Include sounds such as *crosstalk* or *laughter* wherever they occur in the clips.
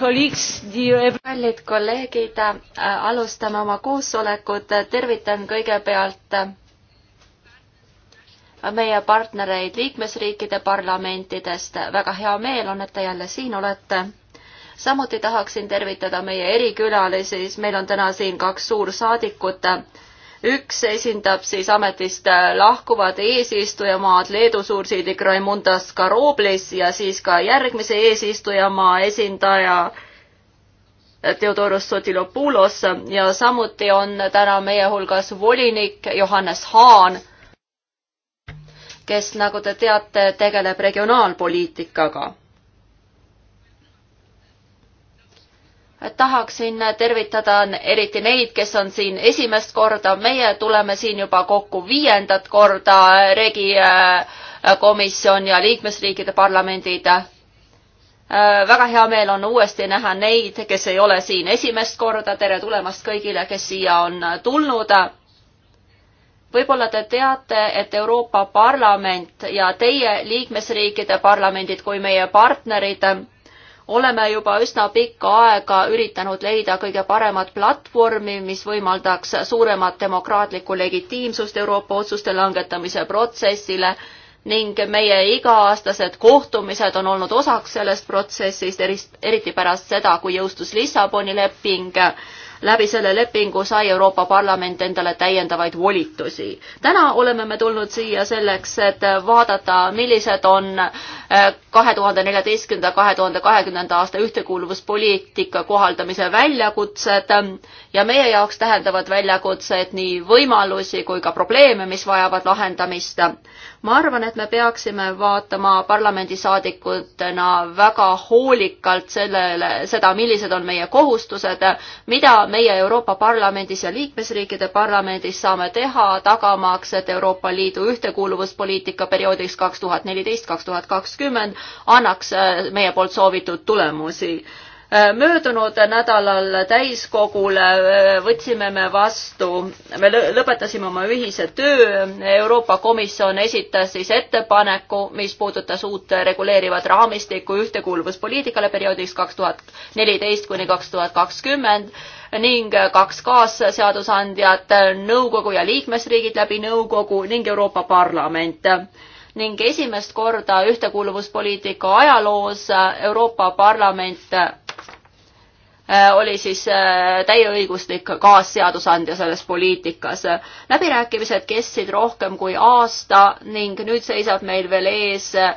kallid kolleegid, äh, alustame oma koosolekut, tervitan kõigepealt äh, meie partnereid liikmesriikide parlamentidest, väga hea meel on, et te jälle siin olete. samuti tahaksin tervitada meie erikülalisi, meil on täna siin kaks suursaadikut üks esindab siis ametist äh, lahkuvad eesistujamaad Leedu suursiidik Raimundas Karoblis ja siis ka järgmise eesistujamaa esindaja äh, Theodoros Sotilopulos ja samuti on täna meie hulgas volinik Johannes Haan, kes, nagu te teate, tegeleb regionaalpoliitikaga tahaksin tervitada eriti neid, kes on siin esimest korda, meie tuleme siin juba kokku viiendat korda, regi äh, komisjon ja liikmesriikide parlamendid. Äh, väga hea meel on uuesti näha neid, kes ei ole siin esimest korda, tere tulemast kõigile, kes siia on tulnud võib-olla te teate, et Euroopa Parlament ja teie liikmesriikide parlamendid kui meie partnerid oleme juba üsna pikka aega üritanud leida kõige paremat platvormi, mis võimaldaks suuremat demokraatlikku legitiimsust Euroopa otsuste langetamise protsessile ning meie iga-aastased kohtumised on olnud osaks sellest protsessist, eriti pärast seda, kui jõustus Lissaboni leping läbi selle lepingu sai Euroopa Parlament endale täiendavaid volitusi. täna oleme me tulnud siia selleks, et vaadata, millised on äh, kahe tuhande neljateistkümnenda, kahe tuhande kahekümnenda aasta ühtekuuluvuspoliitika kohaldamise väljakutsed ja meie jaoks tähendavad väljakutsed nii võimalusi kui ka probleeme, mis vajavad lahendamist. ma arvan, et me peaksime vaatama parlamendisaadikutena väga hoolikalt sellele, seda, millised on meie kohustused, mida meie Euroopa Parlamendis ja liikmesriikide parlamendis saame teha, tagamaks, et Euroopa Liidu ühtekuuluvuspoliitika perioodiks kaks tuhat neliteist, kaks tuhat kakskümmend annaks meie poolt soovitud tulemusi Äh, möödunud nädalal täiskogul äh, võtsime me vastu, me lõpetasime oma ühise töö, Euroopa Komisjon esitas siis ettepaneku, mis puudutas uut reguleerivat raamistikku ühtekuuluvuspoliitikale perioodiks kaks tuhat neliteist kuni kaks tuhat kakskümmend ning kaks kaasseadusandjat, nõukogu ja liikmesriigid läbi nõukogu ning Euroopa Parlament ning esimest korda ühtekuuluvuspoliitika ajaloos Euroopa Parlament Äh, oli siis äh, täieõiguslik kaasseadusandja selles poliitikas. läbirääkimised kestsid rohkem kui aasta ning nüüd seisab meil veel ees äh,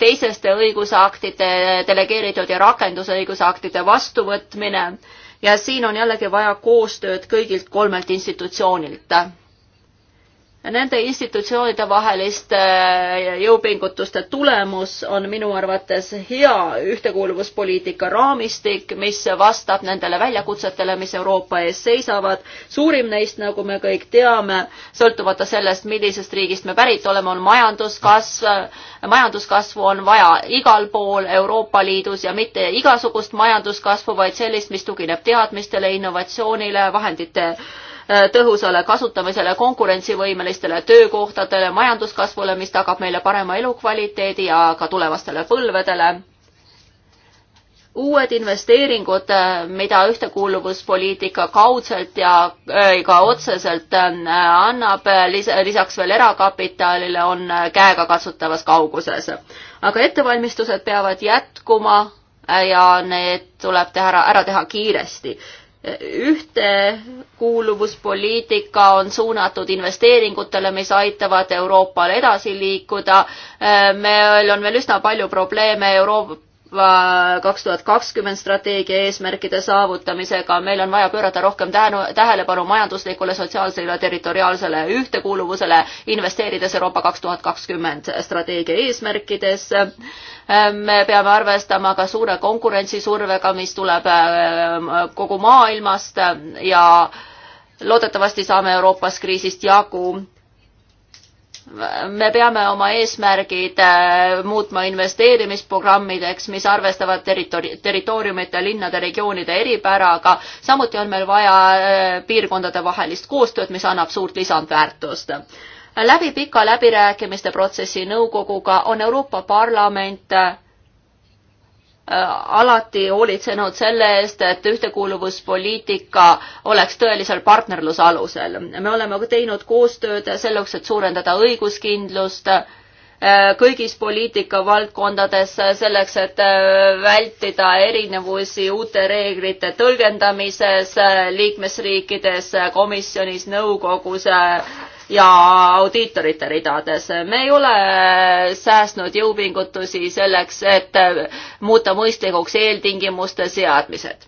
teiseste õigusaktide, delegeeritud ja rakendusõigusaktide vastuvõtmine ja siin on jällegi vaja koostööd kõigilt kolmelt institutsioonilt Nende institutsioonide vaheliste äh, jõupingutuste tulemus on minu arvates hea ühtekuuluvuspoliitika raamistik, mis vastab nendele väljakutsetele, mis Euroopa ees seisavad. suurim neist, nagu me kõik teame, sõltumata sellest, millisest riigist me pärit oleme, on majanduskasv. majanduskasvu on vaja igal pool Euroopa Liidus ja mitte igasugust majanduskasvu, vaid sellist, mis tugineb teadmistele, innovatsioonile, vahendite Äh, tõhusale kasutamisele, konkurentsivõimelistele töökohtadele, majanduskasvule, mis tagab meile parema elukvaliteedi ja ka tulevastele põlvedele uued investeeringud, äh, mida ühtekuuluvuspoliitika kaudselt ja äh, ka otseselt annab, lisaks veel erakapitalile, on käegakatsutavas kauguses. aga ettevalmistused peavad jätkuma ja need tuleb teha ära, ära teha kiiresti ühtekuuluvuspoliitika on suunatud investeeringutele, mis aitavad Euroopal edasi liikuda. meil on veel üsna palju probleeme Euroopa kaks tuhat kakskümmend strateegia eesmärkide saavutamisega, meil on vaja pöörata rohkem tähenu, tähelepanu majanduslikule, sotsiaalsele ja territoriaalsele ühtekuuluvusele, investeerides Euroopa kaks tuhat kakskümmend strateegia eesmärkidesse. me peame arvestama ka suure konkurentsisurvega, mis tuleb äh, kogu maailmast ja loodetavasti saame Euroopas kriisist jagu me peame oma eesmärgid äh, muutma investeerimisprogrammideks, mis arvestavad territori-, territooriumite, linnade, regioonide eripäraga. samuti on meil vaja äh, piirkondadevahelist koostööd, mis annab suurt lisandväärtust. läbi pika läbirääkimiste protsessi nõukoguga on Euroopa Parlament äh, Äh, alati hoolitsenud selle eest, et ühtekuuluvuspoliitika oleks tõelisel partnerluse alusel. me oleme teinud koostööd selleks, et suurendada õiguskindlust äh, kõigis poliitikavaldkondades selleks, et äh, vältida erinevusi uute reeglite tõlgendamises liikmesriikides, komisjonis, nõukogus, ja audiitorite ridades. me ei ole säästnud jõupingutusi selleks, et muuta mõistlikuks eeltingimuste seadmised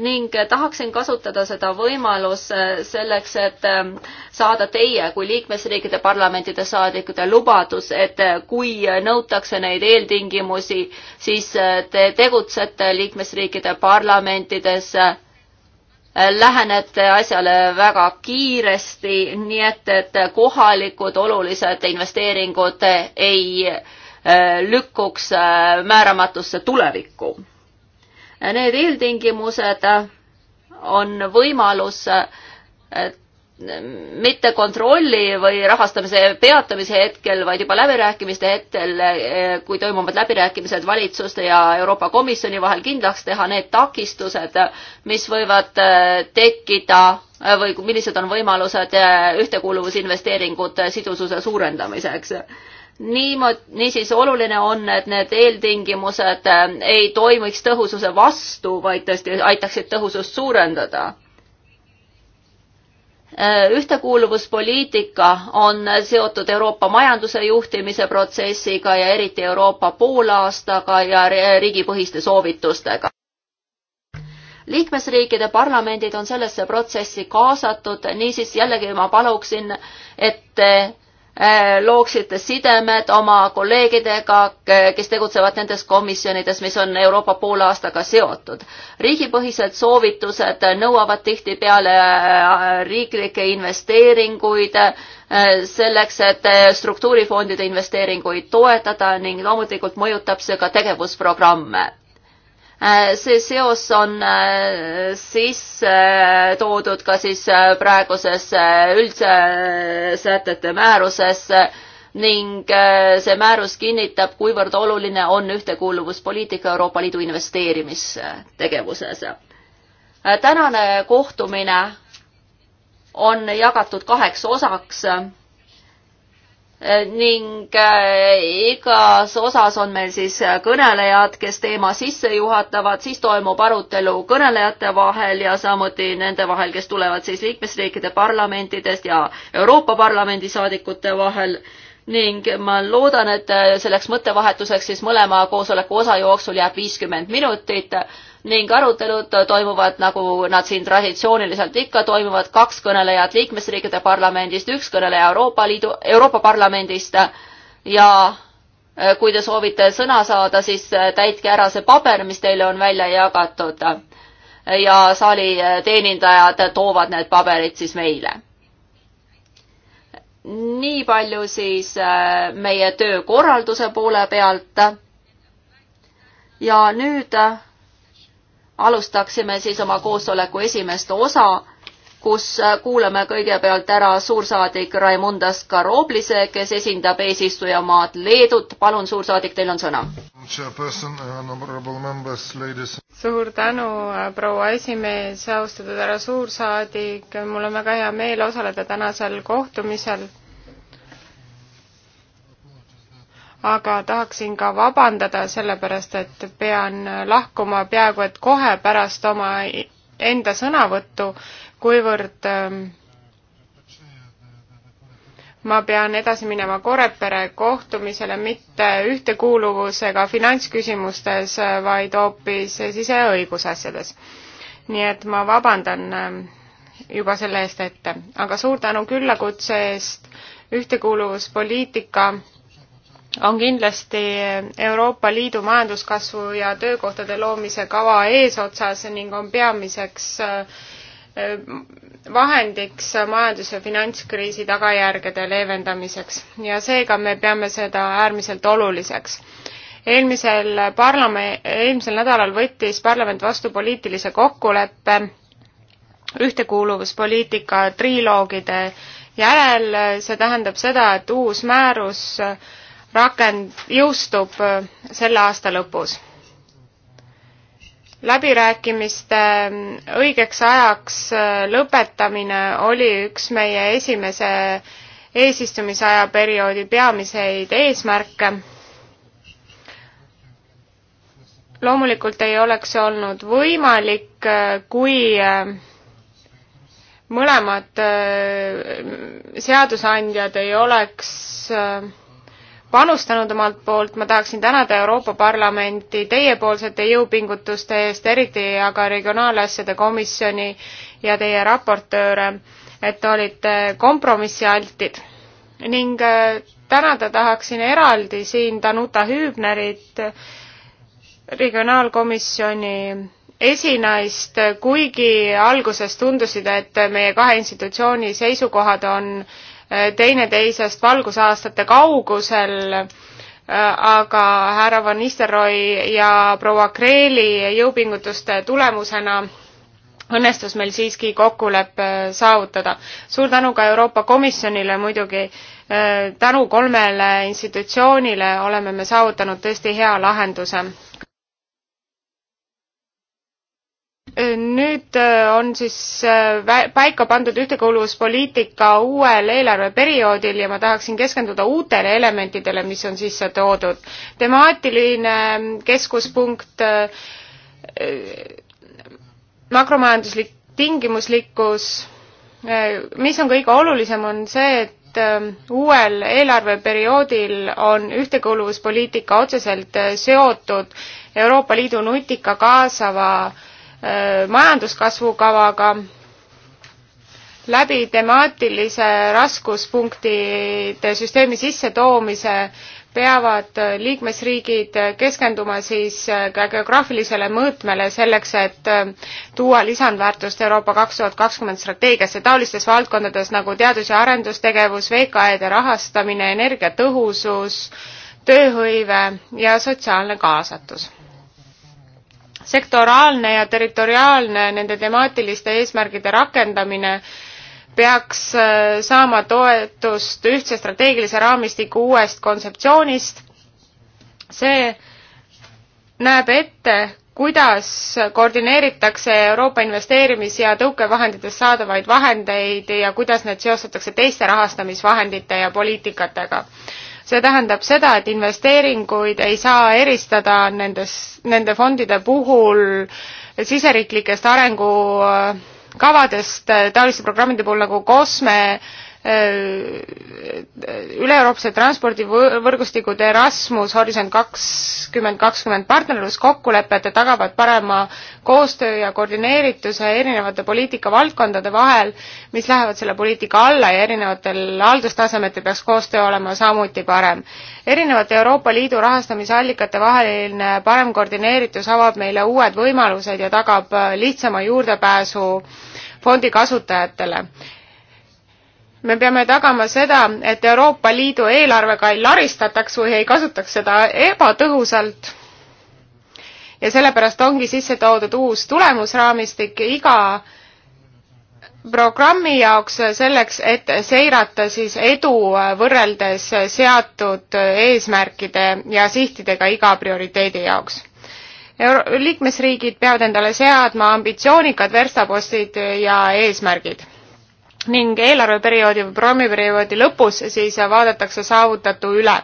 ning tahaksin kasutada seda võimalust selleks, et saada teie kui liikmesriikide parlamentide saadikute lubadus, et kui nõutakse neid eeltingimusi, siis te tegutsete liikmesriikide parlamentides äh, lähenete asjale väga kiiresti, nii et, et kohalikud olulised investeeringud ei äh, lükkuks äh, määramatusse tulevikku. Need eeltingimused on võimalus äh, mitte kontrolli või rahastamise peatamise hetkel, vaid juba läbirääkimiste hetkel, eh, kui toimuvad läbirääkimised valitsuste ja Euroopa Komisjoni vahel, kindlaks teha need takistused, mis võivad eh, tekkida eh, või millised on võimalused ühtekuuluvusinvesteeringute sidususe suurendamiseks niimoodi, niisiis oluline on, et need eeltingimused ei toimiks tõhususe vastu, vaid tõesti aitaksid tõhusust suurendada Äh, ühtekuuluvuspoliitika on seotud Euroopa majanduse juhtimise protsessiga ja eriti Euroopa poolaastaga ja riigipõhiste soovitustega. liikmesriikide parlamendid on sellesse protsessi kaasatud, niisiis jällegi ma paluksin, et Äh, looksite sidemed oma kolleegidega, kes tegutsevad nendes komisjonides, mis on Euroopa poolaastaga seotud. riigipõhised soovitused nõuavad tihtipeale äh, riiklikke investeeringuid äh, selleks, et struktuurifondide investeeringuid toetada ning loomulikult mõjutab see ka tegevusprogramme Äh, see seos on äh, sisse äh, toodud ka siis praegusesse üldse sätete määrusesse ning see määrus kinnitab, kuivõrd oluline on ühtekuuluvuspoliitika Euroopa Liidu investeerimistegevuses. tänane kohtumine on jagatud kaheks osaks ning äh, igas osas on meil siis kõnelejad, kes teema sisse juhatavad, siis toimub arutelu kõnelejate vahel ja samuti nende vahel, kes tulevad siis liikmesriikide parlamentidest ja Euroopa Parlamendi saadikute vahel ning ma loodan, et selleks mõttevahetuseks siis mõlema koosoleku osa jooksul jääb viiskümmend minutit ning arutelud toimuvad, nagu nad siin traditsiooniliselt ikka toimuvad, kaks kõnelejat liikmesriikide parlamendist, üks kõneleja Euroopa Liidu, Euroopa Parlamendist ja äh, kui te soovite sõna saada, siis äh, täitke ära see paber, mis teile on välja jagatud. ja saali äh, teenindajad toovad need paberid siis meile. nii palju siis meie töökorralduse poole pealt. ja nüüd alustaksime siis oma koosoleku esimest osa, kus äh, kuulame kõigepealt ära suursaadik Raimundas Karoblise, kes esindab eesistujamaad Leedut. palun, suursaadik, teil on sõna. Uh, suur tänu, äh, proua esimees, austatud härra suursaadik, mul on väga hea meel osaleda tänasel kohtumisel aga tahaksin ka vabandada, sellepärast et pean lahkuma peaaegu et kohe pärast oma enda sõnavõttu, kuivõrd ähm, ma pean edasi minema Korepere kohtumisele mitte ühtekuuluvusega finantsküsimustes, vaid hoopis sise- ja õigusasjades. nii et ma vabandan ähm, juba selle eest ette, aga suur tänu küllakutse eest, ühtekuuluvuspoliitika on kindlasti Euroopa Liidu majanduskasvu ja töökohtade loomise kava eesotsas ning on peamiseks äh, vahendiks majandus- ja finantskriisi tagajärgede leevendamiseks ja seega me peame seda äärmiselt oluliseks. eelmisel parlame-, eelmisel nädalal võttis parlament vastu poliitilise kokkuleppe ühtekuuluvuspoliitika triloogide järel, see tähendab seda, et uus määrus äh, rakend-, jõustub äh, selle aasta lõpus. läbirääkimiste äh, õigeks ajaks äh, lõpetamine oli üks meie esimese eesistumisaja perioodi peamiseid eesmärke loomulikult ei oleks olnud võimalik, kui mõlemad seadusandjad ei oleks panustanud omalt poolt, ma tahaksin tänada Euroopa Parlamenti teiepoolsete jõupingutuste eest, eriti aga Regionaalasjade Komisjoni ja teie raportööre, et olite kompromissialtid. ning äh, tänada tahaksin eraldi siin Danuta Hübnerit, regionaalkomisjoni esinaist, kuigi alguses tundusid, et meie kahe institutsiooni seisukohad on äh, teineteisest valgusaastate kaugusel, aga härra Van Nistelrooy ja proua Kreeli jõupingutuste tulemusena õnnestus meil siiski kokkulepe saavutada. suur tänu ka Euroopa Komisjonile muidugi, tänu kolmele institutsioonile oleme me saavutanud tõesti hea lahenduse nüüd äh, on siis äh, paika pandud ühtekuuluvuspoliitika uuel eelarveperioodil ja ma tahaksin keskenduda uutele elementidele, mis on sisse toodud. temaatiline ähm, keskuspunkt, äh, makromajanduslik tingimuslikkus, mis on kõige olulisem, on see, et ähm, uuel eelarveperioodil on ühtekuuluvuspoliitika otseselt seotud Euroopa Liidu nutika kaasava äh, Äh, majanduskasvukavaga läbi temaatilise raskuspunktide süsteemi sissetoomise peavad liikmesriigid keskenduma siis äh, ka geograafilisele mõõtmele selleks, et äh, tuua lisandväärtust Euroopa kaks tuhat kakskümmend strateegiasse taolistes valdkondades nagu teadus- ja arendustegevus, VKE-de rahastamine, energiatõhusus, tööhõive ja sotsiaalne kaasatus sektoraalne ja territoriaalne nende temaatiliste eesmärgide rakendamine peaks äh, saama toetust ühtse strateegilise raamistiku uuest kontseptsioonist. see näeb ette, kuidas koordineeritakse Euroopa investeerimis- ja tõukevahenditest saadavaid vahendeid ja kuidas need seostatakse teiste rahastamisvahendite ja poliitikatega see tähendab seda, et investeeringuid ei saa eristada nendes, nende fondide puhul siseriiklikest arengukavadest, äh, taoliste programmide puhul nagu COSME Äh, üle-Euroopase transpordivõrgustikud Erasmus, Horisont kakskümmend kakskümmend partnerluskokkulepet tagavad parema koostöö ja koordineerituse erinevate poliitikavaldkondade vahel, mis lähevad selle poliitika alla ja erinevatel haldustasemetel peaks koostöö olema samuti parem. erinevate Euroopa Liidu rahastamisallikate vaheline parem koordineeritus avab meile uued võimalused ja tagab lihtsama juurdepääsu fondi kasutajatele me peame tagama seda, et Euroopa Liidu eelarvega ei laristataks või ei kasutaks seda ebatõhusalt. ja sellepärast ongi sisse toodud uus tulemusraamistik iga programmi jaoks selleks, et seirata siis edu võrreldes seatud eesmärkide ja sihtidega iga prioriteedi jaoks Euro. liikmesriigid peavad endale seadma ambitsioonikad verstapostid ja eesmärgid ning eelarveperioodi või programmiperioodi lõpus siis vaadatakse saavutatu üle.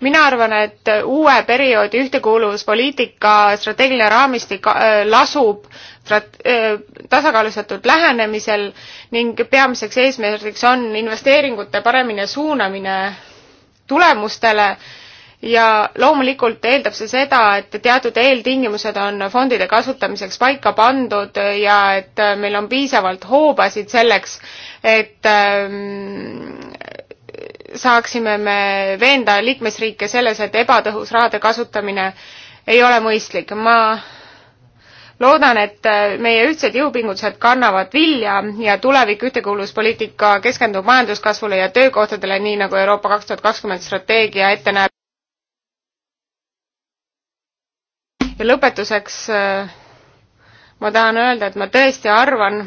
mina arvan, et uue perioodi ühtekuuluvuspoliitika strateegiline raamistik äh, lasub äh, tasakaalustatud lähenemisel ning peamiseks eesmärgiks on investeeringute paremine suunamine tulemustele ja loomulikult eeldab see seda, et teatud eeltingimused on fondide kasutamiseks paika pandud ja et äh, meil on piisavalt hoobasid selleks, et ähm, saaksime me veenda liikmesriike selles, et ebatõhus rahade kasutamine ei ole mõistlik. ma loodan, et äh, meie ühtsed jõupingutused kannavad vilja ja tulevik ühtekuuluvuspoliitika keskendub majanduskasvule ja töökohtadele, nii nagu Euroopa kaks tuhat kakskümmend strateegia ette näeb. ja lõpetuseks äh, ma tahan öelda, et ma tõesti arvan,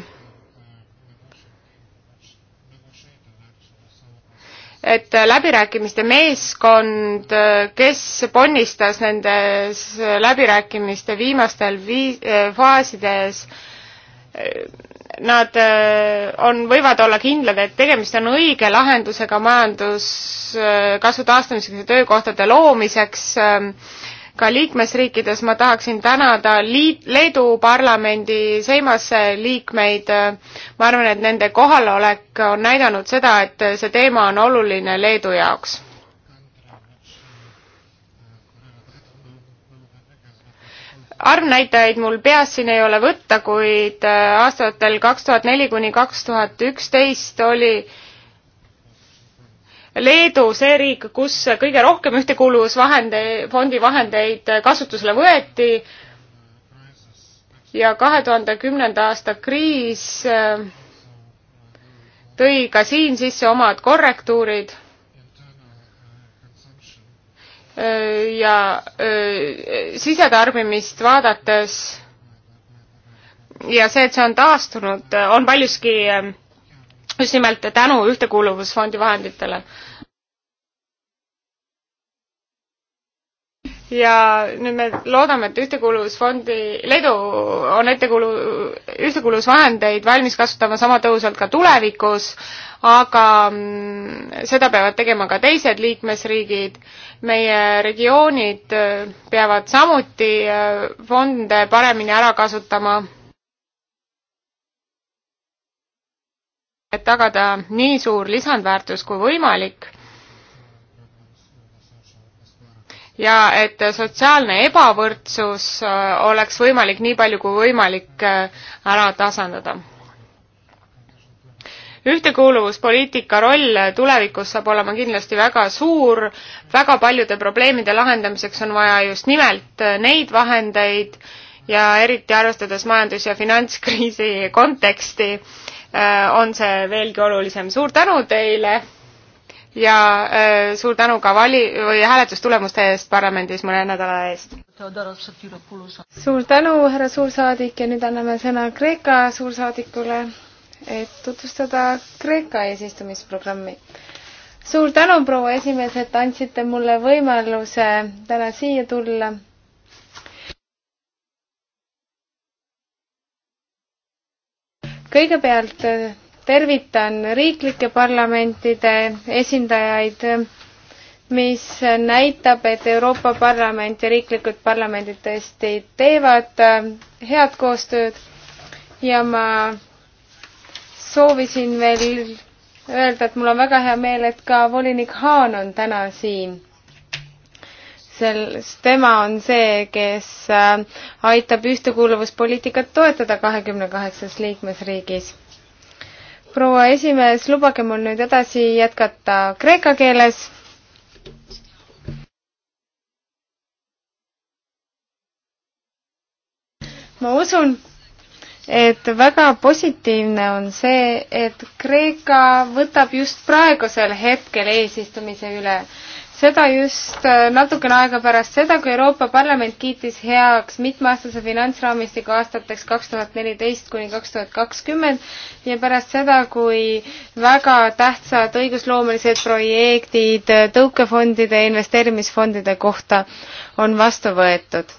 et läbirääkimiste meeskond, kes ponnistas nendes läbirääkimiste viimastel vii-, äh, faasides, nad äh, on, võivad olla kindlad, et tegemist on õige lahendusega majanduskasvu taastamiseks ja töökohtade loomiseks äh, ka liikmesriikides ma tahaksin tänada liit, Leedu parlamendi Seimasse liikmeid. ma arvan, et nende kohalolek on näidanud seda, et see teema on oluline Leedu jaoks. arvnäitajaid mul peas siin ei ole võtta, kuid aastatel kaks tuhat neli kuni kaks tuhat üksteist oli Leedu see riik, kus kõige rohkem ühtekuuluvusvahende, fondi vahendeid kasutusele võeti ja kahe tuhande kümnenda aasta kriis äh, tõi ka siin sisse omad korrektuurid äh, ja äh, sisetarbimist vaadates ja see, et see on taastunud, on paljuski just nimelt tänu Ühtekuuluvusfondi vahenditele ja nüüd me loodame, et Ühtekuuluvusfondi, Leedu on ettekuulu-, ühtekuuluvusvahendeid valmis kasutama sama tõhusalt ka tulevikus, aga mm, seda peavad tegema ka teised liikmesriigid. meie regioonid äh, peavad samuti äh, fonde paremini ära kasutama, et tagada nii suur lisandväärtus kui võimalik ja et sotsiaalne ebavõrdsus äh, oleks võimalik nii palju kui võimalik äh, ära tasandada. ühtekuuluvuspoliitika roll tulevikus saab olema kindlasti väga suur, väga paljude probleemide lahendamiseks on vaja just nimelt äh, neid vahendeid ja eriti arvestades majandus- ja finantskriisi konteksti, on see veelgi olulisem. suur tänu teile ja öö, äh, suur tänu ka vali- või hääletustulemuste eest parlamendis mõne nädala eest. suur tänu, härra suursaadik ja nüüd anname sõna Kreeka suursaadikule, et tutvustada Kreeka eesistumisprogrammi. suur tänu, proua esimees, et andsite mulle võimaluse täna siia tulla kõigepealt tervitan riiklike parlamentide esindajaid, mis näitab, et Euroopa Parlament ja riiklikud parlamendid tõesti teevad äh, head koostööd ja ma soovisin veel öelda, et mul on väga hea meel, et ka volinik Haan on täna siin. sel, tema on see, kes äh, aitab ühtekuuluvuspoliitikat toetada kahekümne kaheksas liikmesriigis proua esimees, lubage mul nüüd edasi jätkata kreeka keeles ma usun, et väga positiivne on see, et Kreeka võtab just praegusel hetkel eesistumise üle seda just äh, natukene aega pärast seda, kui Euroopa Parlament kiitis heaks mitmeaastase finantsraamistiku aastateks kaks tuhat neliteist kuni kaks tuhat kakskümmend ja pärast seda, kui väga tähtsad õigusloomelised projektid äh, tõukefondide ja investeerimisfondide kohta on vastu võetud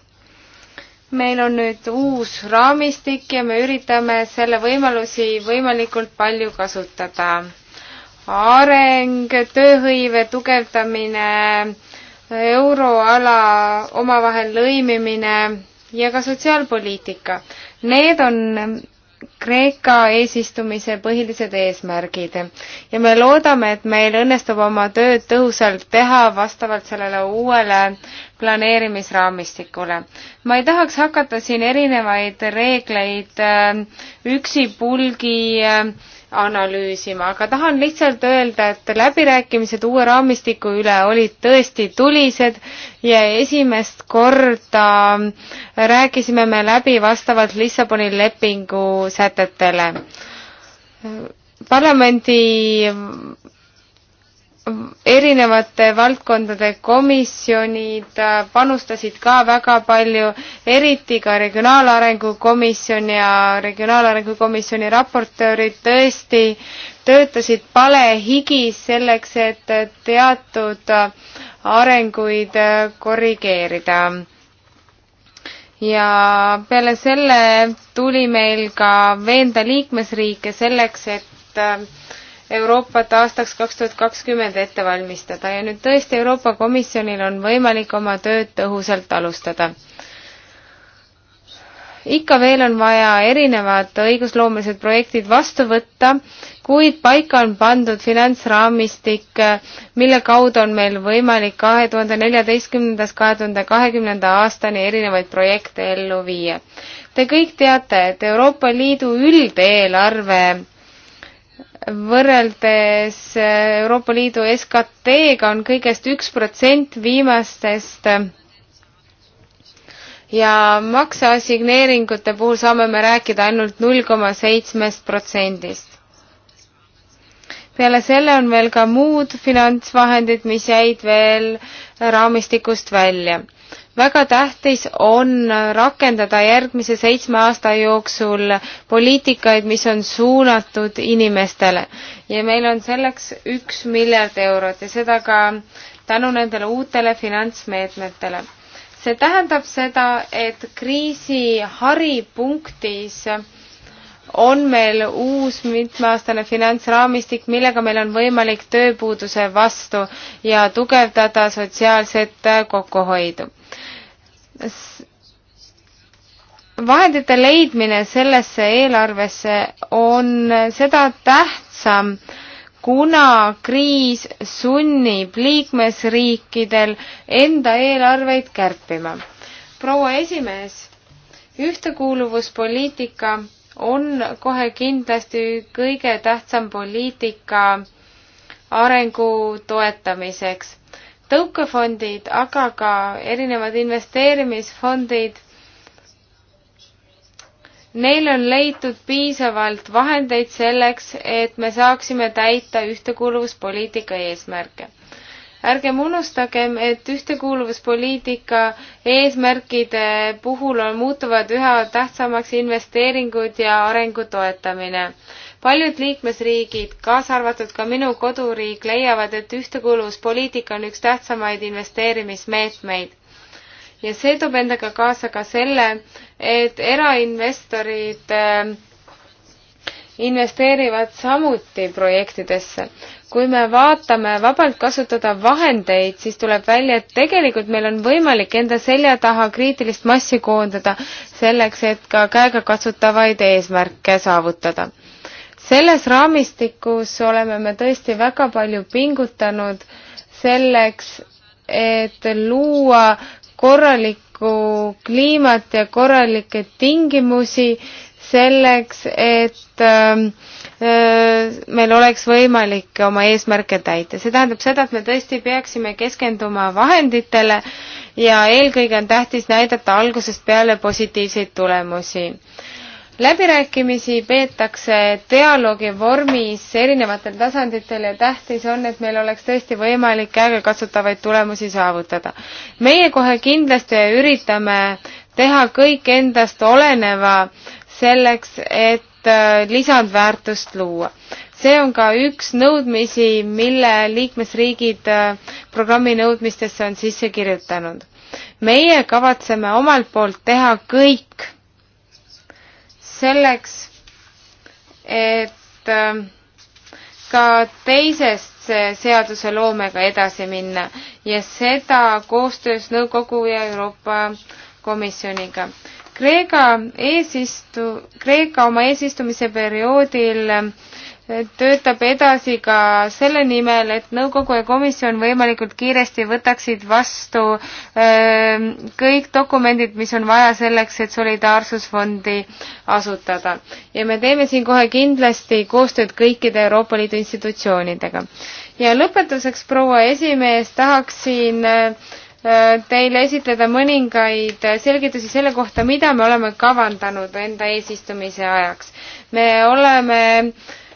meil on nüüd uus raamistik ja me üritame selle võimalusi võimalikult palju kasutada areng, tööhõive tugevdamine, euroala omavahel lõimimine ja ka sotsiaalpoliitika. Need on Kreeka eesistumise põhilised eesmärgid ja me loodame, et meil õnnestub oma tööd tõhusalt teha vastavalt sellele uuele planeerimisraamistikule. ma ei tahaks hakata siin erinevaid reegleid äh, üksipulgi äh, analüüsima, aga tahan lihtsalt öelda, et läbirääkimised uue raamistiku üle olid tõesti tulised ja esimest korda rääkisime me läbi vastavalt Lissaboni lepingu sätetele. parlamendi erinevate valdkondade komisjonid äh, panustasid ka väga palju, eriti ka Regionaalarengu Komisjon ja Regionaalarengu Komisjoni raportöörid tõesti töötasid palehigis selleks, et teatud äh, arenguid äh, korrigeerida. ja peale selle tuli meil ka veenda liikmesriike selleks, et Euroopat aastaks kaks tuhat kakskümmend ette valmistada ja nüüd tõesti Euroopa Komisjonil on võimalik oma tööd tõhusalt alustada. ikka veel on vaja erinevad õigusloomelised projektid vastu võtta, kuid paika on pandud finantsraamistik, mille kaudu on meil võimalik kahe tuhande neljateistkümnendast kahe tuhande kahekümnenda aastani erinevaid projekte ellu viia. Te kõik teate, et Euroopa Liidu üldeelarve võrreldes Euroopa Liidu SKT-ga on kõigest üks protsent viimastest ja makseassigneeringute puhul saame me rääkida ainult null koma seitsmest protsendist. peale selle on veel ka muud finantsvahendid, mis jäid veel raamistikust välja väga tähtis on rakendada järgmise seitsme aasta jooksul poliitikaid, mis on suunatud inimestele ja meil on selleks üks miljard eurot ja seda ka tänu nendele uutele finantsmeetmetele. see tähendab seda, et kriisi haripunktis on meil uus mitmeaastane finantsraamistik, millega meil on võimalik tööpuuduse vastu ja tugevdada sotsiaalset kokkuhoidu. vahendite leidmine sellesse eelarvesse on seda tähtsam, kuna kriis sunnib liikmesriikidel enda eelarveid kärpima. proua esimees, ühtekuuluvuspoliitika on kohe kindlasti kõige tähtsam poliitika arengu toetamiseks. tõukefondid, aga ka erinevad investeerimisfondid, neil on leitud piisavalt vahendeid selleks, et me saaksime täita ühtekuuluvuspoliitika eesmärke ärgem unustagem, et ühtekuuluvuspoliitika eesmärkide puhul on, muutuvad üha tähtsamaks investeeringud ja arengu toetamine. paljud liikmesriigid, kaasa arvatud ka minu koduriik, leiavad, et ühtekuuluvuspoliitika on üks tähtsamaid investeerimismeetmeid. ja see toob endaga kaasa ka selle, et erainvestorid äh, investeerivad samuti projektidesse. kui me vaatame vabalt kasutada vahendeid, siis tuleb välja, et tegelikult meil on võimalik enda selja taha kriitilist massi koondada selleks, et ka käegakatsutavaid eesmärke saavutada selles raamistikus oleme me tõesti väga palju pingutanud selleks, et luua korralikku kliimat ja korralikke tingimusi selleks, et ähm, äh, meil oleks võimalik oma eesmärke täita. see tähendab seda, et me tõesti peaksime keskenduma vahenditele ja eelkõige on tähtis näidata algusest peale positiivseid tulemusi läbirääkimisi peetakse dialoogi vormis erinevatel tasanditel ja tähtis on, et meil oleks tõesti võimalik käegakatsutavaid tulemusi saavutada. meie kohe kindlasti üritame teha kõik endast oleneva selleks, et äh, lisandväärtust luua. see on ka üks nõudmisi, mille liikmesriigid äh, programmi nõudmistesse on sisse kirjutanud. meie kavatseme omalt poolt teha kõik selleks, et äh, ka teisest seaduseloomega edasi minna ja seda koostöös Nõukogu ja Euroopa Komisjoniga Kreega eesistu-, Kreeka oma eesistumise perioodil eh, töötab edasi ka selle nimel, et nõukogu ja komisjon võimalikult kiiresti võtaksid vastu öö, eh, kõik dokumendid, mis on vaja selleks, et solidaarsusfondi asutada. ja me teeme siin kohe kindlasti koostööd kõikide Euroopa Liidu institutsioonidega. ja lõpetuseks, proua esimees, tahaksin öö, eh, teile esitleda mõningaid selgitusi selle kohta, mida me oleme kavandanud enda eesistumise ajaks. me oleme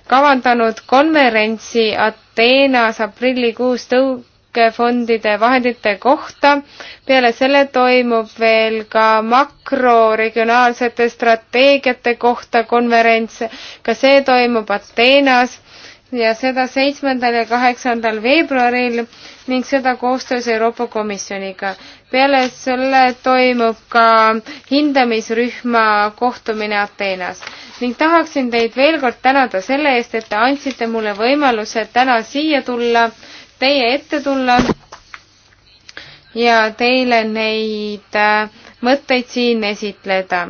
kavandanud konverentsi Ateenas aprillikuus tõukefondide vahendite kohta. peale selle toimub veel ka makroregionaalsete strateegiate kohta konverents. ka see toimub Ateenas ja seda seitsmendal ja kaheksandal veebruaril ning seda koostöös Euroopa Komisjoniga. peale selle toimub ka hindamisrühma kohtumine Ateenas ning tahaksin teid veel kord tänada selle eest, et te andsite mulle võimaluse täna siia tulla, teie ette tulla ja teile neid äh, mõtteid siin esitleda.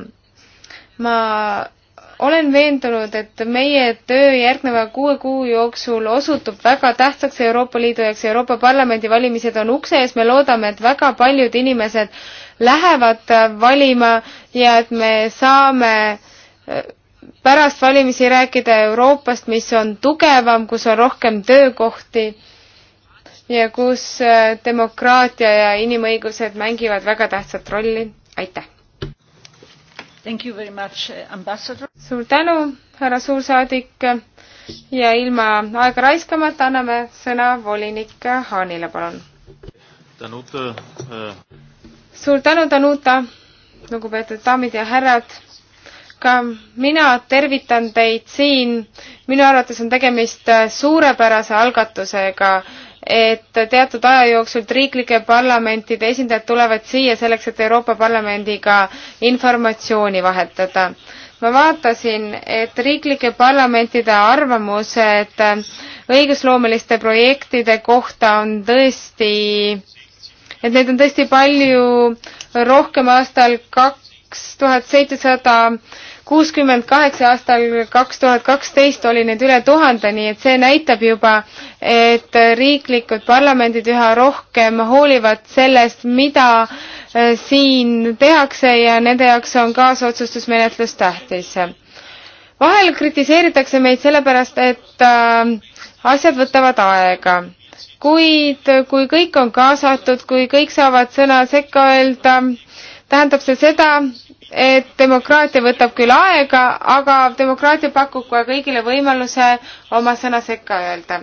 ma olen veendunud, et meie töö järgneva kuue kuu jooksul osutub väga tähtsaks Euroopa Liidu jaoks. Euroopa Parlamendi valimised on ukse ees, me loodame, et väga paljud inimesed lähevad valima ja et me saame äh, pärast valimisi rääkida Euroopast, mis on tugevam, kus on rohkem töökohti ja kus äh, demokraatia ja inimõigused mängivad väga tähtsat rolli. aitäh! Much, uh, suur tänu, härra suursaadik ja ilma aega raiskamata anname sõna volinik Haanile, palun. Danuta äh.... suur tänu, Danuta, lugupeetud daamid ja härrad. ka mina tervitan teid siin. minu arvates on tegemist suurepärase algatusega et teatud aja jooksul riiklike parlamentide esindajad tulevad siia selleks, et Euroopa Parlamendiga informatsiooni vahetada. ma vaatasin, et riiklike parlamentide arvamused õigusloomeliste projektide kohta on tõesti, et neid on tõesti palju rohkem aastal kaks tuhat seitsesada kuuskümmend kaheksa aastal kaks tuhat kaksteist oli neid üle tuhande, nii et see näitab juba, et riiklikud parlamendid üha rohkem hoolivad sellest, mida eh, siin tehakse ja nende jaoks on kaasotsustusmenetlus tähtis. vahel kritiseeritakse meid sellepärast, et eh, asjad võtavad aega kuid kui kõik on kaasatud, kui kõik saavad sõna sekka öelda, tähendab see seda, et demokraatia võtab küll aega, aga demokraatia pakub ka kõigile võimaluse oma sõna sekka öelda.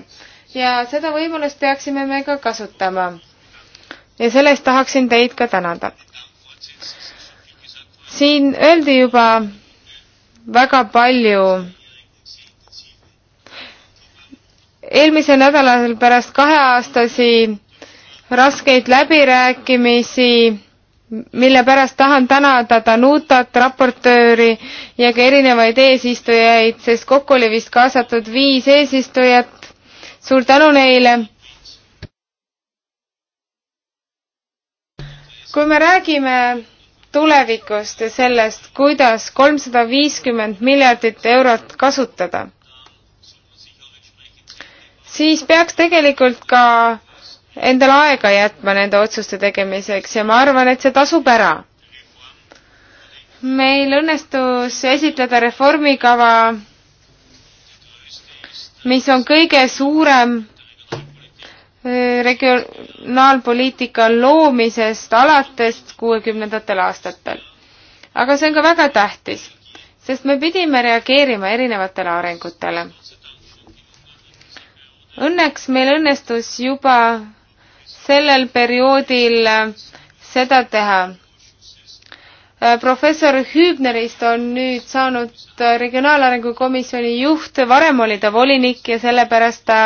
ja seda võimalust peaksime me ka kasutama. ja selle eest tahaksin teid ka tänada. siin öeldi juba väga palju eelmisel nädalal pärast kaheaastasi raskeid läbirääkimisi mille pärast tahan tänada Danutat, raportööri ja ka erinevaid eesistujaid, sest kokku oli vist kaasatud viis eesistujat. suur tänu neile. kui me räägime tulevikust ja sellest, kuidas kolmsada viiskümmend miljardit eurot kasutada, siis peaks tegelikult ka endale aega jätma nende otsuste tegemiseks ja ma arvan, et see tasub ära. meil õnnestus esitleda reformikava, mis on kõige suurem äh, regionaalpoliitika loomisest alates kuuekümnendatel aastatel. aga see on ka väga tähtis, sest me pidime reageerima erinevatele arengutele. Õnneks meil õnnestus juba sellel perioodil äh, seda teha. Äh, professor Hübnerist on nüüd saanud äh, Regionaalarengu Komisjoni juht, varem oli ta volinik ja sellepärast ta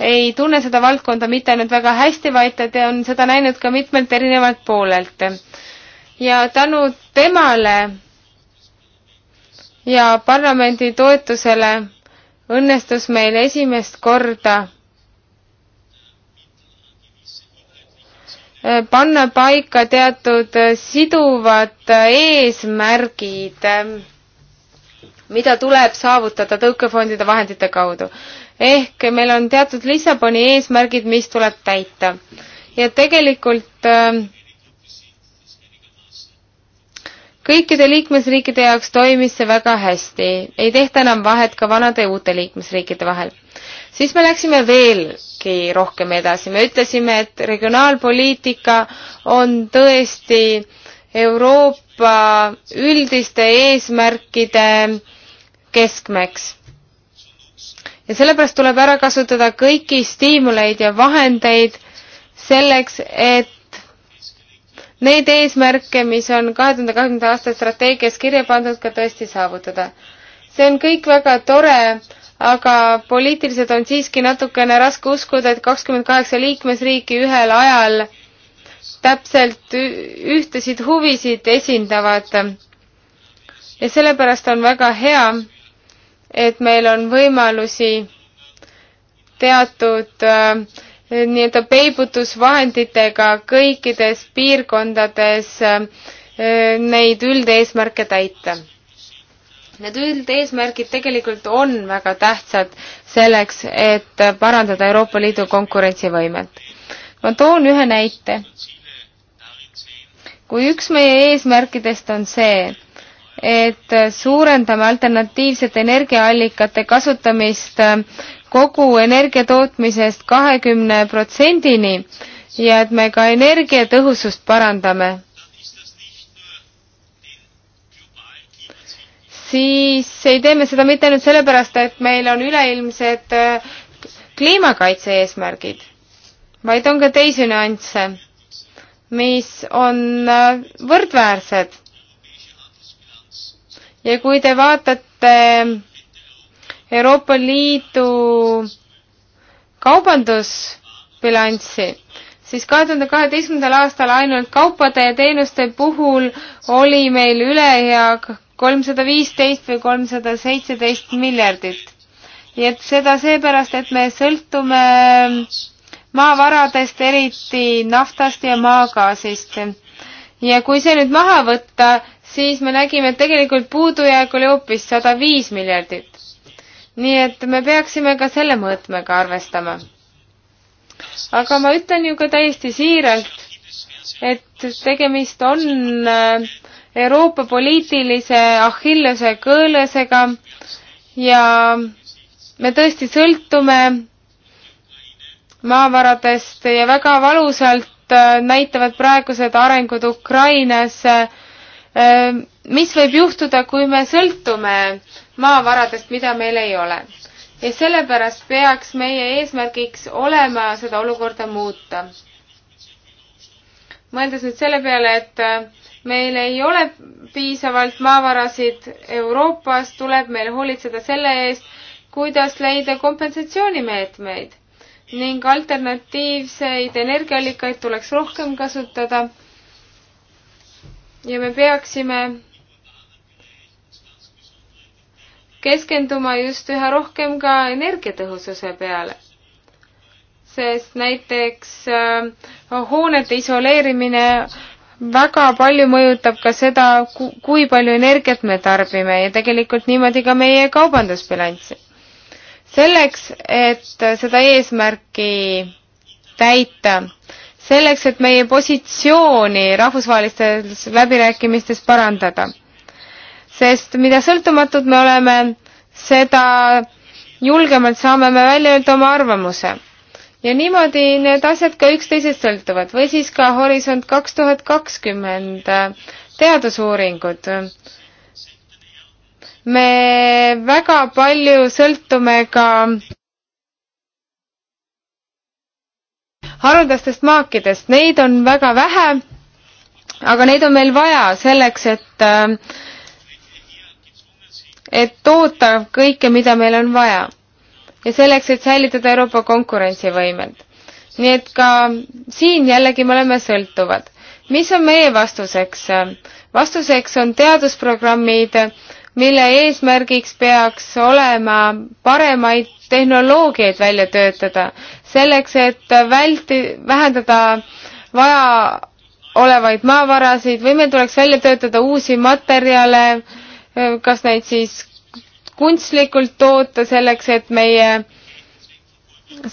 ei tunne seda valdkonda mitte ainult väga hästi, vaid ta on seda näinud ka mitmelt erinevalt poolelt. ja tänu temale ja parlamendi toetusele õnnestus meil esimest korda panna paika teatud siduvad eesmärgid, mida tuleb saavutada tõukefondide vahendite kaudu. ehk meil on teatud Lissaboni eesmärgid, mis tuleb täita. ja tegelikult äh, kõikide liikmesriikide jaoks toimis see väga hästi, ei tehta enam vahet ka vanade ja uute liikmesriikide vahel siis me läksime veelgi rohkem edasi, me ütlesime, et regionaalpoliitika on tõesti Euroopa üldiste eesmärkide keskmeks. ja sellepärast tuleb ära kasutada kõiki stiimuleid ja vahendeid selleks, et neid eesmärke, mis on kahe tuhande kahekümnenda aasta strateegias kirja pandud, ka tõesti saavutada. see on kõik väga tore, aga poliitiliselt on siiski natukene raske uskuda, et kakskümmend kaheksa liikmesriiki ühel ajal täpselt ühtesid huvisid esindavad. ja sellepärast on väga hea, et meil on võimalusi teatud äh, nii-öelda peibutusvahenditega kõikides piirkondades äh, neid üldeesmärke täita Need üldeesmärgid tegelikult on väga tähtsad selleks, et parandada Euroopa Liidu konkurentsivõimet. ma toon ühe näite. kui üks meie eesmärkidest on see, et suurendame alternatiivsete energiaallikate kasutamist kogu energia tootmisest kahekümne protsendini ja et me ka energiatõhusust parandame siis ei tee me seda mitte ainult sellepärast, et meil on üleilmsed äh, kliimakaitse eesmärgid, vaid on ka teisi nüansse, mis on äh, võrdväärsed. ja kui te vaatate Euroopa Liidu kaubandusbilanssi, siis kahe tuhande kaheteistkümnendal aastal ainult kaupade ja teenuste puhul oli meil ülejääk kolmsada viisteist või kolmsada seitseteist miljardit. ja et seda seepärast, et me sõltume maavaradest, eriti naftast ja maagaasist. ja kui see nüüd maha võtta, siis me nägime, et tegelikult puudujääk oli hoopis sada viis miljardit. nii et me peaksime ka selle mõõtmega arvestama. aga ma ütlen ju ka täiesti siiralt, et tegemist on äh, Euroopa poliitilise Achillese kõõlesega ja me tõesti sõltume maavaradest ja väga valusalt äh, näitavad praegused arengud Ukrainas, äh, mis võib juhtuda, kui me sõltume maavaradest, mida meil ei ole. ja sellepärast peaks meie eesmärgiks olema seda olukorda muuta. mõeldes nüüd selle peale, et äh, meil ei ole piisavalt maavarasid Euroopas, tuleb meil hoolitseda selle eest, kuidas leida kompensatsioonimeetmeid ning alternatiivseid energiaallikaid tuleks rohkem kasutada. ja me peaksime keskenduma just üha rohkem ka energiatõhususe peale. sest näiteks äh, hoonete isoleerimine väga palju mõjutab ka seda, kui palju energiat me tarbime ja tegelikult niimoodi ka meie kaubandusbilanssi. selleks, et seda eesmärki täita, selleks, et meie positsiooni rahvusvahelistes läbirääkimistes parandada. sest mida sõltumatud me oleme, seda julgemalt saame me välja öelda oma arvamuse ja niimoodi need asjad ka üksteisest sõltuvad või siis ka Horisont kaks tuhat kakskümmend äh, teadusuuringud. me väga palju sõltume ka haruldastest maakidest, neid on väga vähe, aga neid on meil vaja selleks, et äh, et toota kõike, mida meil on vaja ja selleks, et säilitada Euroopa konkurentsivõimet. nii et ka siin jällegi me oleme sõltuvad. mis on meie vastuseks? vastuseks on teadusprogrammid, mille eesmärgiks peaks olema paremaid tehnoloogiaid välja töötada, selleks et välti-, vähendada vaja olevaid maavarasid või meil tuleks välja töötada uusi materjale, kas neid siis kunstlikult toota selleks, et meie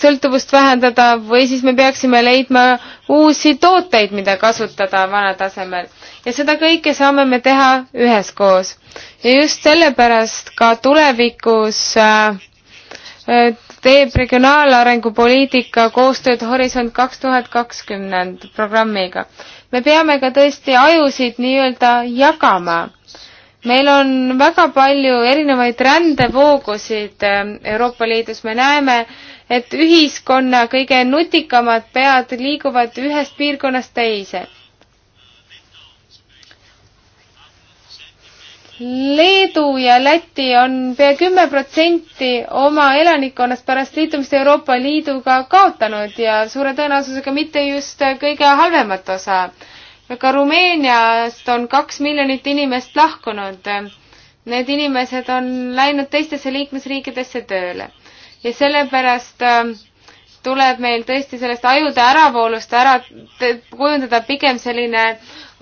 sõltuvust vähendada või siis me peaksime leidma uusi tooteid, mida kasutada vana tasemel. ja seda kõike saame me teha üheskoos. ja just sellepärast ka tulevikus äh, äh, teeb regionaalarengu poliitika koostööd Horisont kaks tuhat kakskümmend programmiga. me peame ka tõesti ajusid nii-öelda jagama meil on väga palju erinevaid rändevoogusid ähm, Euroopa Liidus, me näeme, et ühiskonna kõige nutikamad pead liiguvad ühest piirkonnast teise. Leedu ja Läti on pea kümme protsenti oma elanikkonnast pärast liitumist Euroopa Liiduga kaotanud ja suure tõenäosusega mitte just kõige halvemat osa äh, ka Rumeeniast on kaks miljonit inimest lahkunud. Need inimesed on läinud teistesse liikmesriikidesse tööle ja sellepärast ähm, tuleb meil tõesti sellest ajude äravoolust ära kujundada pigem selline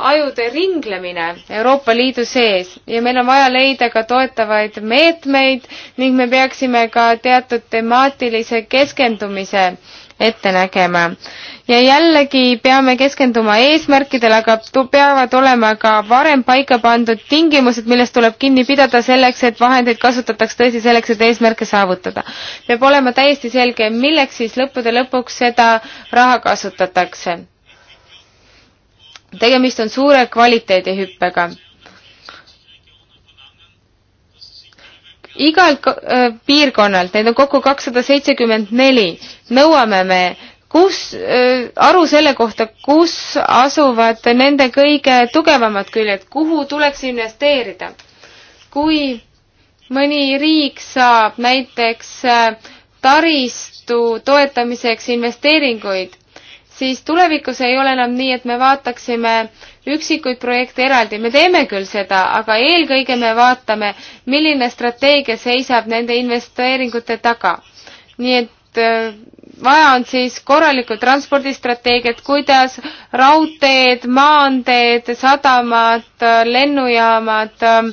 ajude ringlemine Euroopa Liidu sees ja meil on vaja leida ka toetavaid meetmeid ning me peaksime ka teatud temaatilise keskendumise ette nägema ja jällegi peame keskenduma eesmärkidele, aga peavad olema ka varem paika pandud tingimused, millest tuleb kinni pidada selleks, et vahendeid kasutataks tõesti selleks, et eesmärke saavutada. peab olema täiesti selge, milleks siis lõppude lõpuks seda raha kasutatakse. tegemist on suure kvaliteedihüppega igalt äh, piirkonnalt, neid on kokku kakssada seitsekümmend neli, nõuame me, kus äh,, aru selle kohta, kus asuvad nende kõige tugevamad küljed, kuhu tuleks investeerida. kui mõni riik saab näiteks äh, taristu toetamiseks investeeringuid, siis tulevikus ei ole enam nii, et me vaataksime üksikuid projekte eraldi, me teeme küll seda, aga eelkõige me vaatame, milline strateegia seisab nende investeeringute taga. nii et äh, vaja on siis korralikku transpordistrateegiat, kuidas raudteed, maanteed, sadamad, lennujaamad ähm,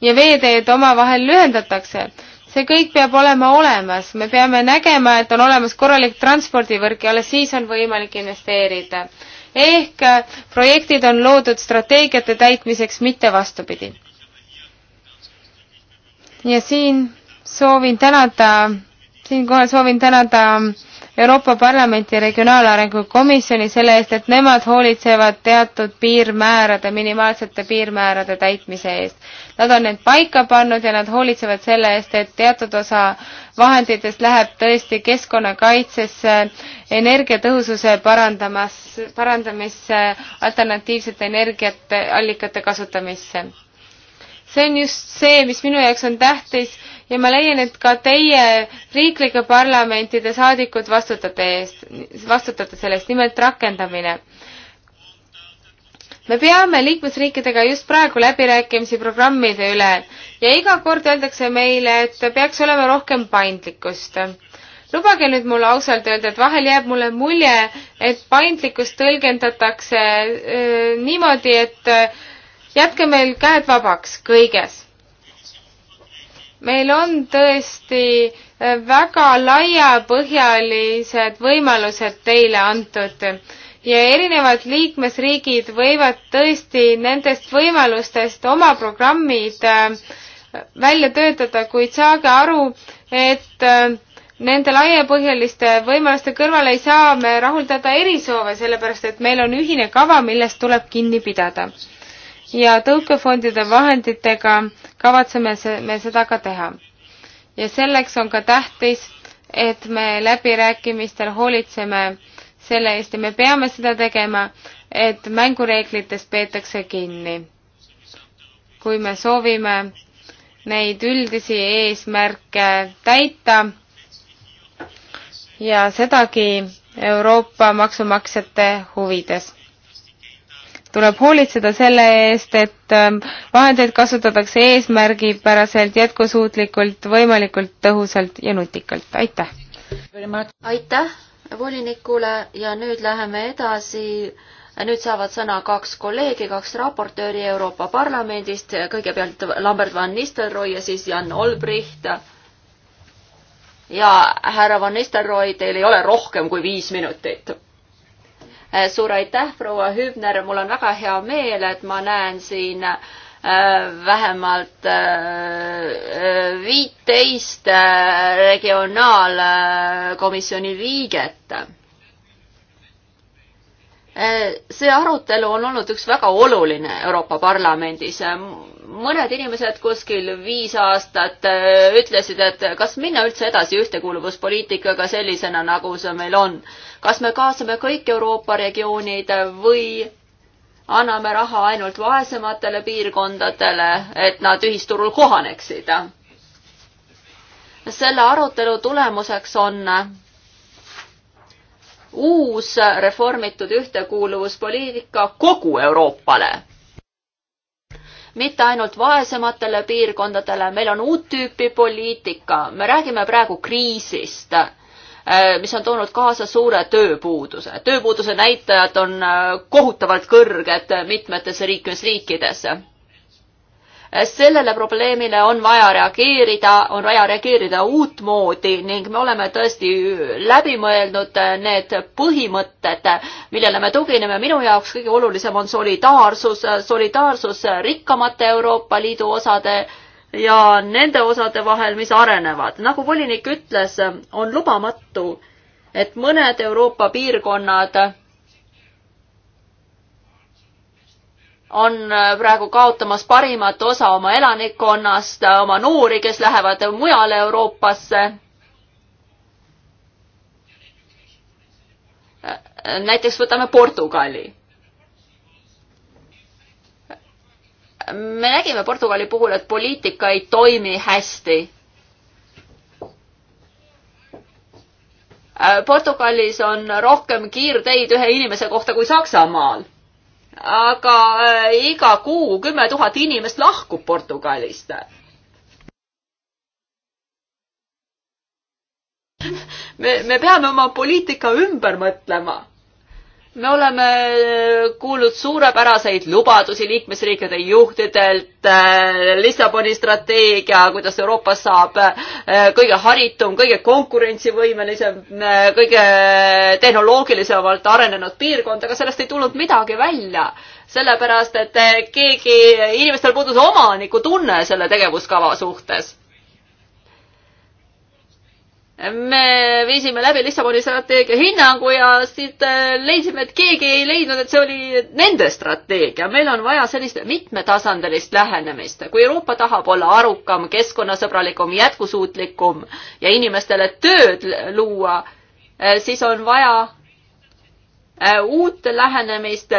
ja veeteed omavahel ühendatakse. see kõik peab olema olemas, me peame nägema, et on olemas korralik transpordivõrk ja alles siis on võimalik investeerida. ehk äh, projektid on loodud strateegiate täitmiseks, mitte vastupidi. ja siin soovin tänada siinkohal soovin tänada ähm, Euroopa Parlamenti Regionaalarengu Komisjoni selle eest, et nemad hoolitsevad teatud piirmäärade, minimaalsete piirmäärade täitmise eest. Nad on need paika pannud ja nad hoolitsevad selle eest, et teatud osa vahenditest läheb tõesti keskkonnakaitsesse, energiatõhususe parandamas, parandamisse, alternatiivsete energiate, allikate kasutamisse. see on just see, mis minu jaoks on tähtis ja ma leian, et ka teie riiklike parlamentide saadikud vastutate eest, vastutate selle eest, nimelt rakendamine me peame liikmesriikidega just praegu läbirääkimisi programmide üle ja iga kord öeldakse meile, et peaks olema rohkem paindlikkust. lubage nüüd mulle ausalt öelda, et vahel jääb mulle mulje, et paindlikkust tõlgendatakse öö, äh, niimoodi, et öö, äh, jätke meil käed vabaks kõiges meil on tõesti eh, väga laiapõhjalised võimalused teile antud ja erinevad liikmesriigid võivad tõesti nendest võimalustest oma programmid eh, välja töötada, kuid saage aru, et eh, nende laiapõhjaliste võimaluste kõrval ei saa me rahuldada erisoove, sellepärast et meil on ühine kava, millest tuleb kinni pidada ja tõukefondide vahenditega kavatseme me seda ka teha. ja selleks on ka tähtis, et me läbirääkimistel hoolitseme selle eest ja me peame seda tegema, et mängureeglitest peetakse kinni. kui me soovime neid üldisi eesmärke täita ja sedagi Euroopa maksumaksjate huvides tuleb hoolitseda selle eest, et ähm, vahendeid kasutatakse eesmärgipäraselt, jätkusuutlikult, võimalikult tõhusalt ja nutikalt. aitäh! aitäh volinikule ja nüüd läheme edasi. nüüd saavad sõna kaks kolleegi, kaks raportööri Euroopa Parlamendist, kõigepealt Lambert van Nistelrooy ja siis Jan Olbricht. ja härra van Nistelrooy, teil ei ole rohkem kui viis minutit Eh, suur aitäh, proua Hübner, mul on väga hea meel, et ma näen siin eh, vähemalt eh, viiteist regionaalkomisjoni liiget. see arutelu on olnud üks väga oluline Euroopa Parlamendis mõned inimesed kuskil viis aastat äh, ütlesid, et kas minna üldse edasi ühtekuuluvuspoliitikaga sellisena, nagu see meil on. kas me kaasame kõik Euroopa regioonid või anname raha ainult vaesematele piirkondadele, et nad ühisturul kohaneksid? selle arutelu tulemuseks on äh, uus reformitud ühtekuuluvuspoliitika kogu Euroopale mitte ainult vaesematele piirkondadele, meil on uut tüüpi poliitika, me räägime praegu kriisist, äh, mis on toonud kaasa suure tööpuuduse. tööpuuduse näitajad on äh, kohutavalt kõrged mitmetes liikmesriikides sellele probleemile on vaja reageerida, on vaja reageerida uutmoodi ning me oleme tõesti läbi mõelnud need põhimõtted, millele me tugineme. minu jaoks kõige olulisem on solidaarsus, solidaarsus rikkamate Euroopa Liidu osade ja nende osade vahel, mis arenevad. nagu volinik ütles, on lubamatu, et mõned Euroopa piirkonnad on äh, praegu kaotamas parimat osa oma elanikkonnast, äh, oma noori, kes lähevad mujale Euroopasse. Äh, näiteks võtame Portugali. me nägime Portugali puhul, et poliitika ei toimi hästi Portugalis on rohkem kiirteid ühe inimese kohta kui Saksamaal aga äh, iga kuu kümme tuhat inimest lahkub Portugalist. me, me peame oma poliitika ümber mõtlema me oleme äh, kuulnud suurepäraseid lubadusi liikmesriikide juhtidelt, äh, Lissaboni strateegia, kuidas Euroopa saab äh, kõige haritum, kõige konkurentsivõimelisem, kõige tehnoloogilisemalt arenenud piirkond, aga sellest ei tulnud midagi välja. sellepärast, et keegi, inimestel puudus omanikutunne selle tegevuskava suhtes me viisime läbi Lissaboni strateegia hinnangu ja siit äh, leidsime, et keegi ei leidnud, et see oli nende strateegia. meil on vaja sellist mitmetasandilist lähenemist. kui Euroopa tahab olla arukam, keskkonnasõbralikum, jätkusuutlikum ja inimestele tööd luua, äh, siis on vaja äh, uut lähenemist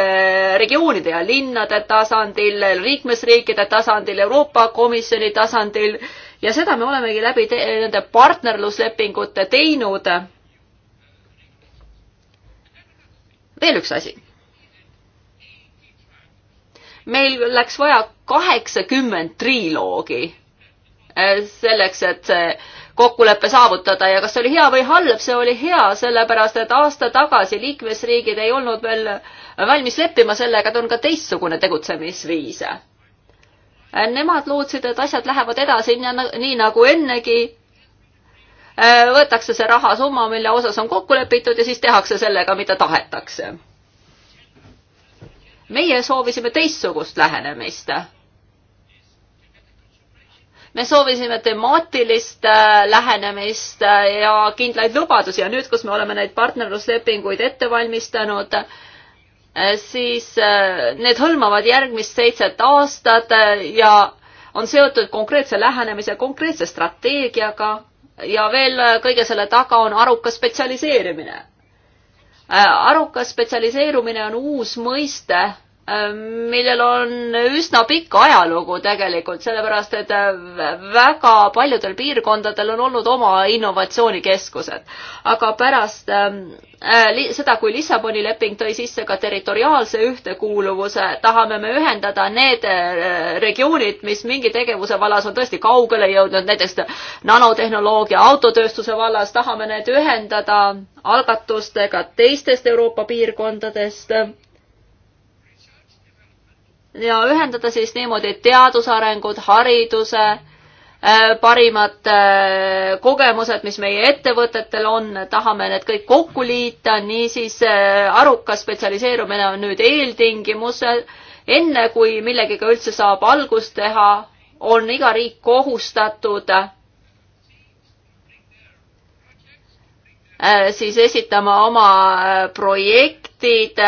regioonide ja linnade tasandil, liikmesriikide tasandil, Euroopa Komisjoni tasandil ja seda me olemegi läbi nende partnerluslepingute teinud. veel üks asi. meil läks vaja kaheksakümmend triloogi äh, selleks, et see kokkulepe saavutada ja kas see oli hea või halb, see oli hea, sellepärast et aasta tagasi liikmesriigid ei olnud veel valmis leppima sellega, et on ka teistsugune tegutsemisviis Äh, nemad lootsid, et asjad lähevad edasi nii nagu ennegi. Äh, võetakse see rahasumma, mille osas on kokku lepitud ja siis tehakse sellega, mida tahetakse. meie soovisime teistsugust lähenemist me soovisime temaatilist äh, lähenemist ja kindlaid lubadusi ja nüüd, kus me oleme neid partnerluslepinguid ette valmistanud, Äh, siis äh, need hõlmavad järgmist seitset aastat äh, ja on seotud konkreetse lähenemise, konkreetse strateegiaga ja veel kõige selle taga on arukas spetsialiseerimine. arukas spetsialiseerumine on uus mõiste Äh, millel on üsna pikk ajalugu tegelikult, sellepärast et äh, väga paljudel piirkondadel on olnud oma innovatsioonikeskused. aga pärast ähm, äh, seda, kui Lissaboni leping tõi sisse ka territoriaalse ühtekuuluvuse, tahame me ühendada need äh, regioonid, mis mingi tegevuse vallas on tõesti kaugele jõudnud, näiteks nanotehnoloogia, autotööstuse vallas, tahame need ühendada algatustega teistest Euroopa piirkondadest ja ühendada siis niimoodi teadusarengud, hariduse, äh, parimad äh, kogemused, mis meie ettevõtetel on, tahame need kõik kokku liita, niisiis äh, arukas spetsialiseerumine on nüüd eeltingimus. enne kui millegagi üldse saab algust teha, on iga riik kohustatud siis esitama oma projektid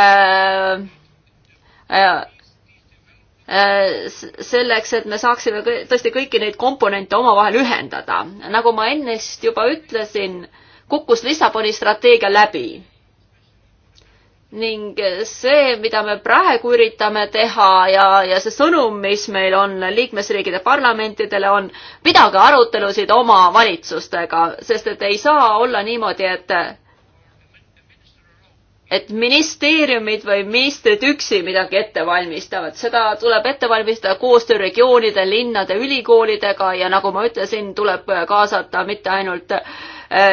selleks, et me saaksime tõesti kõiki neid komponente omavahel ühendada. nagu ma ennist juba ütlesin, kukkus Lissaboni strateegia läbi. ning see, mida me praegu üritame teha ja, ja see sõnum, mis meil on liikmesriikide parlamentidele, on pidage arutelusid oma valitsustega, sest et ei saa olla niimoodi, et et ministeeriumid või ministrid üksi midagi ette valmistavad, seda tuleb ette valmistada koostöö regioonide, linnade, ülikoolidega ja nagu ma ütlesin, tuleb kaasata mitte ainult äh,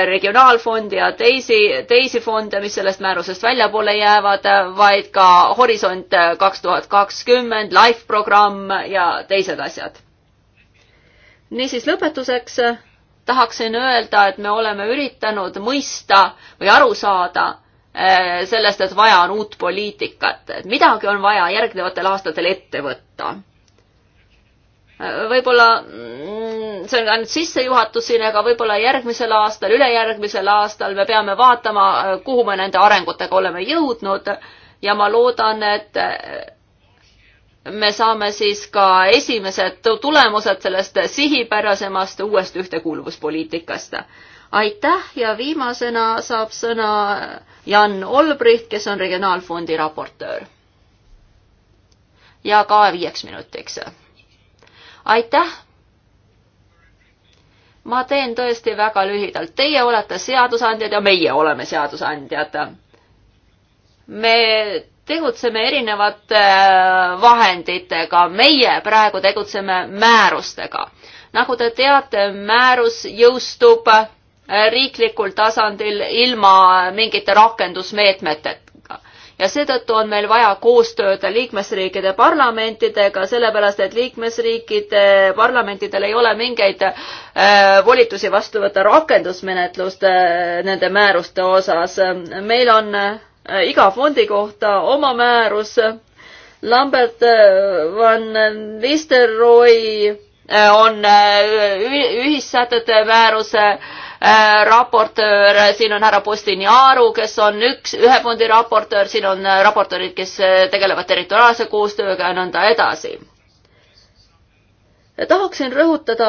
regionaalfondi ja teisi, teisi fonde, mis sellest määrusest väljapoole jäävad, vaid ka Horisont kaks äh, tuhat kakskümmend, LIFE programm ja teised asjad. niisiis lõpetuseks äh, tahaksin öelda, et me oleme üritanud mõista või aru saada Äh, sellest, et vaja on uut poliitikat, et midagi on vaja järgnevatel aastatel ette võtta. võib-olla mm, see on ainult sissejuhatus siin, aga võib-olla järgmisel aastal, ülejärgmisel aastal me peame vaatama, kuhu me nende arengutega oleme jõudnud ja ma loodan, et me saame siis ka esimesed tulemused sellest sihipärasemast uuest ühtekuuluvuspoliitikast aitäh ja viimasena saab sõna Jan Olbricht, kes on Regionaalfondi raportöör. ja ka viieks minutiks. aitäh. ma teen tõesti väga lühidalt, teie olete seadusandjad ja meie oleme seadusandjad. me tegutseme erinevate äh, vahenditega, meie praegu tegutseme määrustega. nagu te teate, määrus jõustub Äh, riiklikul tasandil ilma mingite rakendusmeetmetega. ja seetõttu on meil vaja koostööd liikmesriikide parlamentidega, sellepärast et liikmesriikide parlamentidel ei ole mingeid äh, volitusi vastu võtta rakendusmenetlust äh, nende määruste osas. meil on äh, iga fondi kohta oma määrus. Lambert äh, van Nistelrooy äh, on ühissätete määruse äh, Äh, raportöör, siin on härra Postiniaru, kes on üks, ühe fondi raportöör, siin on äh, raportöörid, kes äh, tegelevad territoriaalse koostööga ja nõnda edasi. tahaksin rõhutada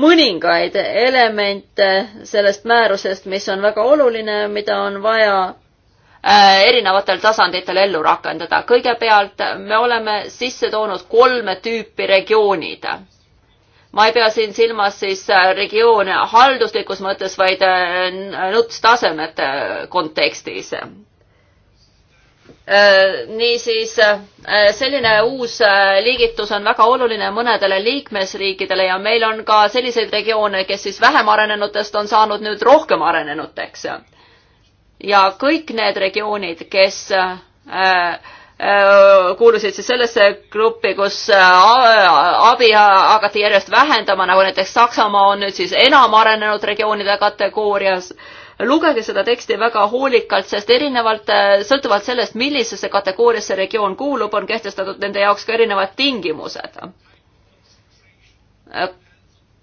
mõningaid elemente sellest määrusest, mis on väga oluline, mida on vaja erinevatel tasanditel ellu rakendada. kõigepealt me oleme sisse toonud kolme tüüpi regioonid ma ei pea siin silmas siis äh, regioone halduslikus mõttes, vaid äh, NUTS tasemete kontekstis. Äh, niisiis selline uus liigitus on väga oluline mõnedele liikmesriikidele ja meil on ka selliseid regioone, kes siis vähem arenenutest on saanud nüüd rohkem arenenuteks. ja kõik need regioonid, kes äh, Äh, kuulusid siis sellesse gruppi, kus äh, abi hakati järjest vähendama, nagu näiteks Saksamaa on nüüd siis enam arenenud regioonide kategoorias. lugege seda teksti väga hoolikalt, sest erinevalt, äh, sõltuvalt sellest, millisesse kategooriasse regioon kuulub, on kehtestatud nende jaoks ka erinevad tingimused.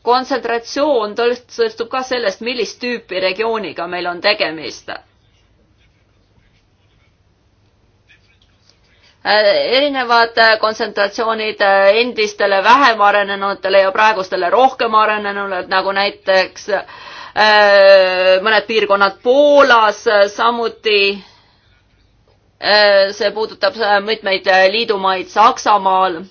kontsentratsioon sõltub ka sellest, millist tüüpi regiooniga meil on tegemist Äh, erinevad äh, kontsentratsioonid äh, endistele vähem arenenutele ja praegustele rohkem arenenule, nagu näiteks mõned piirkonnad Poolas, samuti see puudutab mitmeid liidumaid Saksamaal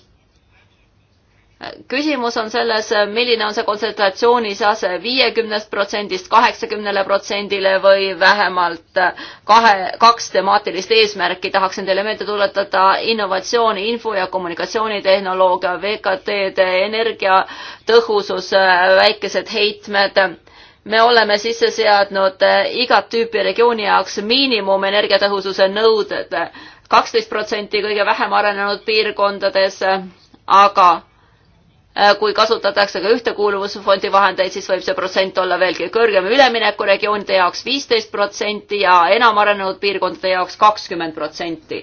küsimus on selles, milline on see kontsentratsiooni sase viiekümnest protsendist kaheksakümnele protsendile või vähemalt kahe, kaks temaatilist eesmärki tahaksin teile meelde tuletada innovatsiooni, info- ja kommunikatsioonitehnoloogia, VKT-d, energiatõhusus, väikesed heitmed me oleme sisse seadnud igat tüüpi regiooni jaoks miinimumenergiatõhususe nõuded, kaksteist protsenti kõige vähem arenenud piirkondades, aga Äh, kui kasutatakse ka ühtekuuluvusfondi vahendeid, siis võib see protsent olla veelgi kõrgem, üleminekuregioonide jaoks viisteist protsenti ja enam arenenud piirkondade jaoks kakskümmend protsenti.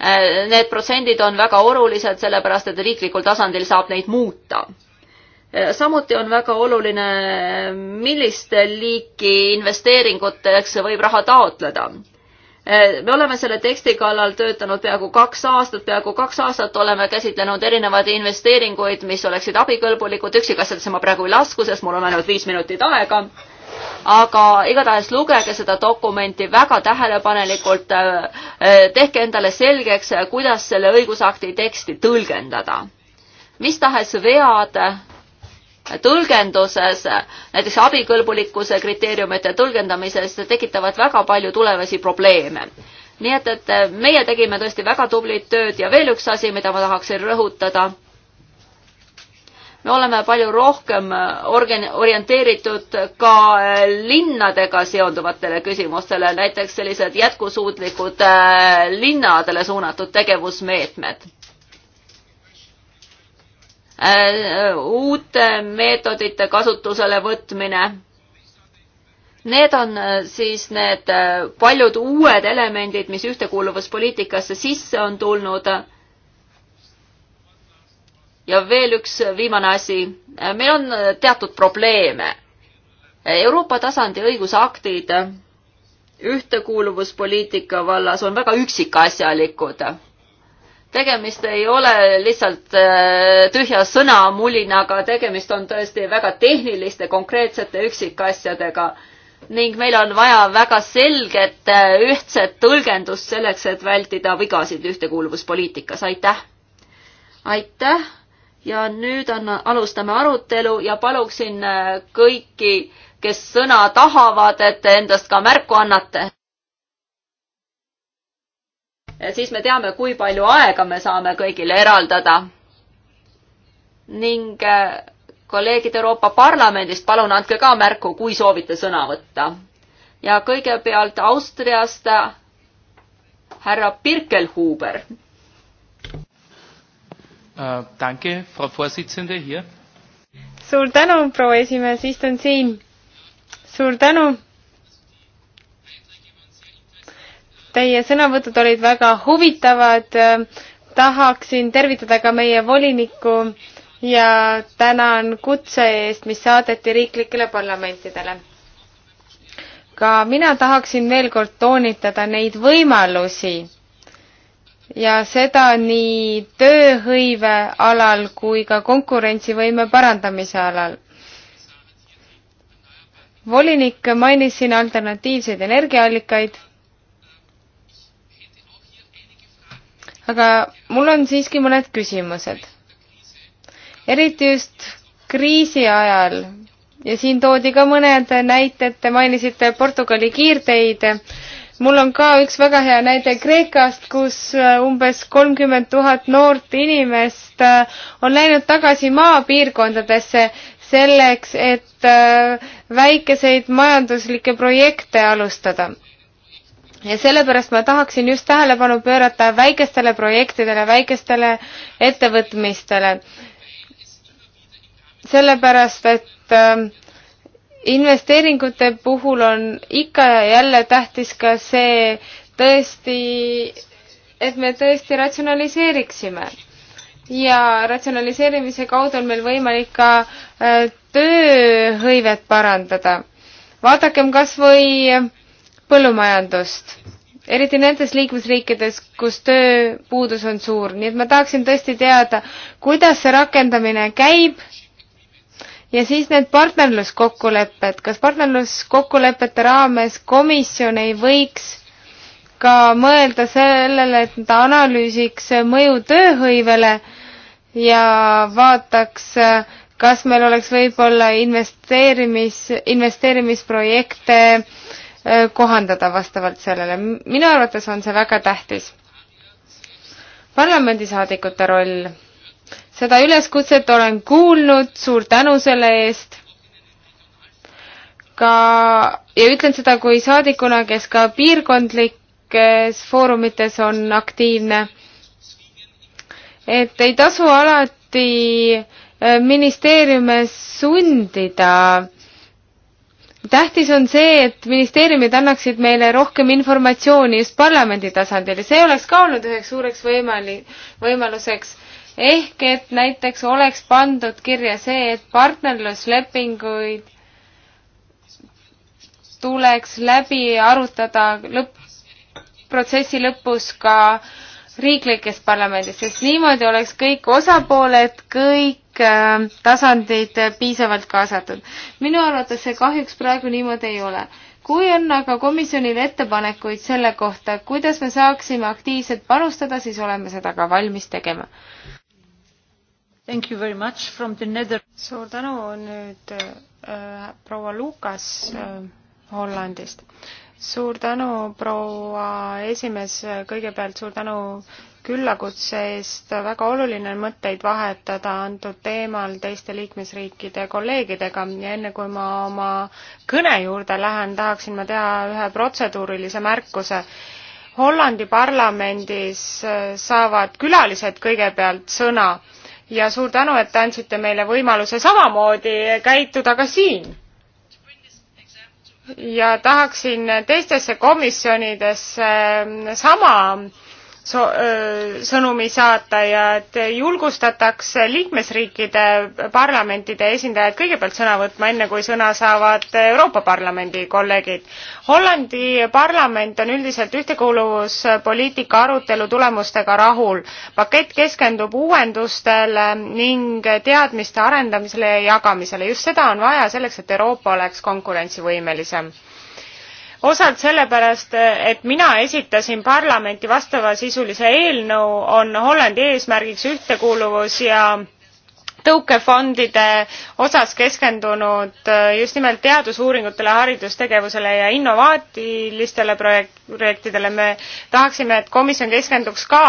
Äh, need protsendid on väga olulised, sellepärast et riiklikul tasandil saab neid muuta äh, samuti on väga oluline, millist liiki investeeringuteks võib raha taotleda Eh, me oleme selle teksti kallal töötanud peaaegu kaks aastat, peaaegu kaks aastat oleme käsitlenud erinevaid investeeringuid, mis oleksid abikõlbulikud, üksikasjadesse ma praegu ei lasku, sest mul on ainult viis minutit aega. aga igatahes lugege seda dokumenti väga tähelepanelikult, eh, eh, tehke endale selgeks, kuidas selle õigusakti teksti tõlgendada. mis tahes vead tõlgenduses, näiteks abikõlbulikkuse kriteeriumite tõlgendamises tekitavad väga palju tulevasi probleeme. nii et, et meie tegime tõesti väga tublit tööd ja veel üks asi, mida ma tahaksin rõhutada. me oleme palju rohkem organ-, orienteeritud ka linnadega seonduvatele küsimustele, näiteks sellised jätkusuutlikud äh, linnadele suunatud tegevusmeetmed Äh, uute meetodite kasutusele võtmine. Need on äh, siis need äh, paljud uued elemendid, mis ühtekuuluvuspoliitikasse sisse on tulnud. ja veel üks viimane asi. meil on teatud probleeme. Euroopa tasandi õigusaktid ühtekuuluvuspoliitika vallas on väga üksikasjalikud tegemist ei ole lihtsalt äh, tühja sõnamulinaga, tegemist on tõesti väga tehniliste konkreetsete üksikasjadega ning meil on vaja väga selget äh, ühtset tõlgendust selleks, et vältida vigasid ühtekuuluvuspoliitikas, aitäh! aitäh ja nüüd anna, alustame arutelu ja paluksin äh, kõiki, kes sõna tahavad, et endast ka märku annate siis me teame, kui palju aega me saame kõigile eraldada. ning äh, kolleegid Euroopa Parlamendist, palun andke ka märku, kui soovite sõna võtta. ja kõigepealt Austriast äh, härra Birkelhuber uh,. Äh, danke, Frau Vorsitzende, hier. suur tänu, proua esimees, istun siin. suur tänu Teie sõnavõtud olid väga huvitavad. tahaksin tervitada ka meie volinikku ja tänan kutse eest, mis saadeti riiklikele parlamentidele. ka mina tahaksin veel kord toonitada neid võimalusi ja seda nii tööhõive alal kui ka konkurentsivõime parandamise alal. volinik mainis siin alternatiivseid energiaallikaid aga mul on siiski mõned küsimused. eriti just kriisi ajal ja siin toodi ka mõned näited, te mainisite Portugali kiirteid. mul on ka üks väga hea näide Kreekast, kus äh, umbes kolmkümmend tuhat noort inimest äh, on läinud tagasi maapiirkondadesse selleks, et äh, väikeseid majanduslikke projekte alustada ja sellepärast ma tahaksin just tähelepanu pöörata väikestele projektidele, väikestele ettevõtmistele. sellepärast, et ähm, investeeringute puhul on ikka ja jälle tähtis ka see tõesti, et me tõesti ratsionaliseeriksime. ja ratsionaliseerimise kaudu on meil võimalik ka äh, tööhõivet parandada. vaadakem kas või põllumajandust, eriti nendes liikmesriikides, kus tööpuudus on suur, nii et ma tahaksin tõesti teada, kuidas see rakendamine käib ja siis need partnerluskokkulepped, kas partnerluskokkulepete raames komisjon ei võiks ka mõelda sellele, et ta analüüsiks mõju tööhõivele ja vaataks, kas meil oleks võib-olla investeerimis, investeerimisprojekte äh, Äh, kohandada vastavalt sellele. minu arvates on see väga tähtis. parlamendisaadikute roll. seda üleskutset olen kuulnud, suur tänu selle eest. ka, ja ütlen seda kui saadikuna, kes ka piirkondlikes foorumites on aktiivne. et ei tasu alati äh, ministeeriume sundida tähtis on see, et ministeeriumid annaksid meile rohkem informatsiooni just parlamendi tasandil ja see oleks ka olnud üheks suureks võimali-, võimaluseks. ehk et näiteks oleks pandud kirja see, et partnerluslepinguid tuleks läbi arutada lõpp, protsessi lõpus ka riiklikes parlamendis, sest niimoodi oleks kõik osapooled, kõik kõik äh, tasandid äh, piisavalt kaasatud. minu arvates see kahjuks praegu niimoodi ei ole. kui on aga komisjonil ettepanekuid selle kohta, kuidas me saaksime aktiivselt panustada, siis oleme seda ka valmis tegema. Thank you very much from the Nether-. suur tänu nüüd äh, proua Lukas äh, Hollandist suur tänu, proua esimees, kõigepealt suur tänu küllakutse eest, väga oluline on mõtteid vahetada antud teemal teiste liikmesriikide kolleegidega ja enne kui ma oma kõne juurde lähen, tahaksin ma teha ühe protseduurilise märkuse. Hollandi parlamendis saavad külalised kõigepealt sõna ja suur tänu, et te andsite meile võimaluse samamoodi käituda ka siin ja tahaksin teistesse komisjonidesse ähm, sama so sõnumi saata ja et julgustataks liikmesriikide parlamentide esindajaid kõigepealt sõna võtma, enne kui sõna saavad Euroopa Parlamendi kolleegid. Hollandi parlament on üldiselt ühtekuuluvuspoliitika arutelu tulemustega rahul. pakett keskendub uuendustele ning teadmiste arendamisele ja jagamisele. just seda on vaja selleks, et Euroopa oleks konkurentsivõimelisem osalt sellepärast, et mina esitasin parlamenti vastavasisulise eelnõu, on Hollandi eesmärgiks ühtekuuluvus ja tõukefondide osas keskendunud äh, just nimelt teadusuuringutele, haridustegevusele ja innovaatilistele projekt-, projektidele. me tahaksime, et komisjon keskenduks ka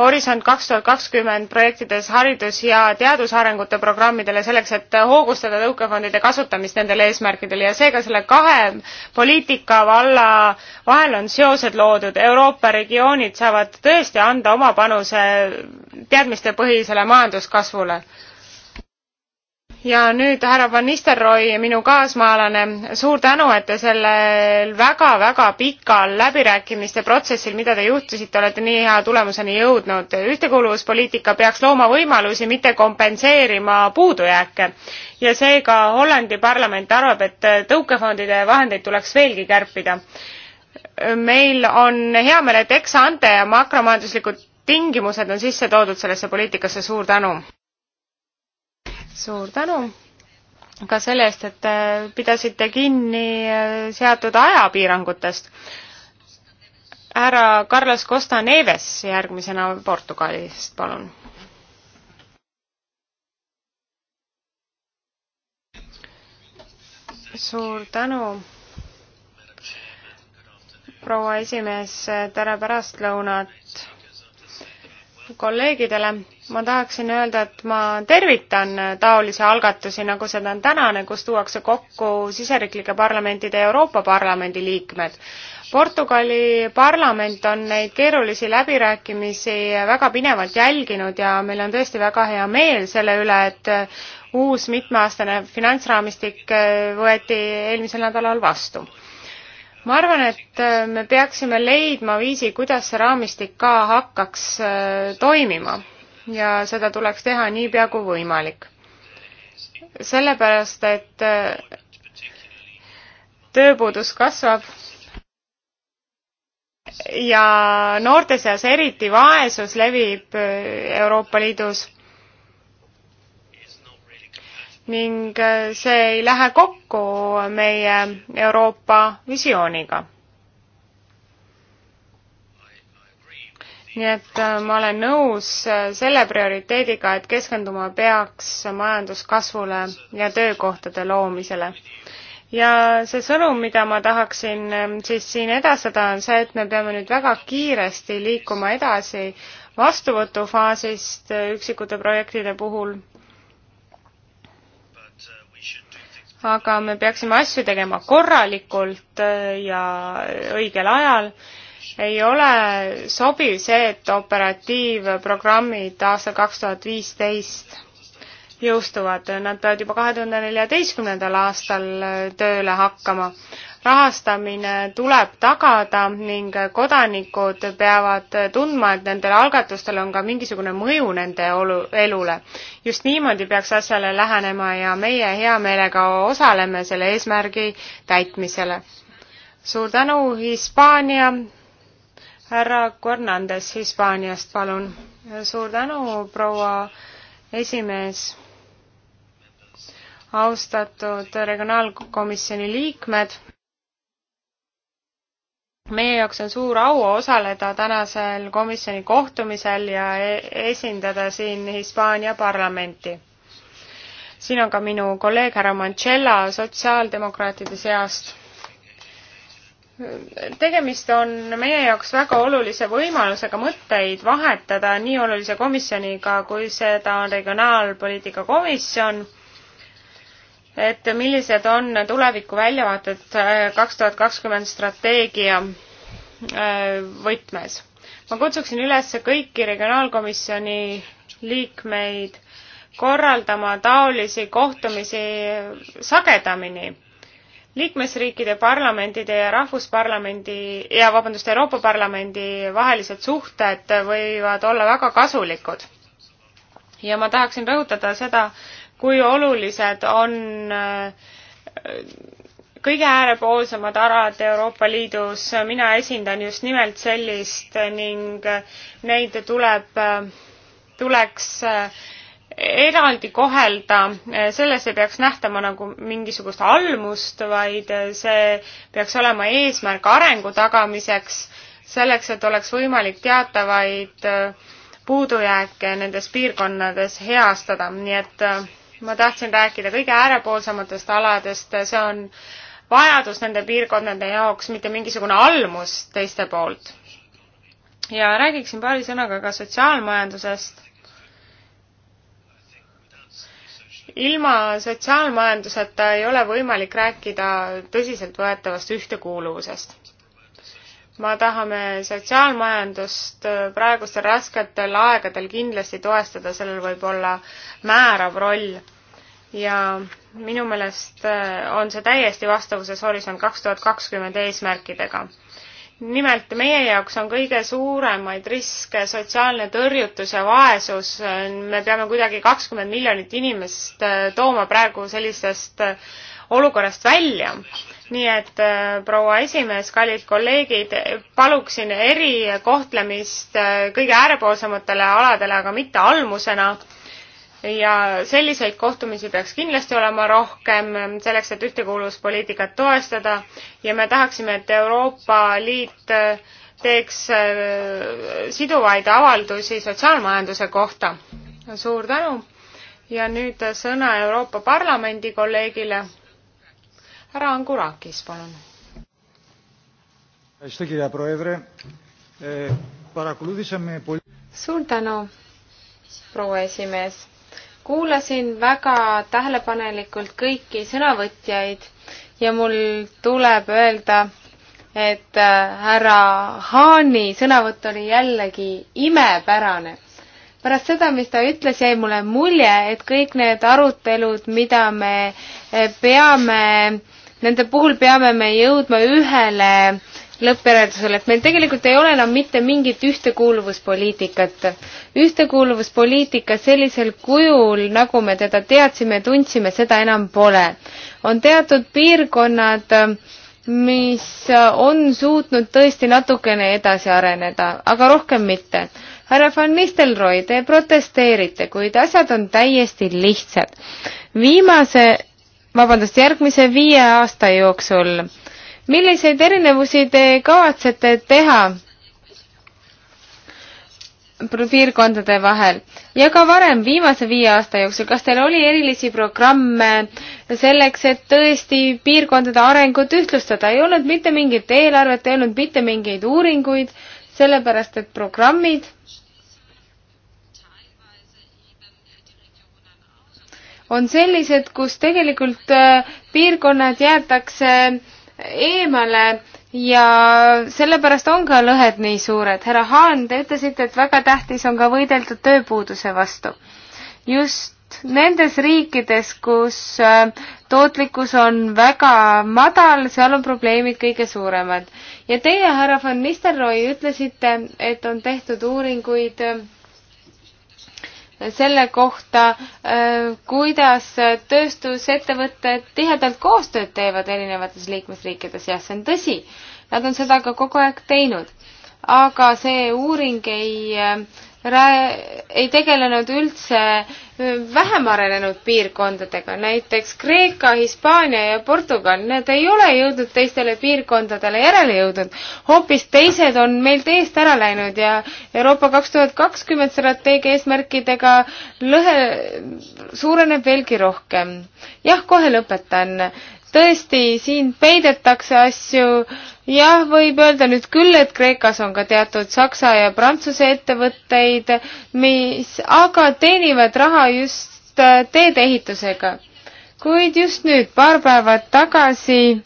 Horisont kaks tuhat kakskümmend projektides haridus- ja teadusarengute programmidele selleks, et hoogustada tõukefondide kasutamist nendel eesmärkidel ja seega selle kahe poliitika valla vahel on seosed loodud. Euroopa regioonid saavad tõesti anda oma panuse teadmistepõhisele majanduskasvule ja nüüd härra Van Nistelrooy, minu kaasmaalane, suur tänu, et te sellel väga-väga pikal läbirääkimiste protsessil, mida te juhtisite, olete nii hea tulemuseni jõudnud. ühtekuuluvuspoliitika peaks looma võimalusi, mitte kompenseerima puudujääke. ja seega Hollandi parlament arvab, et tõukefondide vahendeid tuleks veelgi kärpida. meil on hea meel, et ex-ante ja makromajanduslikud tingimused on sisse toodud sellesse poliitikasse, suur tänu! suur tänu ka selle eest, et äh, pidasite kinni äh, seatud ajapiirangutest. härra Carlos Costa Neves järgmisena Portugalist, palun. suur tänu, proua esimees, tere pärastlõunat kolleegidele, ma tahaksin öelda, et ma tervitan taolisi algatusi, nagu seda on tänane, kus tuuakse kokku siseriiklike parlamentide ja Euroopa Parlamendi liikmed. Portugali parlament on neid keerulisi läbirääkimisi väga pinevalt jälginud ja meil on tõesti väga hea meel selle üle, et uus mitmeaastane finantsraamistik võeti eelmisel nädalal vastu ma arvan, et äh, me peaksime leidma viisi, kuidas see raamistik ka hakkaks äh, toimima ja seda tuleks teha niipea kui võimalik. sellepärast, et äh, tööpuudus kasvab ja noorte seas eriti vaesus levib Euroopa Liidus ning äh, see ei lähe kokku meie Euroopa visiooniga. nii et äh, ma olen nõus äh, selle prioriteediga, et keskenduma peaks majanduskasvule ja töökohtade loomisele. ja see sõnum, mida ma tahaksin ähm, siis siin edastada, on see, et me peame nüüd väga kiiresti liikuma edasi vastuvõtufaasist üksikute projektide puhul aga me peaksime asju tegema korralikult äh, ja õigel ajal. ei ole sobiv see, et operatiivprogrammid aastal kaks tuhat viisteist jõustuvad, nad peavad juba kahe tuhande neljateistkümnendal aastal äh, tööle hakkama rahastamine tuleb tagada ning kodanikud peavad tundma, et nendel algatustel on ka mingisugune mõju nende olu, elule. just niimoodi peaks asjale lähenema ja meie hea meelega osaleme selle eesmärgi täitmisele. suur tänu, Hispaania! härra Fernandes Hispaaniast, palun. suur tänu, proua esimees austatud regionaalkomisjoni liikmed meie jaoks on suur au osaleda tänasel komisjoni kohtumisel ja e-, esindada siin Hispaania parlamenti. siin on ka minu kolleeg härra Manchella sotsiaaldemokraatide seast. tegemist on meie jaoks väga olulise võimalusega mõtteid vahetada nii olulise komisjoniga, kui seda on Regionaalpoliitika Komisjon et millised on tuleviku väljavaated äh, kaks tuhat kakskümmend strateegia äh, võtmes. ma kutsuksin üles kõiki regionaalkomisjoni liikmeid korraldama taolisi kohtumisi sagedamini. liikmesriikide parlamendide ja rahvusparlamendi ja vabandust, Euroopa Parlamendi vahelised suhted võivad olla väga kasulikud. ja ma tahaksin rõhutada seda, kui olulised on äh, kõige äärepoolsemad alad Euroopa Liidus, mina esindan just nimelt sellist ning neid tuleb, tuleks äh, eraldi kohelda, selles ei peaks nähtama nagu mingisugust almust, vaid see peaks olema eesmärk arengu tagamiseks, selleks, et oleks võimalik teatavaid äh, puudujääke nendes piirkonnades heastada, nii et ma tahtsin rääkida kõige äärepoolsematest aladest, see on vajadus nende piirkondade jaoks, mitte mingisugune almus teiste poolt. ja räägiksin paari sõnaga ka sotsiaalmajandusest. ilma sotsiaalmajanduseta ei ole võimalik rääkida tõsiseltvõetavast ühtekuuluvusest ma tahame sotsiaalmajandust äh, praegustel rasketel aegadel kindlasti toestada, sellel võib olla määrav roll. ja minu meelest äh, on see täiesti vastavuses Horisont kaks tuhat kakskümmend eesmärkidega. nimelt meie jaoks on kõige suuremaid riske sotsiaalne tõrjutus ja vaesus, me peame kuidagi kakskümmend miljonit inimest äh, tooma praegu sellisest olukorrast välja nii et äh, proua esimees, kallid kolleegid, paluksin erikohtlemist äh, kõige äärepoolsematele aladele, aga mitte almusena. ja selliseid kohtumisi peaks kindlasti olema rohkem, ähm, selleks et ühtekuuluvuspoliitikat toestada ja me tahaksime, et Euroopa Liit äh, teeks siduvaid avaldusi sotsiaalmajanduse kohta. suur tänu ja nüüd sõna Euroopa Parlamendi kolleegile härra Angurakis, palun. suur tänu, proua esimees. kuulasin väga tähelepanelikult kõiki sõnavõtjaid ja mul tuleb öelda, et äh, härra Haani sõnavõtt oli jällegi imepärane. pärast seda, mis ta ütles, jäi mulle mulje, et kõik need arutelud, mida me äh, peame nende puhul peame me jõudma ühele lõppjäreldusele, et meil tegelikult ei ole enam mitte mingit ühtekuuluvuspoliitikat. ühtekuuluvuspoliitika sellisel kujul, nagu me teda teadsime ja tundsime, seda enam pole. on teatud piirkonnad, mis on suutnud tõesti natukene edasi areneda, aga rohkem mitte. härra Van Nistelrooy, te protesteerite, kuid asjad on täiesti lihtsad. viimase vabandust, järgmise viie aasta jooksul. milliseid erinevusi te kavatsete teha piirkondade vahel ja ka varem, viimase viie aasta jooksul, kas teil oli erilisi programme selleks, et tõesti piirkondade arengut ühtlustada, ei olnud mitte mingit eelarvet, ei olnud mitte mingeid uuringuid, sellepärast et programmid on sellised, kus tegelikult äh, piirkonnad jäetakse eemale ja sellepärast on ka lõhed nii suured. härra Haan, te ütlesite, et väga tähtis on ka võidelda tööpuuduse vastu. just nendes riikides, kus äh, tootlikkus on väga madal, seal on probleemid kõige suuremad. ja teie, härra von Nistelrooy, ütlesite, et on tehtud uuringuid äh, selle kohta, äh, kuidas tööstusettevõtted tihedalt koostööd teevad erinevates liikmesriikides, jah, see on tõsi. Nad on seda ka kogu aeg teinud. aga see uuring ei äh, ei tegelenud üldse vähem arenenud piirkondadega, näiteks Kreeka, Hispaania ja Portugal, need ei ole jõudnud teistele piirkondadele järele jõudnud. hoopis teised on meilt eest ära läinud ja Euroopa kaks tuhat kakskümmend strateegia eesmärkidega lõhe suureneb veelgi rohkem. jah, kohe lõpetan tõesti, siin peidetakse asju, jah, võib öelda nüüd küll, et Kreekas on ka teatud Saksa ja Prantsuse ettevõtteid, mis aga teenivad raha just äh, teedeehitusega. kuid just nüüd, paar päeva tagasi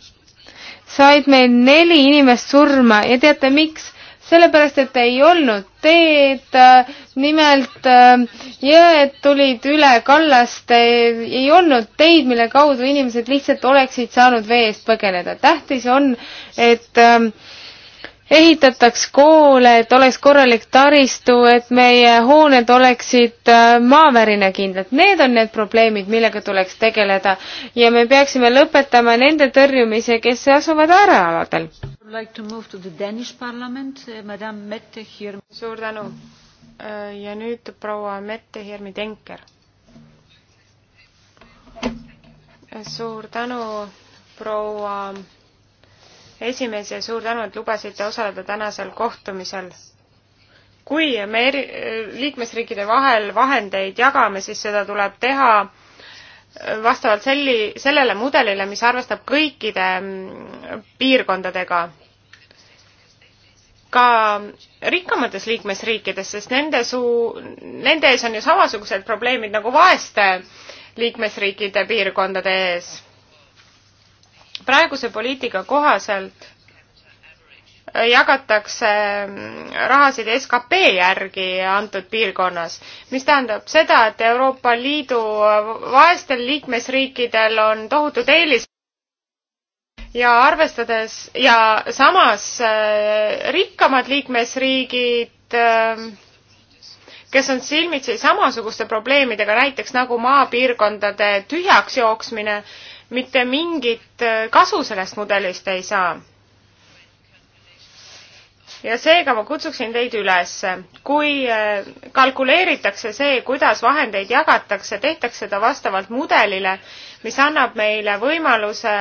said meil neli inimest surma ja teate miks? sellepärast, et ei olnud teed, nimelt äh, jõed tulid üle kallaste, ei olnud teid, mille kaudu inimesed lihtsalt oleksid saanud vee eest põgeneda. tähtis on, et äh, ehitataks koole, et oleks korralik taristu, et meie hooned oleksid äh, maavärinakindlad. Need on need probleemid, millega tuleks tegeleda ja me peaksime lõpetama nende tõrjumise, kes asuvad äärealadel. suur tänu. Äh, ja nüüd proua Mette Hirmi-Tenker. suur tänu, proua esimees ja suur tänu, et lubasite osaleda tänasel kohtumisel. kui me eri, liikmesriikide vahel vahendeid jagame, siis seda tuleb teha vastavalt selli, sellele mudelile, mis arvestab kõikide mm, piirkondadega ka rikkamates liikmesriikides, sest nende suu, nende ees on ju samasugused probleemid nagu vaeste liikmesriikide piirkondade ees praeguse poliitika kohaselt jagatakse rahasid skp järgi antud piirkonnas, mis tähendab seda, et Euroopa Liidu vaestel liikmesriikidel on tohutud eelis ja arvestades ja samas äh, rikkamad liikmesriigid, äh, kes on silmitsi samasuguste probleemidega, näiteks nagu maapiirkondade tühjaks jooksmine, mitte mingit äh, kasu sellest mudelist ei saa. ja seega ma kutsuksin teid üles, kui äh, kalkuleeritakse see, kuidas vahendeid jagatakse, tehtakse seda vastavalt mudelile, mis annab meile võimaluse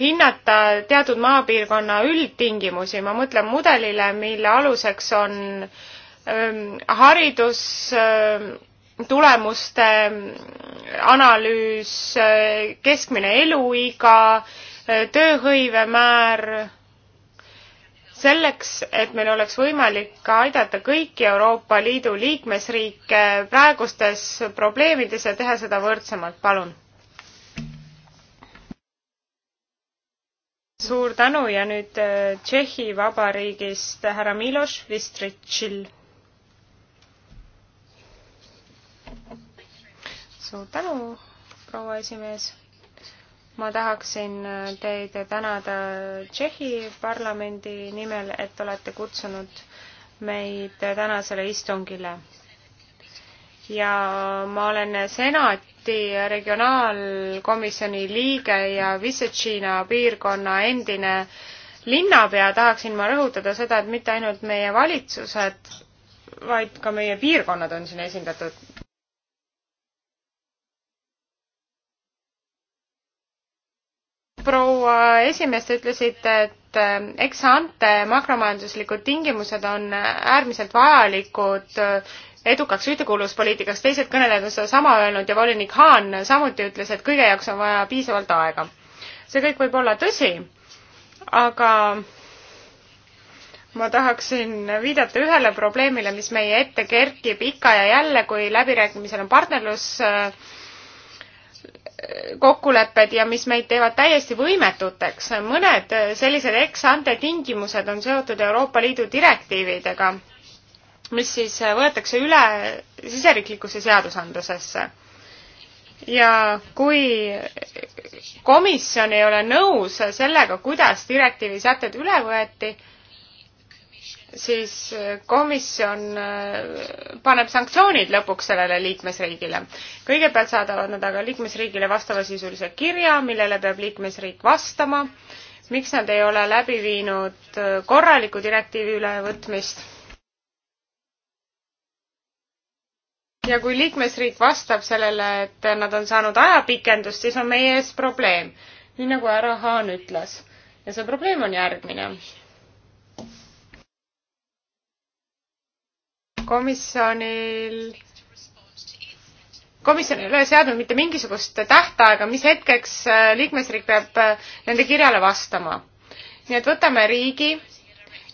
hinnata teatud maapiirkonna üldtingimusi, ma mõtlen mudelile, mille aluseks on öö, ähm, haridus öö, ähm, tulemuste mm, analüüs, äh, keskmine eluiga, äh, tööhõivemäär, selleks, et meil oleks võimalik aidata kõiki Euroopa Liidu liikmesriike praegustes probleemides ja teha seda võrdsemalt, palun. suur tänu ja nüüd äh, Tšehhi Vabariigist härra Miloš Vistritšil suur tänu, proua esimees. ma tahaksin äh, teid tänada Tšehhi parlamendi nimel, et olete kutsunud meid tänasele istungile. ja ma olen senati regionaalkomisjoni liige ja Visetšina piirkonna endine linnapea, tahaksin ma rõhutada seda, et mitte ainult meie valitsused, vaid ka meie piirkonnad on siin esindatud proua esimees, te ütlesite, et äh, ex-ante makromajanduslikud tingimused on äärmiselt vajalikud äh, edukaks ühtekuuluvuspoliitikaks, teised kõnelejad on sedasama öelnud ja volinik Haan samuti ütles, et kõige jaoks on vaja piisavalt aega. see kõik võib olla tõsi, aga ma tahaksin viidata ühele probleemile, mis meie ette kerkib ikka ja jälle, kui läbirääkimisel on partnerlus äh, kokkulepped ja mis meid teevad täiesti võimetuteks. mõned sellised ex-ante tingimused on seotud Euroopa Liidu direktiividega, mis siis võetakse üle siseriiklikusse seadusandlusesse. ja kui komisjon ei ole nõus sellega, kuidas direktiivi sätted üle võeti, siis eh, komisjon eh, paneb sanktsioonid lõpuks sellele liikmesriigile. kõigepealt saadavad nad aga liikmesriigile vastavasisulise kirja, millele peab liikmesriik vastama, miks nad ei ole läbi viinud eh, korralikku direktiivi ülevõtmist. ja kui liikmesriik vastab sellele, et nad on saanud ajapikendust, siis on meie ees probleem, nii nagu härra Haan ütles. ja see probleem on järgmine komisjonil komisjon ei ole seadnud mitte mingisugust tähtaega, mis hetkeks äh, liikmesriik peab äh, nende kirjale vastama. nii et võtame riigi,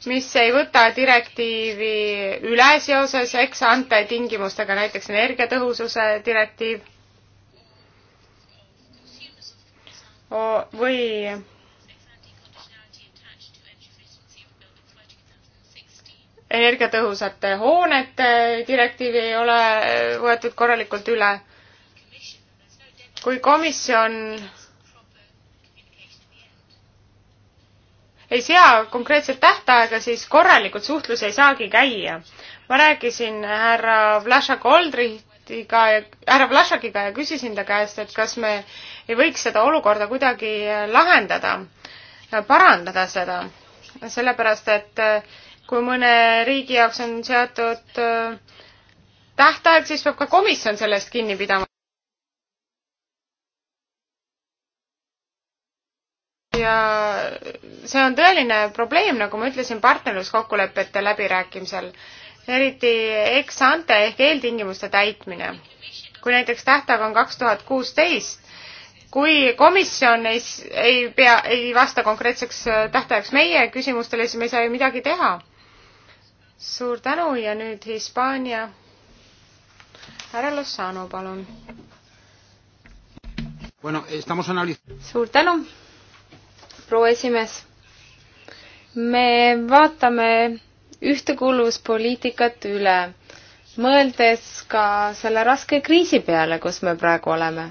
mis ei võta direktiivi üle seoses ex-ante tingimustega, näiteks energiatõhususe direktiiv või energiatõhusate hoonete direktiivi ei ole võetud korralikult üle. kui komisjon ei sea konkreetset tähtaega, siis korralikult suhtlus ei saagi käia. ma rääkisin härra Vlašak Oldrichtiga ja härra Vlašakiga ja küsisin ta käest, et kas me ei võiks seda olukorda kuidagi lahendada, parandada seda, sellepärast et kui mõne riigi jaoks on seatud äh, tähtaeg, siis peab ka komisjon sellest kinni pidama. ja see on tõeline probleem, nagu ma ütlesin, partnerluskokkulepete läbirääkimisel, eriti ex-ante ehk eeltingimuste täitmine. kui näiteks tähtaeg on kaks tuhat kuusteist, kui komisjon ei, ei pea, ei vasta konkreetseks äh, tähtajaks meie küsimustele, siis me ei saa ju midagi teha suur tänu ja nüüd Hispaania. härra Lozano, palun. suur tänu, proua esimees. me vaatame ühtekuuluvuspoliitikat üle, mõeldes ka selle raske kriisi peale, kus me praegu oleme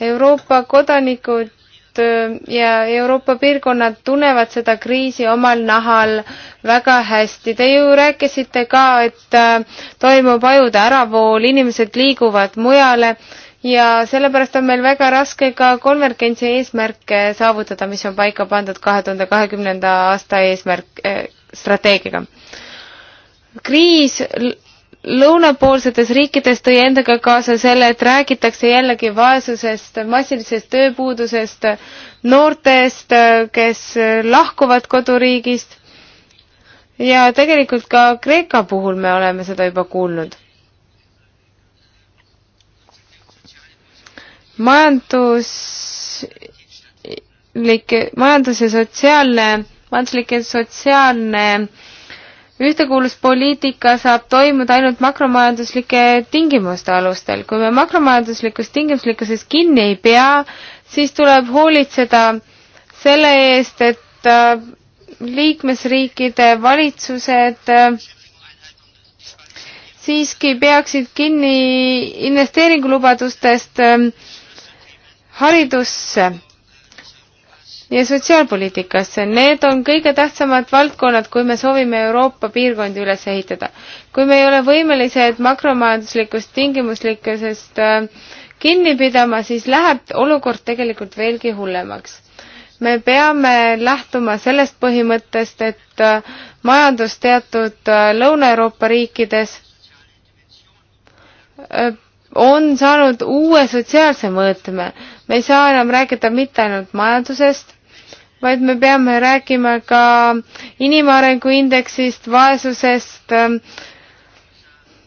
Euroopa kodanikud ja Euroopa piirkonnad tunnevad seda kriisi omal nahal väga hästi. Te ju rääkisite ka, et toimub ajude äravool, inimesed liiguvad mujale ja sellepärast on meil väga raske ka konvergentsi eesmärke saavutada, mis on paika pandud kahe tuhande kahekümnenda aasta eesmärk äh,, strateegiaga. kriis lõunapoolsetes riikides tõi endaga kaasa selle, et räägitakse jällegi vaesusest, massilisest tööpuudusest, noortest, kes lahkuvad koduriigist. ja tegelikult ka Kreeka puhul me oleme seda juba kuulnud. majanduslik, majandus ja sotsiaalne, majanduslik ja sotsiaalne äh, ühtekuuluspoliitika saab toimuda ainult makromajanduslike tingimuste alustel. kui me makromajanduslikust tingimuslikkusest kinni ei pea, siis tuleb hoolitseda selle eest, et äh, liikmesriikide valitsused äh, siiski peaksid kinni investeeringulubadustest äh, haridusse ja sotsiaalpoliitikasse. Need on kõige tähtsamad valdkonnad, kui me soovime Euroopa piirkondi üles ehitada. kui me ei ole võimelised makromajanduslikust tingimuslikkusest äh, kinni pidama, siis läheb olukord tegelikult veelgi hullemaks. me peame lähtuma sellest põhimõttest, et äh, majandus teatud äh, Lõuna-Euroopa riikides on saanud uue sotsiaalse mõõtme. me ei saa enam rääkida mitte ainult majandusest, vaid me peame rääkima ka inimarengu indeksist, vaesusest ähm,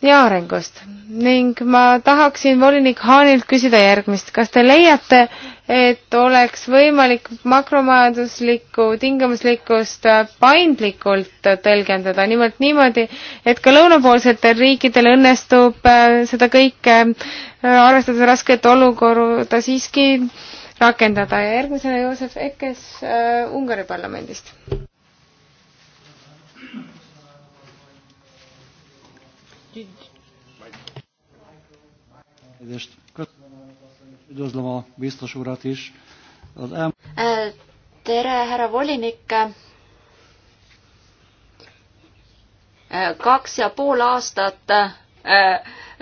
ja arengust. ning ma tahaksin volinik Haanilt küsida järgmist. kas te leiate, et oleks võimalik makromajanduslikku tingimuslikkust äh, paindlikult tõlgendada, nimelt niimoodi, et ka lõunapoolsetel riikidel õnnestub äh, seda kõike, äh, arvestades rasket olukorda, siiski rakendada ja järgmisena Joosef Ekkes äh, Ungari parlamendist. tere, härra volinik kaks ja pool aastat Äh,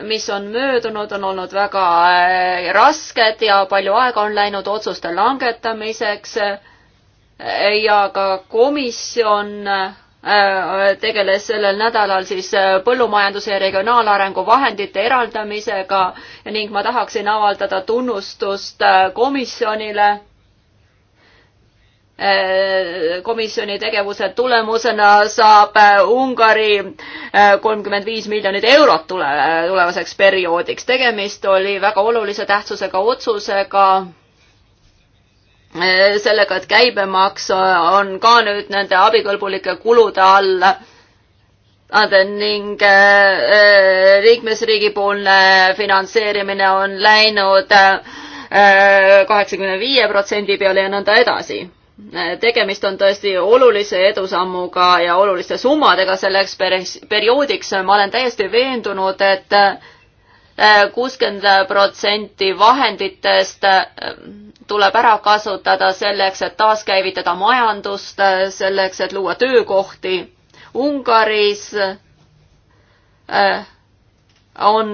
mis on möödunud, on olnud väga äh, rasked ja palju aega on läinud otsuste langetamiseks. Äh, ja ka komisjon tegeles sellel nädalal siis põllumajanduse ja regionaalarengu vahendite eraldamisega ning ma tahaksin avaldada tunnustust komisjonile Eh, komisjoni tegevuse tulemusena saab eh, Ungari eh, kolmkümmend viis miljonit eurot tule, tulevaseks perioodiks. tegemist oli väga olulise tähtsusega otsusega sellega, et käibemaks on ka nüüd nende abikõlbulike kulude all ning liikmesriigi poolne finantseerimine on läinud kaheksakümne viie protsendi peale ja nõnda edasi tegemist on tõesti olulise edusammuga ja oluliste summadega selleks perioodiks. ma olen täiesti veendunud et, et äh, kuuskümmend protsenti vahenditest äh, tuleb ära kasutada selleks, et taaskäivitada majandust, äh, selleks, et luua töökohti. Ungaris on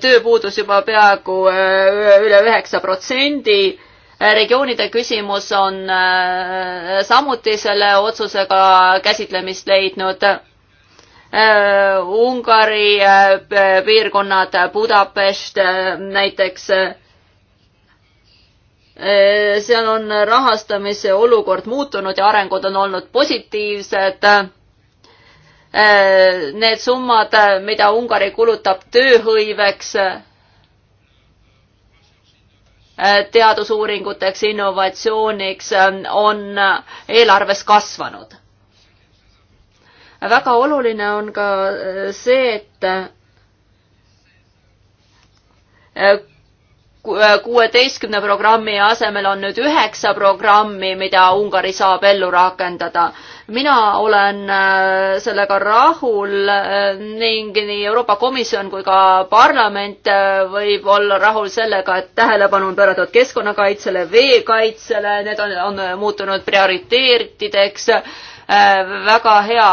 tööpuudus juba peaaegu üle üheksa protsendi regioonide küsimus on äh, samuti selle otsusega käsitlemist leidnud. Äh, Ungari äh, piirkonnad, Budapest näiteks seal on rahastamise olukord muutunud ja arengud on olnud positiivsed. Need summad, mida Ungari kulutab tööhõiveks, Äh, teadusuuringuteks, innovatsiooniks äh, on äh, eelarves kasvanud. väga oluline on ka see, et Äh, kuueteistkümne programmi asemel on nüüd üheksa programmi, mida Ungari saab ellu rakendada. mina olen äh, sellega rahul äh, ning nii Euroopa Komisjon kui ka parlament võib olla rahul sellega, et tähelepanu on pööratud keskkonnakaitsele, veekaitsele, need on, on muutunud prioriteetideks. väga hea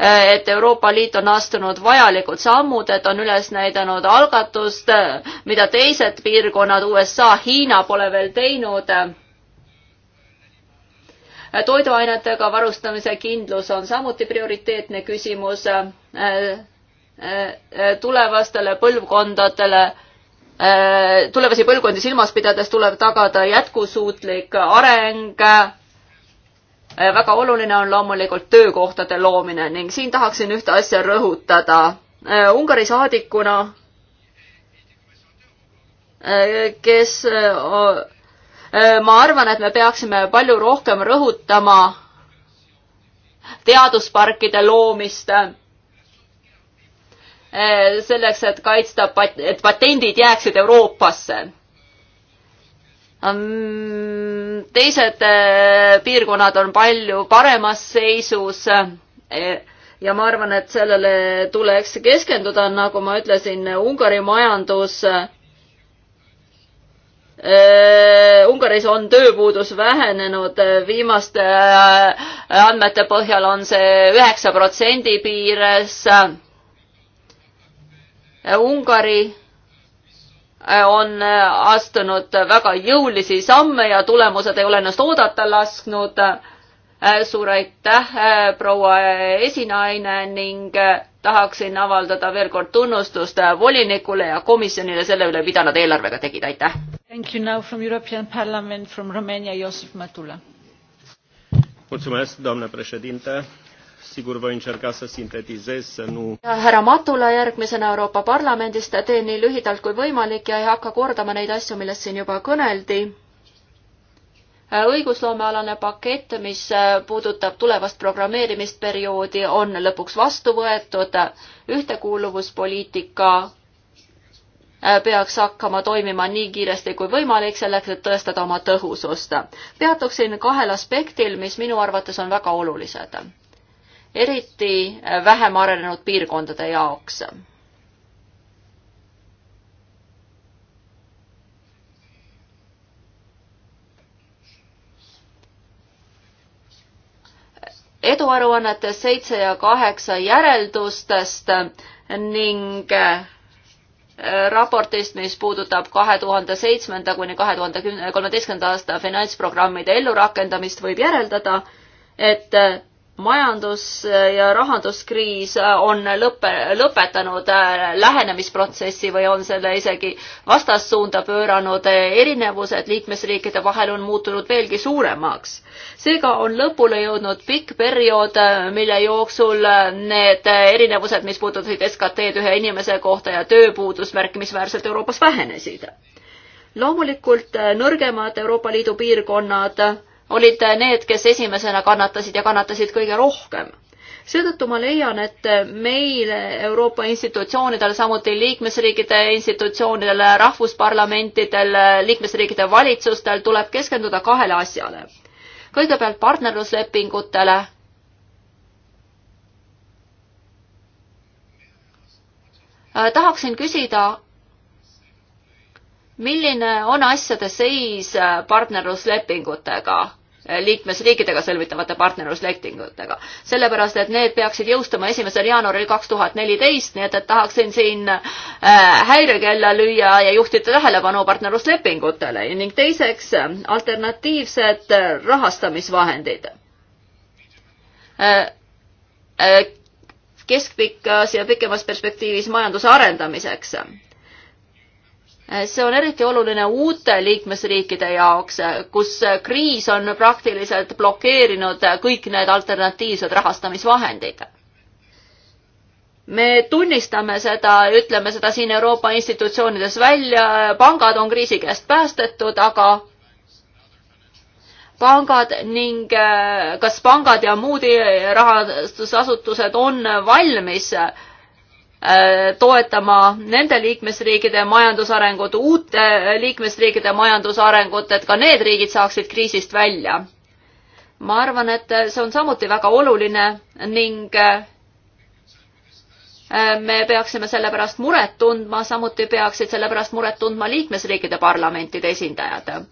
Äh, et Euroopa Liit on astunud vajalikud sammud, et on üles näidanud algatust, äh, mida teised piirkonnad, USA, Hiina pole veel teinud. Äh, toiduainetega varustamise kindlus on samuti prioriteetne küsimus tulevastele põlvkondadele tulevasi põlvkondi silmas pidades tuleb tagada jätkusuutlik areng Äh, väga oluline on loomulikult töökohtade loomine ning siin tahaksin ühte asja rõhutada. Äh, Ungari saadikuna, äh, kes ma arvan, et me peaksime palju rohkem rõhutama teadusparkide loomist selleks, et kaitsta, et patendid jääksid Euroopasse teised äh, piirkonnad on palju paremas seisus äh, ja ma arvan, et sellele tuleks keskenduda, nagu ma ütlesin, Ungari majandus äh, Ungaris on tööpuudus vähenenud, viimaste andmete põhjal on see üheksa protsendi piires. Ungari on äh, astunud väga jõulisi samme ja tulemused ei ole ennast oodata lasknud. Äh, suur aitäh, äh, proua esinaine ning tahaksin avaldada veel kord tunnustust volinikule ja komisjonile selle üle, mida nad eelarvega tegid, aitäh. Thank you now from European Parliament from Romania, Josip Matula. mulțumesc, doamnă președinte sigur voi încerca să sintetizez, să nu... härra Matula järgmisena Euroopa Parlamendist, teen nii lühidalt kui võimalik ja ei hakka kordama neid asju, millest siin juba kõneldi. Äh, õigusloomealane pakett, mis äh, puudutab tulevast programmeerimisperioodi, on lõpuks vastu võetud. ühtekuuluvuspoliitika äh, peaks hakkama toimima nii kiiresti kui võimalik, selleks et tõestada oma tõhusust. peatuksin kahel aspektil, mis minu arvates on väga olulised eriti äh, vähem arenenud piirkondade jaoks. eduaruannete seitse ja kaheksa järeldustest ning äh, raportist, mis puudutab kahe tuhande seitsmenda kuni kahe tuhande kümne, kolmeteistkümnenda aasta finantsprogrammide ellurakendamist, võib järeldada, et äh, majandus- ja rahanduskriis äh, on lõpe, lõpetanud äh, lähenemisprotsessi või on selle isegi vastassuunda pööranud, äh, erinevused liikmesriikide vahel on muutunud veelgi suuremaks. seega on lõpule jõudnud pikk periood, mille jooksul need erinevused, mis puudutasid SKT-d ühe inimese kohta ja tööpuudust märkimisväärselt Euroopas vähenesid. loomulikult nõrgemad Euroopa Liidu piirkonnad olid need, kes esimesena kannatasid ja kannatasid kõige rohkem. seetõttu ma leian, et meil Euroopa institutsioonidel, samuti liikmesriikide institutsioonidel, rahvusparlamentidel, liikmesriikide valitsustel tuleb keskenduda kahele asjale. kõigepealt partnerluslepingutele, tahaksin küsida, milline on asjade seis partnerluslepingutega? liikmesriikidega sõlmitavate partnerluslepingutega. sellepärast, et need peaksid jõustuma esimesel jaanuaril kaks tuhat neliteist, nii et, et tahaksin siin äh, häirekella lüüa ja juhtida tähelepanu partnerluslepingutele ning teiseks alternatiivsed rahastamisvahendid äh, äh, keskpikas ja pikemas perspektiivis majanduse arendamiseks Eh, see on eriti oluline uute liikmesriikide jaoks, eh, kus eh, kriis on praktiliselt blokeerinud kõik need alternatiivsed rahastamisvahendid. me tunnistame seda, ütleme seda siin Euroopa institutsioonides välja, pangad on kriisi käest päästetud, aga pangad ning kas pangad ja muud rahastusasutused on valmis äh, Äh, toetama nende liikmesriikide majandusarengut, uute liikmesriikide majandusarengut, et ka need riigid saaksid kriisist välja. ma arvan, et see on samuti väga oluline ning äh, me peaksime selle pärast muret tundma, samuti peaksid selle pärast muret tundma liikmesriikide parlamentide esindajad.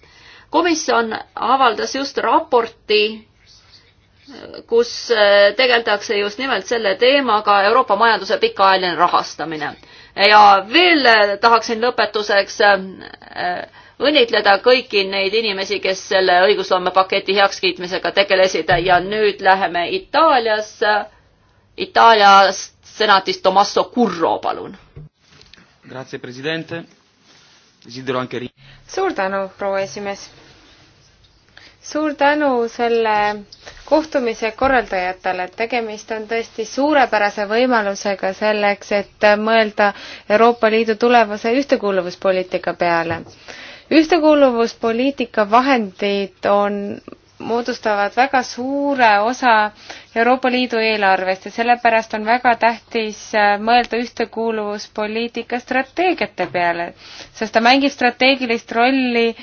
komisjon avaldas just raporti kus äh, tegeldakse just nimelt selle teemaga Euroopa majanduse pikaajaline rahastamine. ja veel äh, tahaksin lõpetuseks äh, õnnitleda kõiki neid inimesi, kes selle õigusloomepaketi heakskiitmisega tegelesid ja nüüd läheme Itaaliasse. Itaalia senatist Tommaso Curro, palun. suur tänu, proua esimees. suur tänu selle kohtumise korraldajatele, et tegemist on tõesti suurepärase võimalusega selleks, et mõelda Euroopa Liidu tulevase ühtekuuluvuspoliitika peale. ühtekuuluvuspoliitika vahendid on moodustavad väga suure osa Euroopa Liidu eelarvest ja sellepärast on väga tähtis äh, mõelda ühtekuuluvuspoliitika strateegiate peale, sest ta mängib strateegilist rolli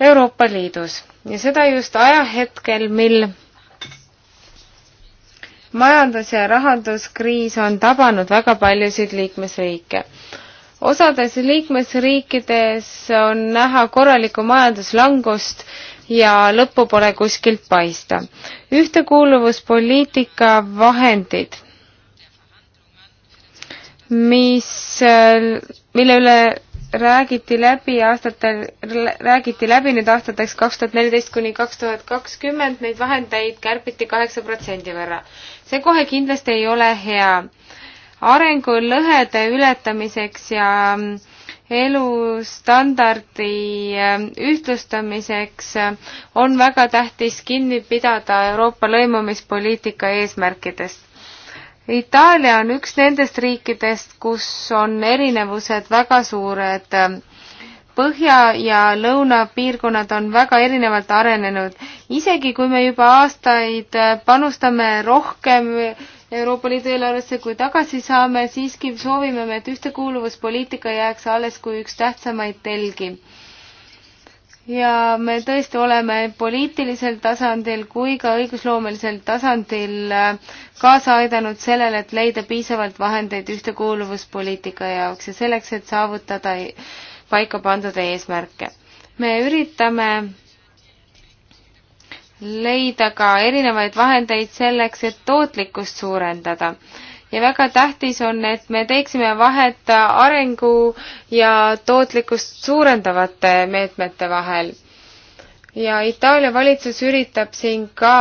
Euroopa Liidus ja seda just ajahetkel, mil majandus- ja rahanduskriis on tabanud väga paljusid liikmesriike. osades liikmesriikides on näha korralikku majanduslangust ja lõppu pole kuskilt paista. ühtekuuluvuspoliitika vahendid, mis, mille üle räägiti läbi aastatel, räägiti läbi nüüd aastateks kaks tuhat neliteist kuni kaks tuhat kakskümmend, neid vahendeid kärbiti kaheksa protsendi võrra. see kohe kindlasti ei ole hea. arengulõhede ületamiseks ja mm, elustandardi mm, ühtlustamiseks mm, on väga tähtis kinni pidada Euroopa lõimumispoliitika eesmärkidest Itaalia on üks nendest riikidest, kus on erinevused väga suured. Põhja- ja lõunapiirkonnad on väga erinevalt arenenud. isegi kui me juba aastaid panustame rohkem Euroopa Liidu eelarvesse, kui tagasi saame, siiski soovime me, et ühtekuuluvuspoliitika jääks alles kui üks tähtsamaid telgi ja me tõesti oleme poliitilisel tasandil kui ka õigusloomelisel tasandil äh, kaasa aidanud sellele, et leida piisavalt vahendeid ühtekuuluvuspoliitika jaoks ja selleks, et saavutada e-, paika pandud eesmärke. me üritame leida ka erinevaid vahendeid selleks, et tootlikkust suurendada ja väga tähtis on, et me teeksime vahet arengu ja tootlikkust suurendavate meetmete vahel. ja Itaalia valitsus üritab siin ka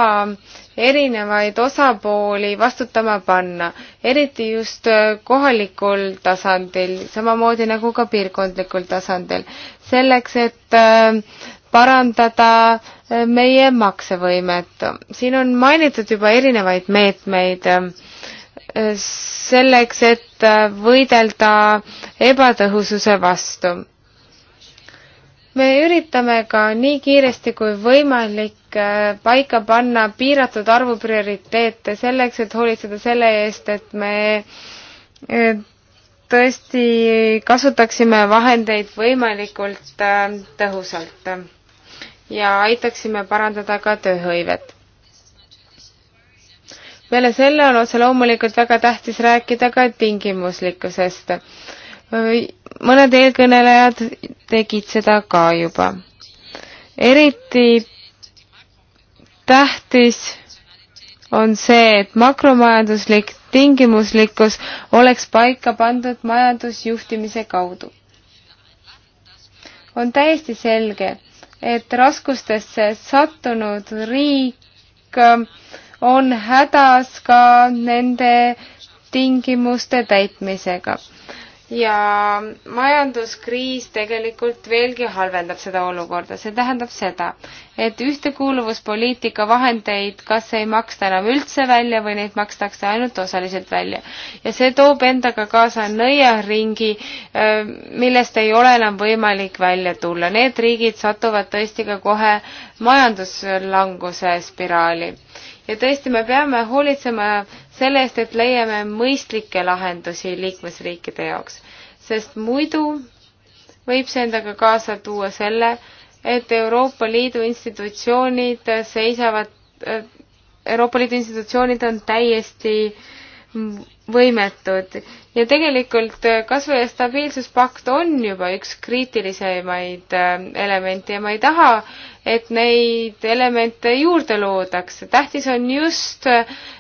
erinevaid osapooli vastutama panna, eriti just kohalikul tasandil, samamoodi nagu ka piirkondlikul tasandil, selleks et äh, parandada äh, meie maksevõimet. siin on mainitud juba erinevaid meetmeid meet äh, selleks, et võidelda ebatõhususe vastu. me üritame ka nii kiiresti kui võimalik äh, paika panna piiratud arvu prioriteete selleks, et hoolitseda selle eest, et me äh, tõesti kasutaksime vahendeid võimalikult äh, tõhusalt ja aitaksime parandada ka tööhõivet peale selle on otse loomulikult väga tähtis rääkida ka tingimuslikkusest. mõned eelkõnelejad tegid seda ka juba. eriti tähtis on see, et makromajanduslik tingimuslikkus oleks paika pandud majandusjuhtimise kaudu. on täiesti selge, et raskustesse sattunud riik on hädas ka nende tingimuste täitmisega. ja majanduskriis tegelikult veelgi halvendab seda olukorda, see tähendab seda, et ühtekuuluvuspoliitika vahendeid kas ei maksta enam üldse välja või neid makstakse ainult osaliselt välja. ja see toob endaga kaasa nõiaringi, äh, millest ei ole enam võimalik välja tulla. Need riigid satuvad tõesti ka kohe majanduslanguse spiraali ja tõesti, me peame hoolitsema selle eest, et leiame mõistlikke lahendusi liikmesriikide jaoks, sest muidu võib see endaga kaasa tuua selle, et Euroopa Liidu institutsioonid seisavad, Euroopa Liidu institutsioonid on täiesti võimetud ja tegelikult kasvu- ja stabiilsuspakt on juba üks kriitilisemaid äh, elemente ja ma ei taha, et neid elemente juurde loodaks. tähtis on just,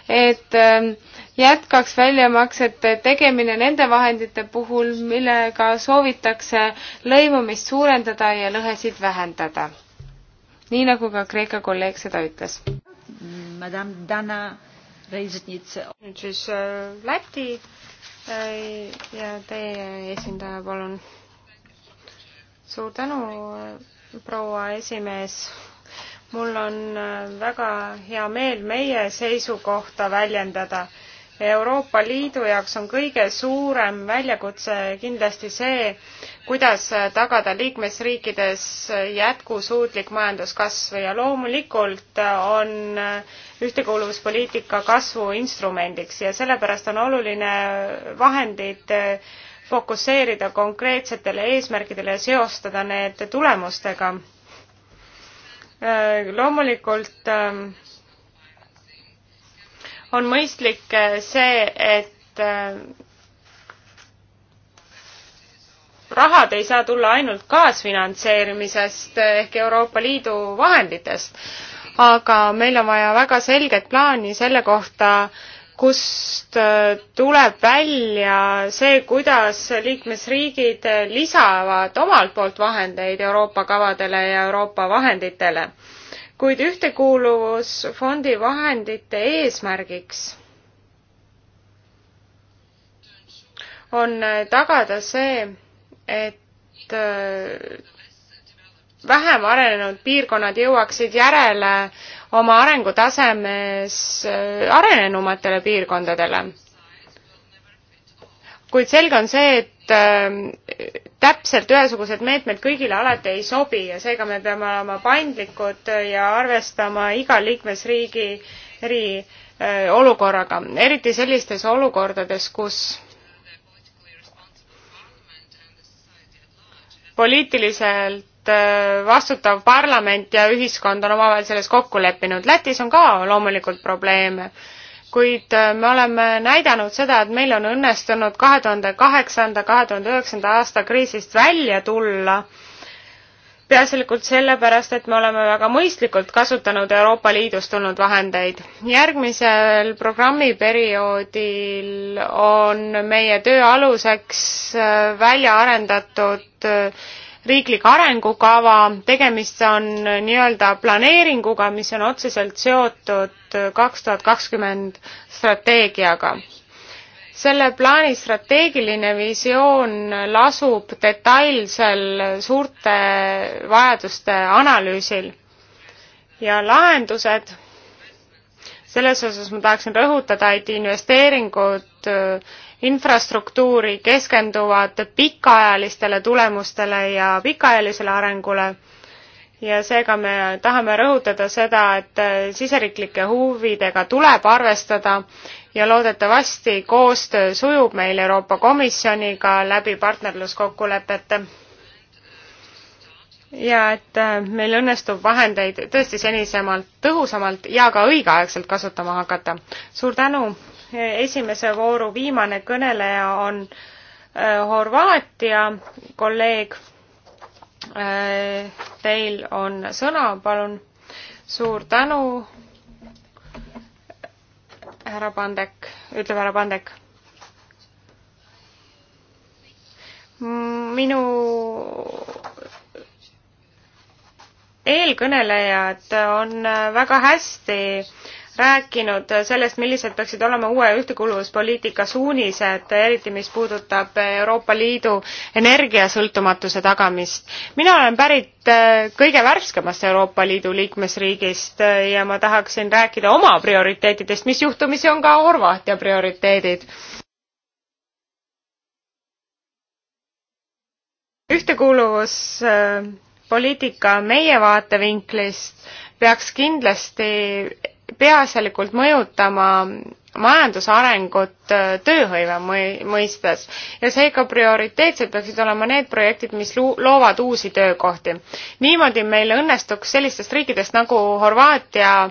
et ähm, jätkaks väljamaksete tegemine nende vahendite puhul, millega soovitakse lõimumist suurendada ja lõhesid vähendada. nii nagu ka Kreeka kolleeg seda ütles. Madame Dana Reisnitsa. nüüd siis äh, Läti äh, ja teie esindaja, palun. suur tänu, proua esimees. mul on äh, väga hea meel meie seisukohta väljendada. Euroopa Liidu jaoks on kõige suurem väljakutse kindlasti see, kuidas äh, tagada liikmesriikides äh, jätkusuutlik majanduskasv ja loomulikult on ühtekuuluvuspoliitika kasvu instrumendiks ja sellepärast on oluline vahendid fokusseerida konkreetsetele eesmärkidele ja seostada need tulemustega. Äh, loomulikult äh, on mõistlik äh, see, et rahad ei saa tulla ainult kaasfinantseerimisest ehk Euroopa Liidu vahenditest, aga meil on vaja väga selget plaani selle kohta, kust äh, tuleb välja see, kuidas liikmesriigid lisavad omalt poolt vahendeid Euroopa kavadele ja Euroopa vahenditele. kuid ühtekuuluvusfondi vahendite eesmärgiks on äh, tagada see, et äh, vähem arenenud piirkonnad jõuaksid järele oma arengutasemes äh, arenenumatele piirkondadele. kuid selge on see, et äh, täpselt ühesugused meetmed kõigile alati ei sobi ja seega me peame olema paindlikud ja arvestama iga liikmesriigi eri äh, olukorraga, eriti sellistes olukordades, kus poliitiliselt Äh, vastutav parlament ja ühiskond on omavahel selles kokku leppinud. Lätis on ka loomulikult probleeme, kuid äh, me oleme näidanud seda, et meil on õnnestunud kahe tuhande kaheksanda, kahe tuhande üheksanda aasta kriisist välja tulla peaasjalikult sellepärast, et me oleme väga mõistlikult kasutanud Euroopa Liidust tulnud vahendeid. järgmisel programmiperioodil on meie töö aluseks äh, välja arendatud riiklik arengukava, tegemist on nii-öelda planeeringuga, mis on otseselt seotud kaks tuhat kakskümmend strateegiaga. selle plaani strateegiline visioon lasub detailsel suurte vajaduste analüüsil ja lahendused, selles osas ma tahaksin rõhutada, et investeeringud infrastruktuuri, keskenduvad pikaajalistele tulemustele ja pikaajalisele arengule ja seega me tahame rõhutada seda, et siseriiklike huvidega tuleb arvestada ja loodetavasti koostöö sujub meil Euroopa Komisjoniga läbi partnerluskokkulepete. ja et meil õnnestub vahendeid tõesti senisemalt, tõhusamalt ja ka õigeaegselt kasutama hakata. suur tänu esimese vooru viimane kõneleja on äh, Horvaatia kolleeg. Äh, teil on sõna, palun. suur tänu, härra Pandek, ütleb härra Pandek minu eelkõnelejad on väga hästi rääkinud sellest, millised peaksid olema uue ühtekuuluvuspoliitika suunised, eriti mis puudutab Euroopa Liidu energiasõltumatuse tagamist. mina olen pärit äh, kõige värskemast Euroopa Liidu liikmesriigist äh, ja ma tahaksin rääkida oma prioriteetidest, mis juhtumisi on ka Horvaatia prioriteedid. ühtekuuluvuspoliitika meie vaatevinklist peaks kindlasti peaasjalikult mõjutama majandusarengut äh, tööhõive mõistes ja seega prioriteetsed peaksid olema need projektid, mis loovad uusi töökohti. niimoodi meil õnnestuks sellistest riikidest nagu Horvaatia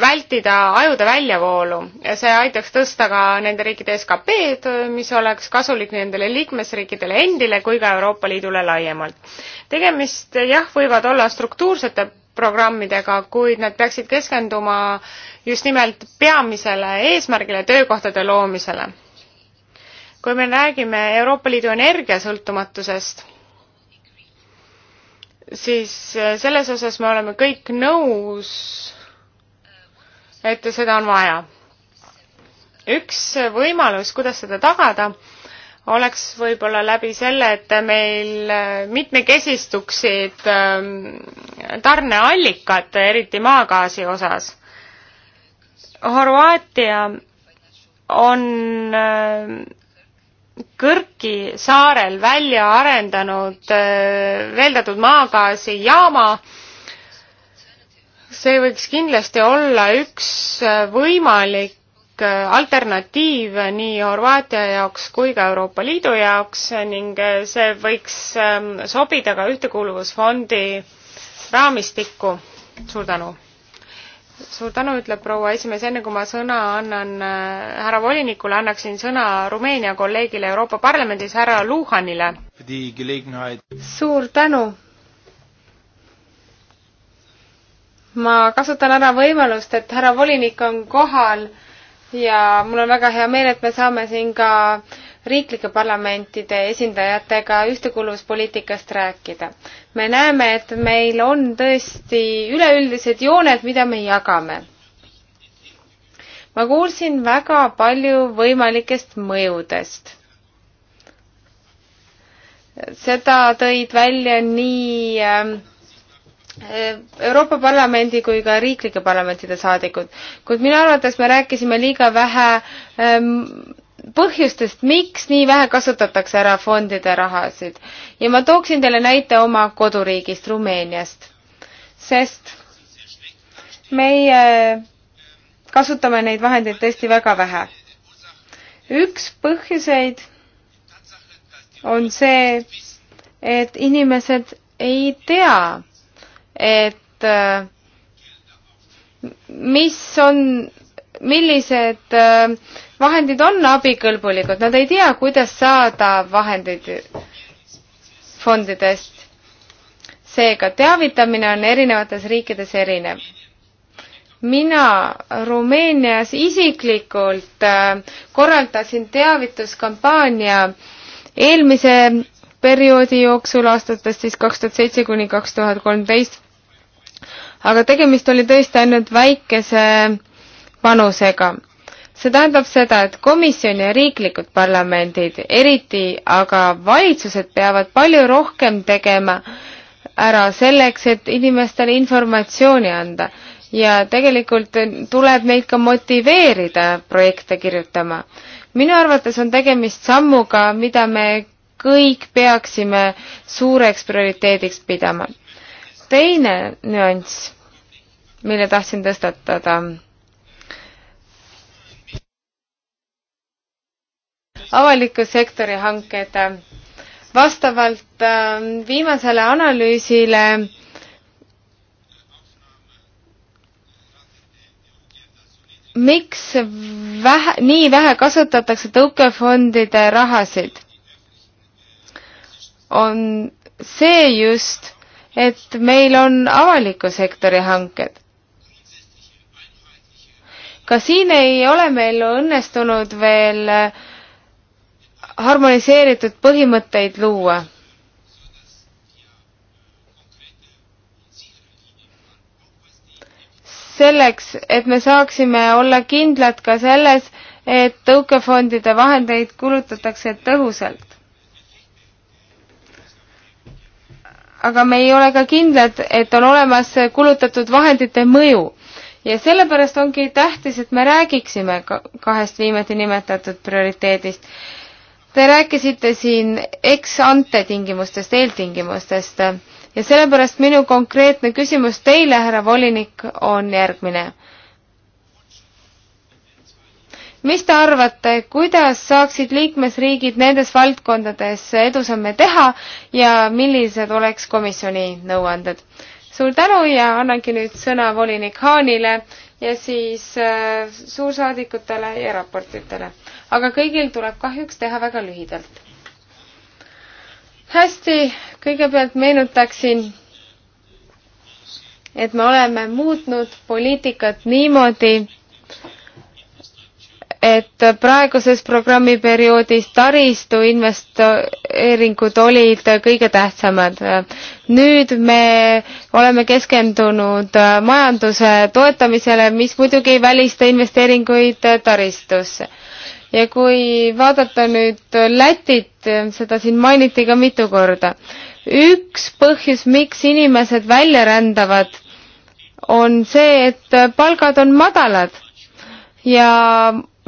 vältida ajude väljavoolu ja see aitaks tõsta ka nende riikide SKP-d, mis oleks kasulik nendele liikmesriikidele endile kui ka Euroopa Liidule laiemalt. tegemist jah, võivad olla struktuursete programmidega, kuid nad peaksid keskenduma just nimelt peamisele eesmärgile, töökohtade loomisele. kui me räägime Euroopa Liidu energiasõltumatusest, siis selles osas me oleme kõik nõus, et seda on vaja. üks võimalus, kuidas seda tagada, oleks võib-olla läbi selle, et meil äh, mitmekesistuksid ähm, tarneallikad, eriti maagaasi osas. Horvaatia on ähm, Kõrki saarel välja arendanud äh, veeldatud maagaasijaama. see võiks kindlasti olla üks äh, võimalik Äh, alternatiiv nii Horvaatia jaoks kui ka Euroopa Liidu jaoks ning äh, see võiks ähm, sobida ka Ühtekuuluvusfondi raamistikku. suur tänu! suur tänu, ütleb proua esimees, enne kui ma sõna annan äh, härra volinikule, annaksin sõna Rumeenia kolleegile Euroopa Parlamendis, härra Luhanile. suur tänu! ma kasutan ära võimalust, et härra volinik on kohal ja mul on väga hea meel, et me saame siin ka riiklike parlamentide esindajatega ühtekuuluvuspoliitikast rääkida. me näeme, et meil on tõesti üleüldised jooned, mida me jagame. ma kuulsin väga palju võimalikest mõjudest. seda tõid välja nii ähm, Äh, Euroopa Parlamendi kui ka riiklike parlamentide saadikud, kuid minu arvates me rääkisime liiga vähe ähm, põhjustest, miks nii vähe kasutatakse ära fondide rahasid. ja ma tooksin teile näite oma koduriigist, Rumeeniast. sest meie kasutame neid vahendeid tõesti väga vähe. üks põhjuseid on see, et inimesed ei tea, et äh, mis on, millised äh, vahendid on abikõlbulikud, nad ei tea, kuidas saada vahendeid fondidest. seega teavitamine on erinevates riikides erinev. mina Rumeenias isiklikult äh, korraldasin teavituskampaania eelmise perioodi jooksul aastatest siis kaks tuhat seitse kuni kaks tuhat kolmteist aga tegemist oli tõesti ainult väikese panusega. see tähendab seda, et komisjon ja riiklikud parlamendid, eriti aga valitsused peavad palju rohkem tegema ära selleks, et inimestele informatsiooni anda ja tegelikult tuleb neid ka motiveerida projekte kirjutama. minu arvates on tegemist sammuga, mida me kõik peaksime suureks prioriteediks pidama teine nüanss, mille tahtsin tõstatada. avaliku sektori hanked. vastavalt ähm, viimasele analüüsile miks vähe, nii vähe kasutatakse tõukefondide rahasid, on see just, et meil on avaliku sektori hanked. ka siin ei ole meil õnnestunud veel harmoniseeritud põhimõtteid luua. selleks, et me saaksime olla kindlad ka selles, et tõukefondide vahendeid kulutatakse tõhusalt aga me ei ole ka kindlad, et on olemas kulutatud vahendite mõju. ja sellepärast ongi tähtis, et me räägiksime kahest viimati nimetatud prioriteedist. Te rääkisite siin ex-ante tingimustest, eeltingimustest ja sellepärast minu konkreetne küsimus teile, härra volinik, on järgmine mis te arvate, kuidas saaksid liikmesriigid nendes valdkondades edusamme teha ja millised oleks komisjoni nõuanded? suur tänu ja annangi nüüd sõna volinik Haanile ja siis äh, suursaadikutele ja raportitele. aga kõigil tuleb kahjuks teha väga lühidalt. hästi, kõigepealt meenutaksin, et me oleme muutnud poliitikat niimoodi, et praeguses programmiperioodis taristu investeeringud olid kõige tähtsamad. nüüd me oleme keskendunud majanduse toetamisele, mis muidugi ei välista investeeringuid taristusse. ja kui vaadata nüüd Lätit, seda siin mainiti ka mitu korda, üks põhjus, miks inimesed välja rändavad, on see, et palgad on madalad ja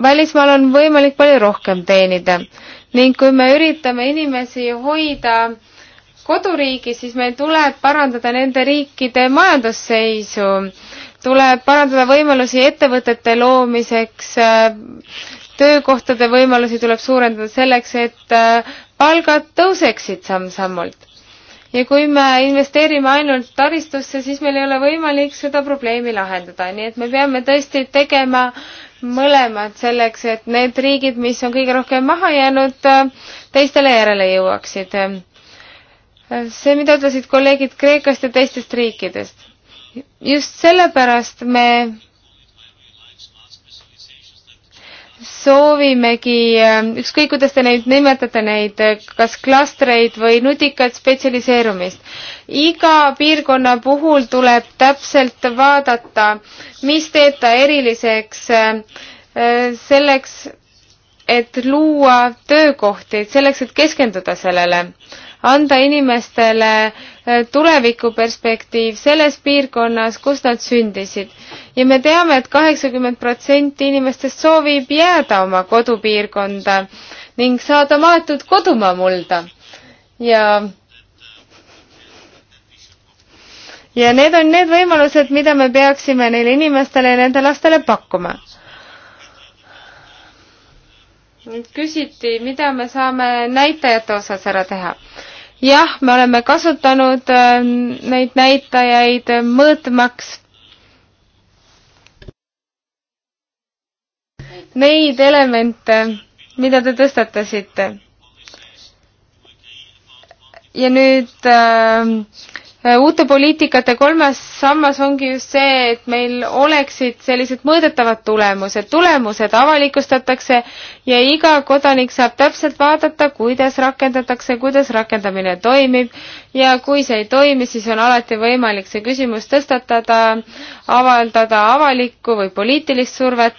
välismaal on võimalik palju rohkem teenida ning kui me üritame inimesi hoida koduriigis, siis meil tuleb parandada nende riikide majandusseisu, tuleb parandada võimalusi ettevõtete loomiseks, äh, töökohtade võimalusi tuleb suurendada selleks, et äh, palgad tõuseksid samm-sammult ja kui me investeerime ainult taristusse, siis meil ei ole võimalik seda probleemi lahendada, nii et me peame tõesti tegema mõlemad selleks, et need riigid, mis on kõige rohkem maha jäänud, teistele järele jõuaksid. see, mida ütlesid kolleegid Kreekast ja teistest riikidest. just sellepärast me soovimegi, ähm, ükskõik kuidas te neid nimetate, neid äh, kas klastreid või nutikat spetsialiseerumist. iga piirkonna puhul tuleb täpselt vaadata, mis teeb ta eriliseks äh, äh, selleks, et luua töökohti, selleks, et keskenduda sellele anda inimestele eh, tulevikuperspektiiv selles piirkonnas, kus nad sündisid. ja me teame et, et kaheksakümmend protsenti inimestest soovib jääda oma kodupiirkonda ning saada maetud kodumaa mulda. ja ja need on need võimalused, mida me peaksime neile inimestele ja nende lastele pakkuma. nüüd küsiti, mida me saame näitajate osas ära teha jah, me oleme kasutanud ähm, neid näitajaid mõõtmaks neid elemente, mida te tõstatasite. ja nüüd äh, Äh, uute poliitikate kolmas sammas ongi just see, et meil oleksid sellised mõõdetavad tulemused. tulemused avalikustatakse ja iga kodanik saab täpselt vaadata, kuidas rakendatakse, kuidas rakendamine toimib ja kui see ei toimi, siis on alati võimalik see küsimus tõstatada, avaldada avalikku või poliitilist survet.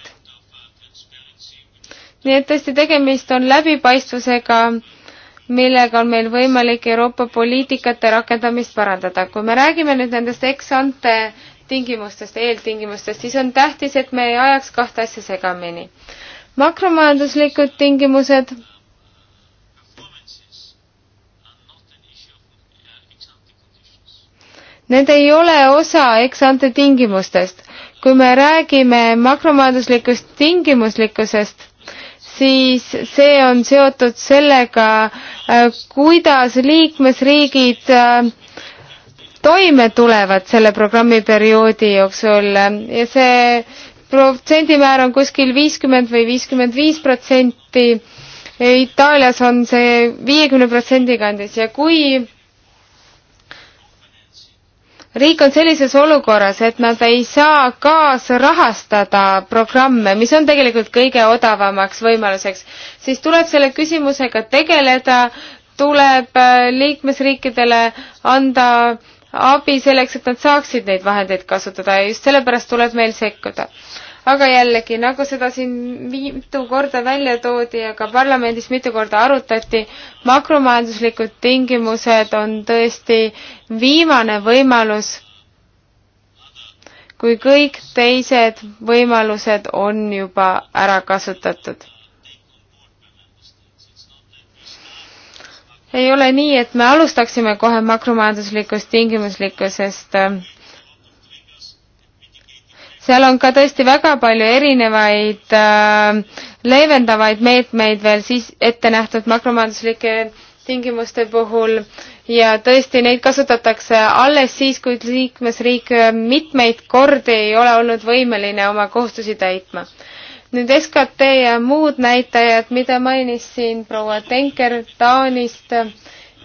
nii et tõesti, tegemist on läbipaistvusega millega on meil võimalik Euroopa poliitikate rakendamist parandada. kui me räägime nüüd nendest ex-ante tingimustest, eeltingimustest, siis on tähtis, et me ei ajaks kahte asja segamini. makromajanduslikud tingimused Need ei ole osa eksante tingimustest. kui me räägime makromajanduslikust tingimuslikkusest, siis see on seotud sellega, äh, kuidas liikmesriigid äh, toime tulevad selle programmi perioodi jooksul ja see protsendimäär on kuskil viiskümmend või viiskümmend viis protsenti. Itaalias on see viiekümne protsendi kandis ja kui riik on sellises olukorras, et nad ei saa kaasrahastada programme, mis on tegelikult kõige odavamaks võimaluseks, siis tuleb selle küsimusega tegeleda, tuleb äh, liikmesriikidele anda abi selleks, et nad saaksid neid vahendeid kasutada ja just sellepärast tuleb meil sekkuda aga jällegi, nagu seda siin mitu korda välja toodi ja ka parlamendis mitu korda arutati, makromajanduslikud tingimused on tõesti viimane võimalus, kui kõik teised võimalused on juba ära kasutatud ei ole nii, et me alustaksime kohe makromajanduslikust tingimuslikkusest seal on ka tõesti väga palju erinevaid äh, leevendavaid meetmeid veel siis ette nähtud makromajanduslike tingimuste puhul ja tõesti neid kasutatakse alles siis, kui liikmesriik mitmeid kordi ei ole olnud võimeline oma kohustusi täitma. nüüd SKT ja muud näitajad, mida mainis siin proua Tenker Taanist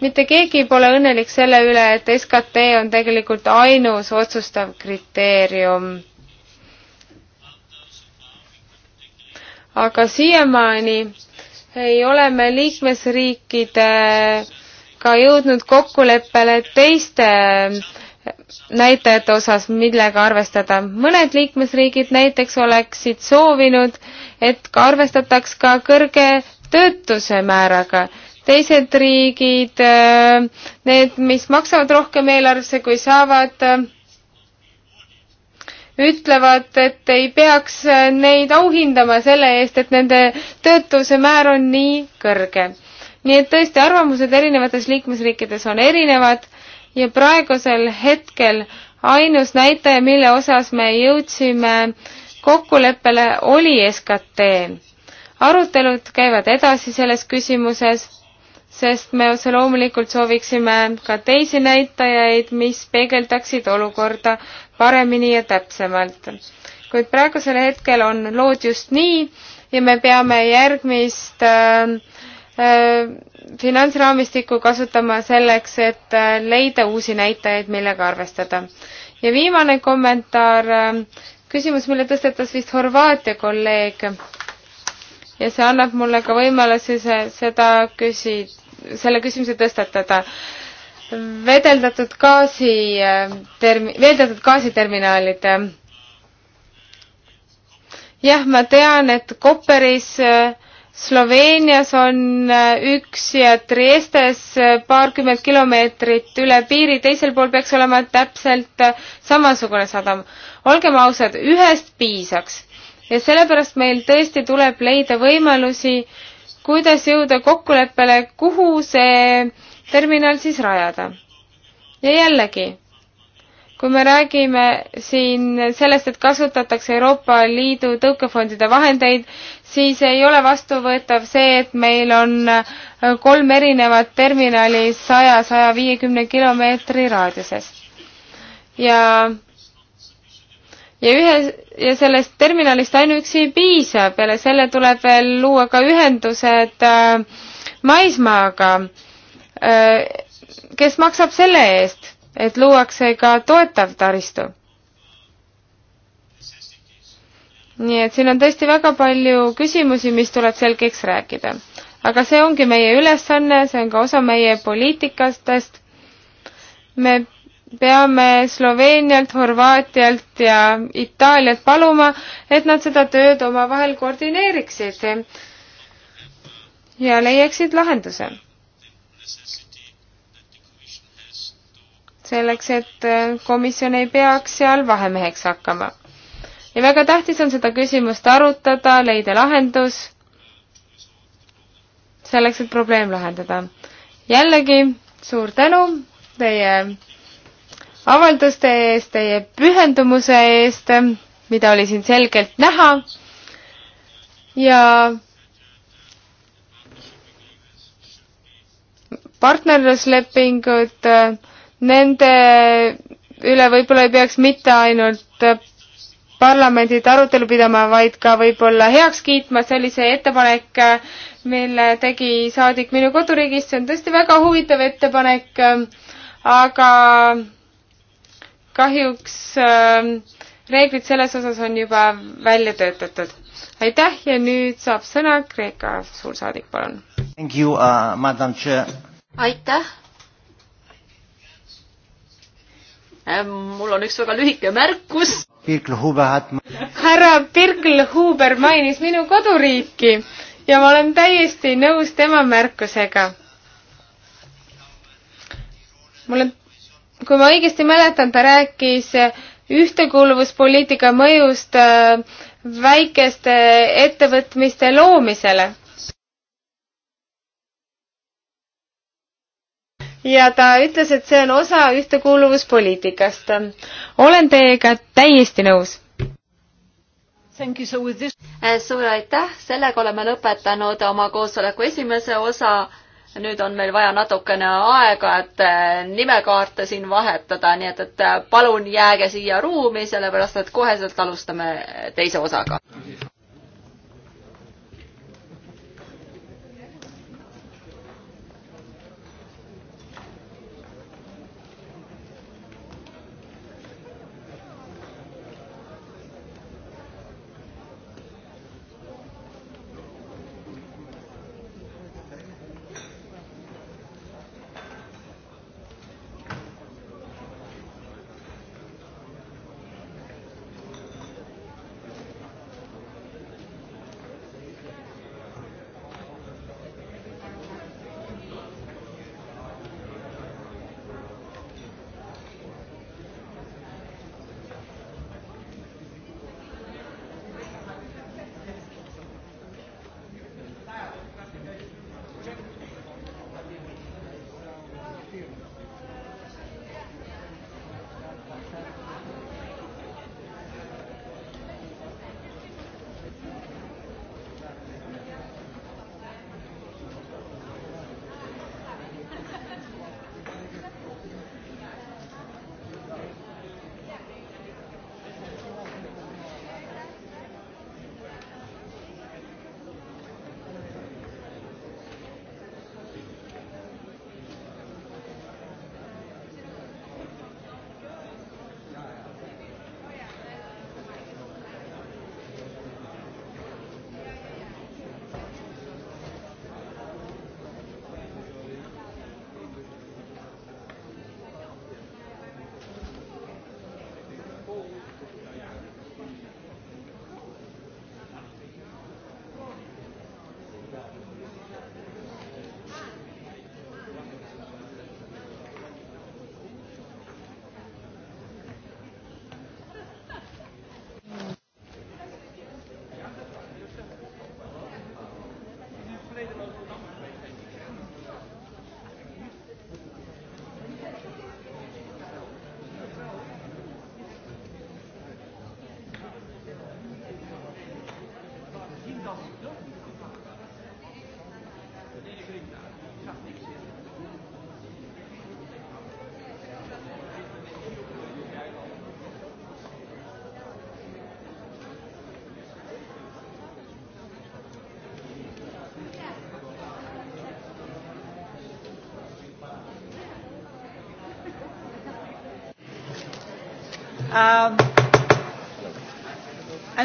mitte keegi pole õnnelik selle üle, et SKT on tegelikult ainus otsustav kriteerium aga siiamaani ei ole me liikmesriikidega jõudnud kokkuleppele teiste näitajate osas, millega arvestada. mõned liikmesriigid näiteks oleksid soovinud, et ka arvestataks ka kõrge töötuse määraga. teised riigid, need, mis maksavad rohkem eelarvesse, kui saavad ütlevad, et ei peaks neid auhindama selle eest, et nende töötuse määr on nii kõrge. nii et tõesti, arvamused erinevates liikmesriikides on erinevad ja praegusel hetkel ainus näitaja, mille osas me jõudsime kokkuleppele, oli SKT. arutelud käivad edasi selles küsimuses sest me otse loomulikult sooviksime ka teisi näitajaid, mis peegeldaksid olukorda paremini ja täpsemalt. kuid praegusel hetkel on lood just nii ja me peame järgmist äh, äh, finantsraamistikku kasutama selleks, et äh, leida uusi näitajaid, millega arvestada. ja viimane kommentaar äh,, küsimus, mille tõstatas vist Horvaatia kolleeg ja see annab mulle ka võimaluse seda küsi-, selle küsimuse tõstatada. vedeldatud gaasi äh, termi-, veeldatud gaasiterminalid. Äh. jah, ma tean, et Koperis äh, Sloveenias on üks ja Triestes paarkümmend kilomeetrit üle piiri, teisel pool peaks olema täpselt samasugune sadam. olgem ausad, ühest piisaks ja sellepärast meil tõesti tuleb leida võimalusi, kuidas jõuda kokkuleppele, kuhu see terminal siis rajada. ja jällegi, kui me räägime siin sellest, et kasutatakse Euroopa Liidu tõukefondide vahendeid, siis ei ole vastuvõetav see, et meil on kolm erinevat terminali saja, saja viiekümne kilomeetri raadiuses. ja ja ühe, ja sellest terminalist ainuüksi ei piisa, peale selle tuleb veel luua ka ühendused äh, maismaaga äh,. kes maksab selle eest, et luuakse ka toetav taristu? nii et siin on tõesti väga palju küsimusi, mis tuleb selgeks rääkida. aga see ongi meie ülesanne, see on ka osa meie poliitikastest. me peame Sloveenialt, Horvaatialt ja Itaalialt paluma, et nad seda tööd omavahel koordineeriksid ja leiaksid lahenduse. selleks, et komisjon ei peaks seal vahemeheks hakkama. ja väga tähtis on seda küsimust arutada, leida lahendus, selleks, et probleem lahendada. jällegi suur tänu teie avalduste eest, teie pühendumuse eest, mida oli siin selgelt näha ja partnerluslepingud, nende üle võib-olla ei peaks mitte ainult parlamendid arutelu pidama, vaid ka võib-olla heaks kiitma, see oli see ettepanek, mille tegi saadik minu koduriigist, see on tõesti väga huvitav ettepanek, aga kahjuks äh, reeglid selles osas on juba välja töötatud. aitäh ja nüüd saab sõna Kreeka suursaadik, palun. Uh, aitäh. Ähm, mul on üks väga lühike märkus. härra Birgl Huber mainis minu koduriiki ja ma olen täiesti nõus tema märkusega. mul on kui ma õigesti mäletan, ta rääkis ühtekuuluvuspoliitika mõjust äh, väikeste ettevõtmiste loomisele. ja ta ütles, et see on osa ühtekuuluvuspoliitikast. olen teiega täiesti nõus äh, suur aitäh, sellega oleme lõpetanud oma koosoleku esimese osa nüüd on meil vaja natukene aega, et eh, nimekaarte siin vahetada, nii et, et eh, palun jääge siia ruumi, sellepärast et koheselt alustame teise osaga.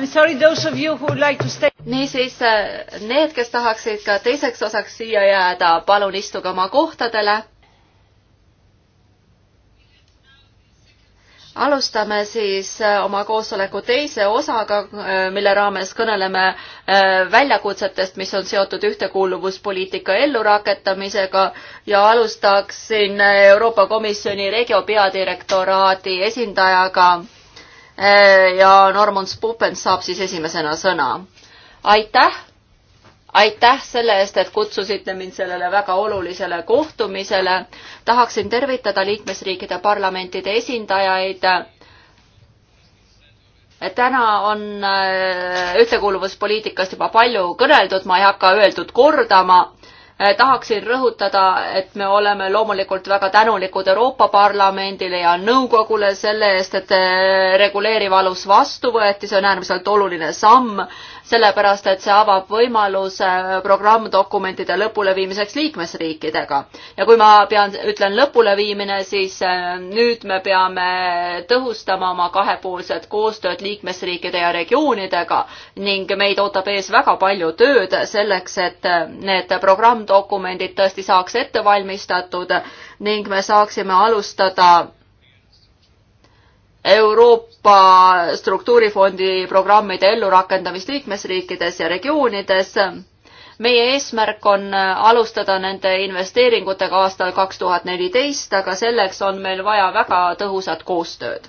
Like niisiis, äh, need, kes tahaksid ka teiseks osaks siia jääda, palun istuge oma kohtadele. alustame siis äh, oma koosoleku teise osaga, äh, mille raames kõneleme väljakutsetest, mis on seotud ühtekuuluvuspoliitika ellurakendamisega ja alustaksin Euroopa Komisjoni Regio peadirektoraadi esindajaga Eh, ja Norman Spupen saab siis esimesena sõna. aitäh, aitäh selle eest, et kutsusite mind sellele väga olulisele kohtumisele. tahaksin tervitada liikmesriikide parlamentide esindajaid. täna on eh, ühtekuuluvuspoliitikast juba palju kõneldud, ma ei hakka öeldut kordama Eh, tahaksin rõhutada, et me oleme loomulikult väga tänulikud Euroopa Parlamendile ja nõukogule selle eest, et eh, reguleeriv alus vastu võeti, see on äärmiselt oluline samm sellepärast et see avab võimaluse äh, programmdokumentide lõpuleviimiseks liikmesriikidega. ja kui ma pean, ütlen lõpuleviimine, siis äh, nüüd me peame tõhustama oma kahepoolset koostööd liikmesriikide ja regioonidega ning meid ootab ees väga palju tööd selleks, et äh, need programmdokumendid tõesti saaks ette valmistatud ning me saaksime alustada Euroopa struktuurifondi programmide ellurakendamist liikmesriikides ja regioonides. meie eesmärk on alustada nende investeeringutega aastal kaks tuhat neliteist, aga selleks on meil vaja väga tõhusat koostööd.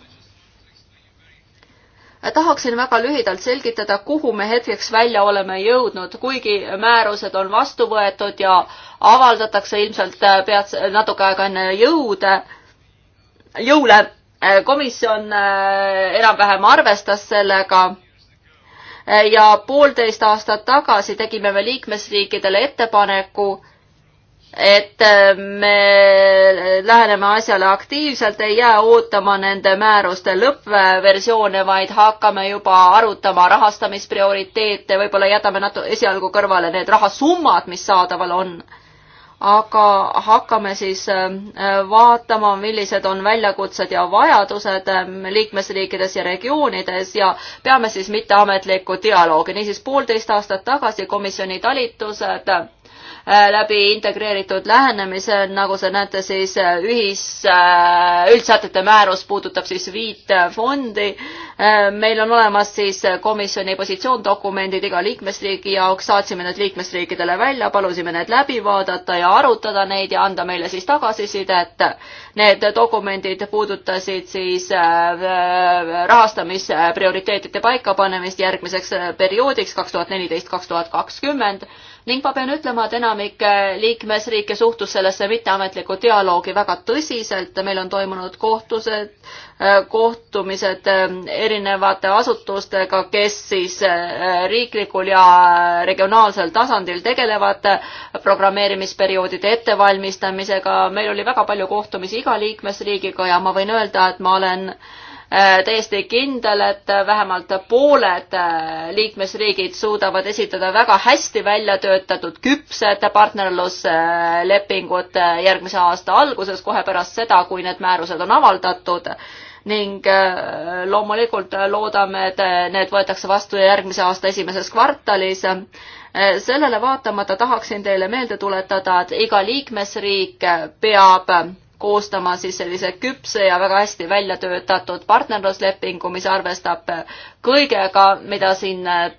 tahaksin väga lühidalt selgitada, kuhu me hetkeks välja oleme jõudnud, kuigi määrused on vastu võetud ja avaldatakse ilmselt pead natuke aega enne jõude, jõule Äh, komisjon äh, enam-vähem arvestas sellega äh, ja poolteist aastat tagasi tegime me liikmesriikidele ettepaneku, et me läheneme asjale aktiivselt, ei jää ootama nende määruste lõppversioone, vaid hakkame juba arutama rahastamisprioriteete, võib-olla jätame natu-, esialgu kõrvale need rahasummad, mis saadaval on aga hakkame siis äh, vaatama, millised on väljakutsed ja vajadused äh, liikmesriikides ja regioonides ja peame siis mitteametlikku dialoogi. niisiis poolteist aastat tagasi komisjoni talitused Äh, läbi integreeritud lähenemise, nagu te näete, siis äh, ühis, äh, üldsätete määrus puudutab siis viit fondi. meil on olemas siis komisjoni positsioondokumendid iga liikmesriigi jaoks, saatsime need liikmesriikidele välja, palusime need läbi vaadata ja arutada neid ja anda meile siis tagasisidet. Need dokumendid puudutasid siis rahastamisprioriteetide paikapanemist järgmiseks perioodiks kaks tuhat neliteist, kaks tuhat kakskümmend ning ma pean ütlema, et enamik äh, liikmesriike suhtus sellesse mitteametlikku dialoogi väga tõsiselt, meil on toimunud kohtused, äh, kohtumised äh, erinevate asutustega, kes siis riiklikul ja regionaalsel tasandil tegelevad programmeerimisperioodide ettevalmistamisega, meil oli väga palju kohtumisi iga liikmesriigiga ja ma võin öelda, et ma olen Äh, täiesti kindel, et äh, vähemalt pooled äh, liikmesriigid suudavad esitada väga hästi välja töötatud küpsed partnerluslepingud järgmise aasta alguses, kohe pärast seda, kui need määrused on avaldatud ning loomulikult loodame, et need võetakse vastu järgmise aasta esimeses kvartalis. sellele vaatamata tahaksin teile meelde tuletada, et iga liikmesriik peab koostama siis sellise küpse ja väga hästi välja töötatud partnerluslepingu, mis arvestab kõigega, mida siin äh,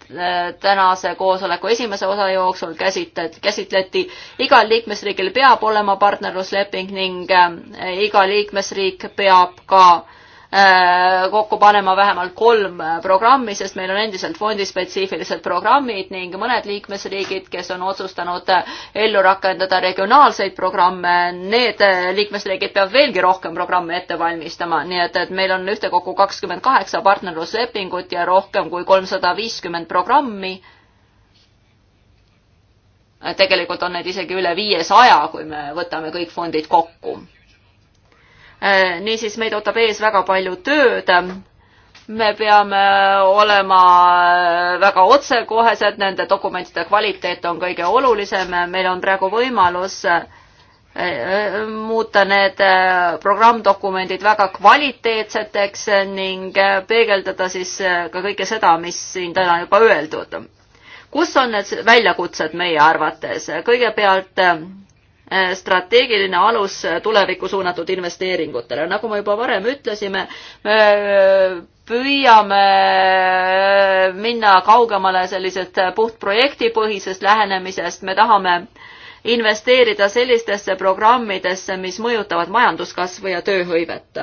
tänase koosoleku esimese osa jooksul käsitlet-, käsitleti. igal liikmesriigil peab olema partnerlusleping ning äh, iga liikmesriik peab ka Äh, kokku panema vähemalt kolm programmi, sest meil on endiselt fondispetsiifilised programmid ning mõned liikmesriigid, kes on otsustanud ellu rakendada regionaalseid programme, need liikmesriigid peavad veelgi rohkem programme ette valmistama, nii et, et meil on ühtekokku kakskümmend kaheksa partnerluslepingut ja rohkem kui kolmsada viiskümmend programmi. tegelikult on neid isegi üle viiesaja, kui me võtame kõik fondid kokku Äh, niisiis meid ootab ees väga palju tööd. me peame äh, olema äh, väga otsekohesed, nende dokumentide kvaliteet on kõige olulisem, meil on praegu võimalus muuta need programmdokumendid väga kvaliteetseteks ning peegeldada siis ka kõike seda, mis siin täna juba öeldud. kus on need väljakutsed meie arvates? kõigepealt Eh, strateegiline alus tulevikku suunatud investeeringutele. nagu me juba varem ütlesime, eh, püüame eh, minna kaugemale sellisest puht projektipõhisest lähenemisest, me tahame investeerida sellistesse programmidesse, mis mõjutavad majanduskasvu ja tööhõivet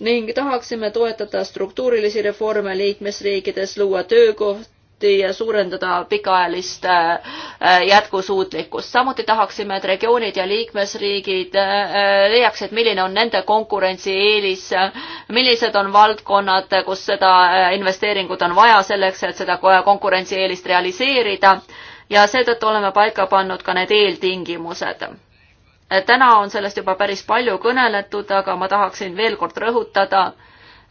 ning tahaksime toetada struktuurilisi reforme liikmesriikides, luua töökoht, töökohti ja suurendada pikaajalist äh, jätkusuutlikkust. samuti tahaksime, et regioonid ja liikmesriigid äh, leiaksid, milline on nende konkurentsieelis, millised on valdkonnad, kus seda äh, investeeringut on vaja selleks, et seda konkurentsieelist realiseerida ja seetõttu oleme paika pannud ka need eeltingimused täna on sellest juba päris palju kõneletud, aga ma tahaksin veel kord rõhutada,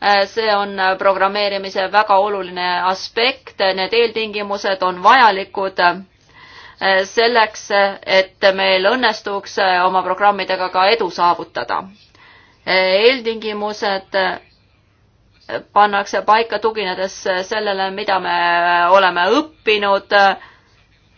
Äh, see on äh, programmeerimise väga oluline aspekt, need eeltingimused on vajalikud äh, selleks, et meil õnnestuks oma programmidega ka edu saavutada. eeltingimused pannakse paika tuginedes sellele, mida me oleme õppinud.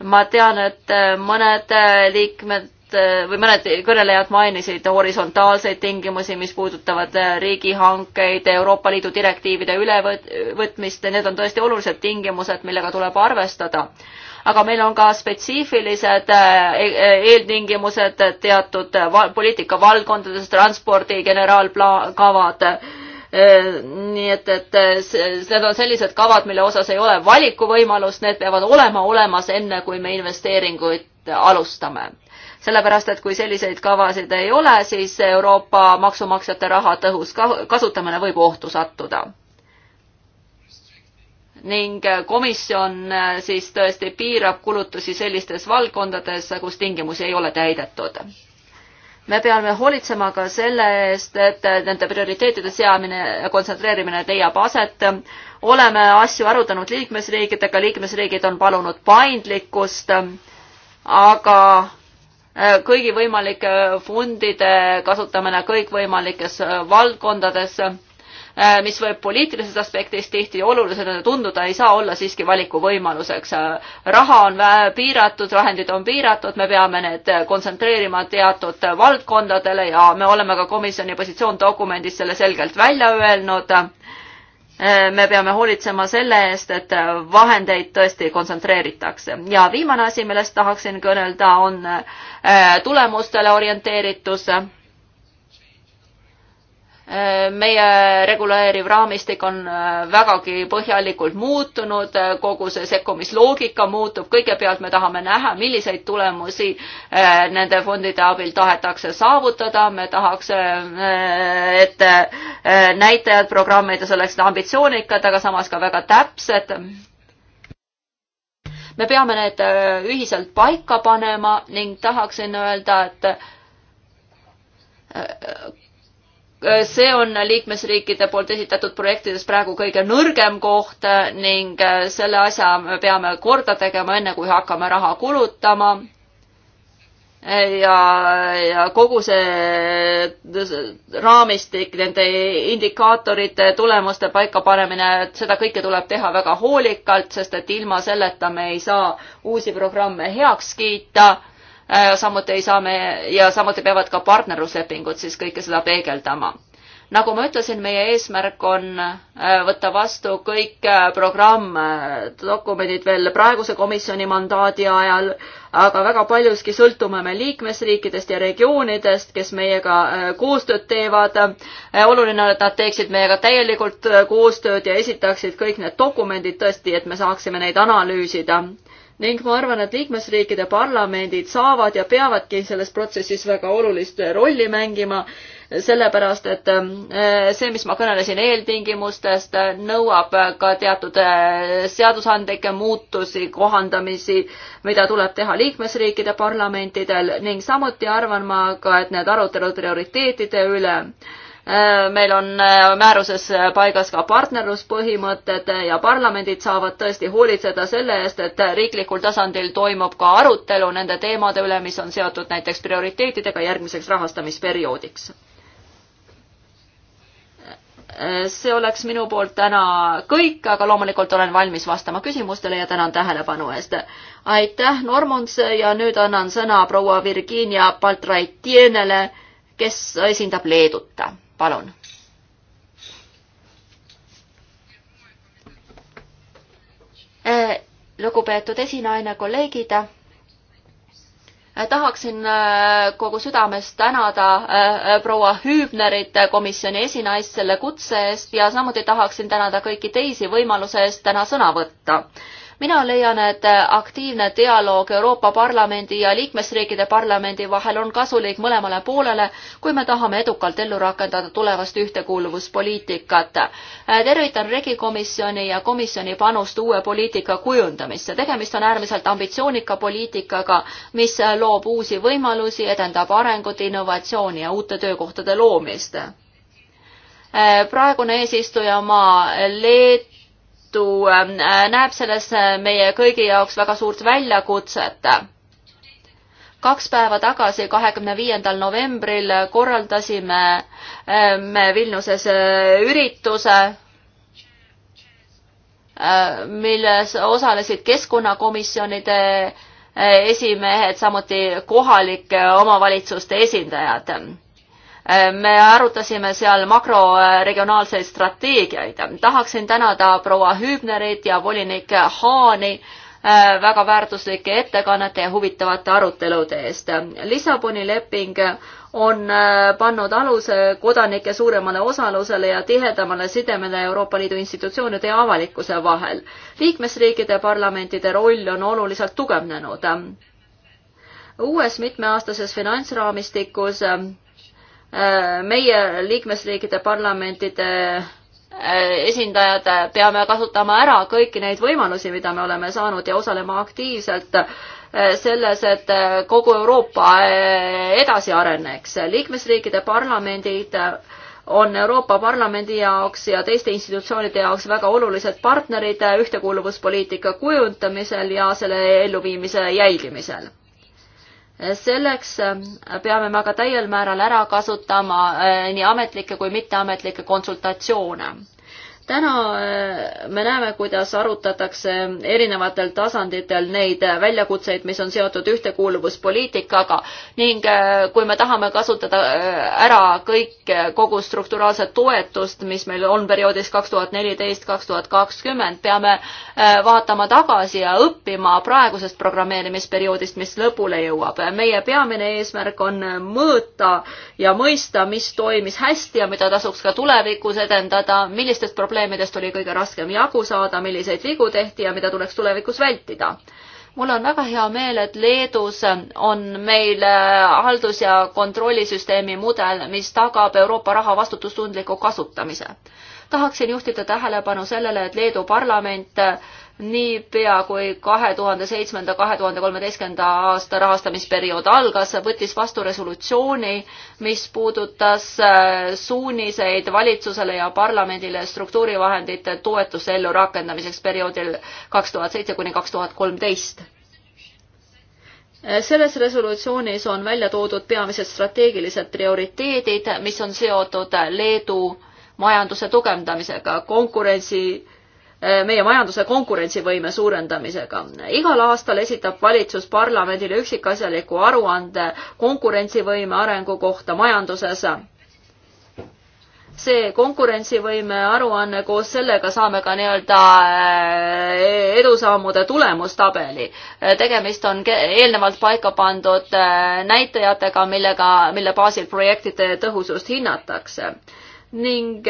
ma tean, et mõned liikmed mõned eh, või mõned kõnelejad mainisid horisontaalseid tingimusi, mis puudutavad eh, riigihankeid, Euroopa Liidu direktiivide ülevõtmist, need on tõesti olulised tingimused, millega tuleb arvestada. aga meil on ka spetsiifilised eh, eeltingimused teatud poliitikavaldkondades, transpordi generaalkavad nii et, et need on sellised kavad, mille osas ei ole valikuvõimalust, need peavad olema olemas enne, kui me investeeringuid alustame sellepärast et kui selliseid kavasid ei ole, siis Euroopa maksumaksjate raha tõhus kasutamine võib ohtu sattuda. ning komisjon äh, siis tõesti piirab kulutusi sellistes valdkondades, kus tingimusi ei ole täidetud me peame hoolitsema ka selle eest, et nende prioriteetide seamine ja kontsentreerimine leiab aset. oleme asju arutanud liikmesriikidega, liikmesriigid on palunud paindlikkust, aga Äh, kõigi võimalike äh, fondide kasutamine kõikvõimalikes äh, valdkondades, mis võib poliitilisest aspektist tihti olulisena tunduda, ei saa olla siiski valikuvõimaluseks. raha on piiratud, vahendid on piiratud, me peame need kontsentreerima teatud valdkondadele ja me oleme ka komisjoni positsioondokumendis selle selgelt välja öelnud me peame hoolitsema selle eest, et vahendeid tõesti kontsentreeritakse. ja viimane asi, millest tahaksin kõnelda, on äh, tulemustele orienteeritus meie reguleeriv raamistik on äh, vägagi põhjalikult muutunud, äh, kogu see sekkumisloogika muutub, kõigepealt me tahame näha, milliseid tulemusi äh, nende fondide abil tahetakse saavutada, me tahaks, et näitajad programmides oleksid ambitsioonikad, aga samas ka väga täpsed. me peame need ühiselt paika panema ning tahaksin öelda, et Äh, see on liikmesriikide poolt esitatud projektides praegu kõige nõrgem koht äh, ning äh, selle asja me peame korda tegema, enne kui hakkame raha kulutama. ja, ja kogu see raamistik, nende indikaatorite, tulemuste paikapanemine, et seda kõike tuleb teha väga hoolikalt, sest et ilma selleta me ei saa uusi programme heaks kiita Äh, samuti ei saa me ja samuti peavad ka partnerluslepingud siis kõike seda peegeldama. nagu ma ütlesin, meie eesmärk on äh, võtta vastu kõik äh, programm, dokumendid veel praeguse komisjoni mandaadi ajal, aga väga paljuski sõltume me liikmesriikidest ja regioonidest, kes meiega koostööd teevad. oluline on, et nad teeksid meiega täielikult koostööd ja esitaksid kõik need dokumendid tõesti, et me saaksime neid analüüsida ning ma arvan, et liikmesriikide parlamendid saavad ja peavadki selles protsessis väga olulist rolli mängima, sellepärast et ähm, see, mis ma kõnelesin eeltingimustest, nõuab ka teatud äh, seadusandlikke muutusi, kohandamisi, mida tuleb teha liikmesriikide parlamentidel ning samuti arvan ma ka, et need arutelud prioriteetide üle Äh, meil on äh, määruses äh, paigas ka partnerluspõhimõtted ja parlamendid saavad tõesti hoolitseda selle eest, et riiklikul tasandil toimub ka arutelu nende teemade üle, mis on seotud näiteks prioriteetidega järgmiseks rahastamisperioodiks. see oleks minu poolt täna kõik, aga loomulikult olen valmis vastama küsimustele ja tänan tähelepanu eest. aitäh, Normunds ja nüüd annan sõna proua Virginia Baltraitienele, kes esindab Leedut palun. Äh, lugupeetud esinaine, kolleegid äh, tahaksin äh, kogu südamest tänada proua Hüübnerit, komisjoni esinaist selle kutse eest ja samuti tahaksin tänada kõiki teisi võimaluse eest täna sõna võtta mina leian, et äh, aktiivne dialoog Euroopa Parlamendi ja liikmesriikide parlamendi vahel on kasulik mõlemale poolele, kui me tahame edukalt ellu rakendada tulevast ühtekuuluvuspoliitikat. Äh, tervitan regikomisjoni ja komisjoni panust uue poliitika kujundamisse. tegemist on äärmiselt ambitsioonika poliitikaga, mis äh, loob uusi võimalusi, edendab arengut, innovatsiooni ja uute töökohtade loomist praegune eesistujamaa Leet-, Liitu ähm, äh, näeb selles äh, meie kõigi jaoks väga suurt väljakutset. kaks päeva tagasi, kahekümne viiendal novembril äh, korraldasime ähm, me Vilniuses ürituse, milles osalesid keskkonnakomisjonide esimehed, samuti kohalike omavalitsuste esindajad me arutasime seal makroregionaalseid strateegiaid. tahaksin tänada proua Hübnerit ja volinik Haani äh, väga väärtuslike ettekannete ja huvitavate arutelude eest. Lissaboni leping on äh, pannud aluse kodanike suuremale osalusele ja tihedamale sidemele Euroopa Liidu institutsioonide ja avalikkuse vahel. liikmesriikide parlamentide roll on oluliselt tugevnenud. uues mitmeaastases finantsraamistikus äh, meie liikmesriikide parlamentide äh, esindajad peame kasutama ära kõiki neid võimalusi, mida me oleme saanud ja osalema aktiivselt äh, selles, et äh, kogu Euroopa edasi areneks. liikmesriikide parlamendid on Euroopa Parlamendi jaoks ja teiste institutsioonide jaoks väga olulised partnerid ühtekuuluvuspoliitika kujundamisel ja selle elluviimise jälgimisel selleks äh, peame me aga täiel määral ära kasutama äh, nii ametlikke kui mitteametlikke konsultatsioone täna äh, me näeme, kuidas arutatakse erinevatel tasanditel neid äh, väljakutseid, mis on seotud ühtekuuluvuspoliitikaga ning äh, kui me tahame kasutada ära kõik, kogu strukturaalset toetust, mis meil on perioodis kaks tuhat neliteist, kaks tuhat kakskümmend, peame vaatama tagasi ja õppima praegusest programmeerimisperioodist, mis lõpule jõuab. meie peamine eesmärk on mõõta ja mõista, mis toimis hästi ja mida tasuks ka tulevikus edendada, millistest probleemidest probleemidest oli kõige raskem jagu saada, milliseid vigu tehti ja mida tuleks tulevikus vältida. mul on väga hea meel, et Leedus on meil äh, haldus- ja kontrollisüsteemi mudel, mis tagab Euroopa raha vastutustundliku kasutamise. tahaksin juhtida tähelepanu sellele, et Leedu parlament äh, niipea kui kahe tuhande seitsmenda, kahe tuhande kolmeteistkümnenda aasta rahastamisperiood algas, võttis vastu resolutsiooni, mis puudutas äh, suuniseid valitsusele ja parlamendile struktuurivahendite toetuse ellurakendamiseks perioodil kaks tuhat seitse kuni kaks tuhat kolmteist selles resolutsioonis on välja toodud peamised strateegilised prioriteedid, mis on seotud Leedu majanduse tugevdamisega, konkurentsi Äh, meie majanduse konkurentsivõime suurendamisega. igal aastal esitab valitsus parlamendile üksikasjaliku aruande konkurentsivõime arengu kohta majanduses. see konkurentsivõime aruanne koos sellega saame ka nii-öelda äh, edusammude tulemustabeli. Äh, tegemist on eelnevalt paika pandud näitajatega, millega, mille baasil projektide tõhusust hinnatakse ning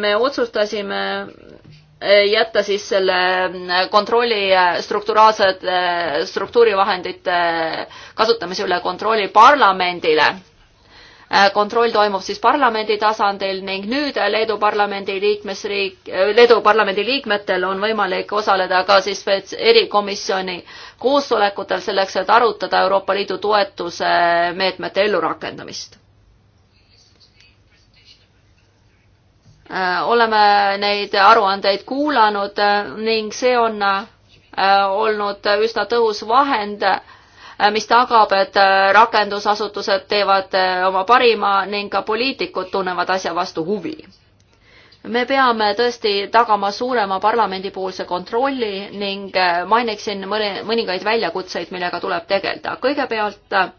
me otsustasime jätta siis selle kontrolli strukturaalsed, struktuurivahendite kasutamise üle kontrolli parlamendile. kontroll toimub siis parlamendi tasandil ning nüüd Leedu parlamendi liikmesriik, Leedu parlamendi liikmetel on võimalik osaleda ka siis erikomisjoni koosolekutel selleks, et arutada Euroopa Liidu toetuse meetmete ellurakendamist Äh, oleme neid aruandeid kuulanud äh, ning see on äh, olnud üsna tõhus vahend, mis tagab, et rakendusasutused teevad oma parima ning ka poliitikud tunnevad asja vastu huvi. me peame tõesti tagama suurema parlamendipoolse kontrolli ning mainiksin mõni, mõningaid väljakutseid, millega tuleb tegeleda. kõigepealt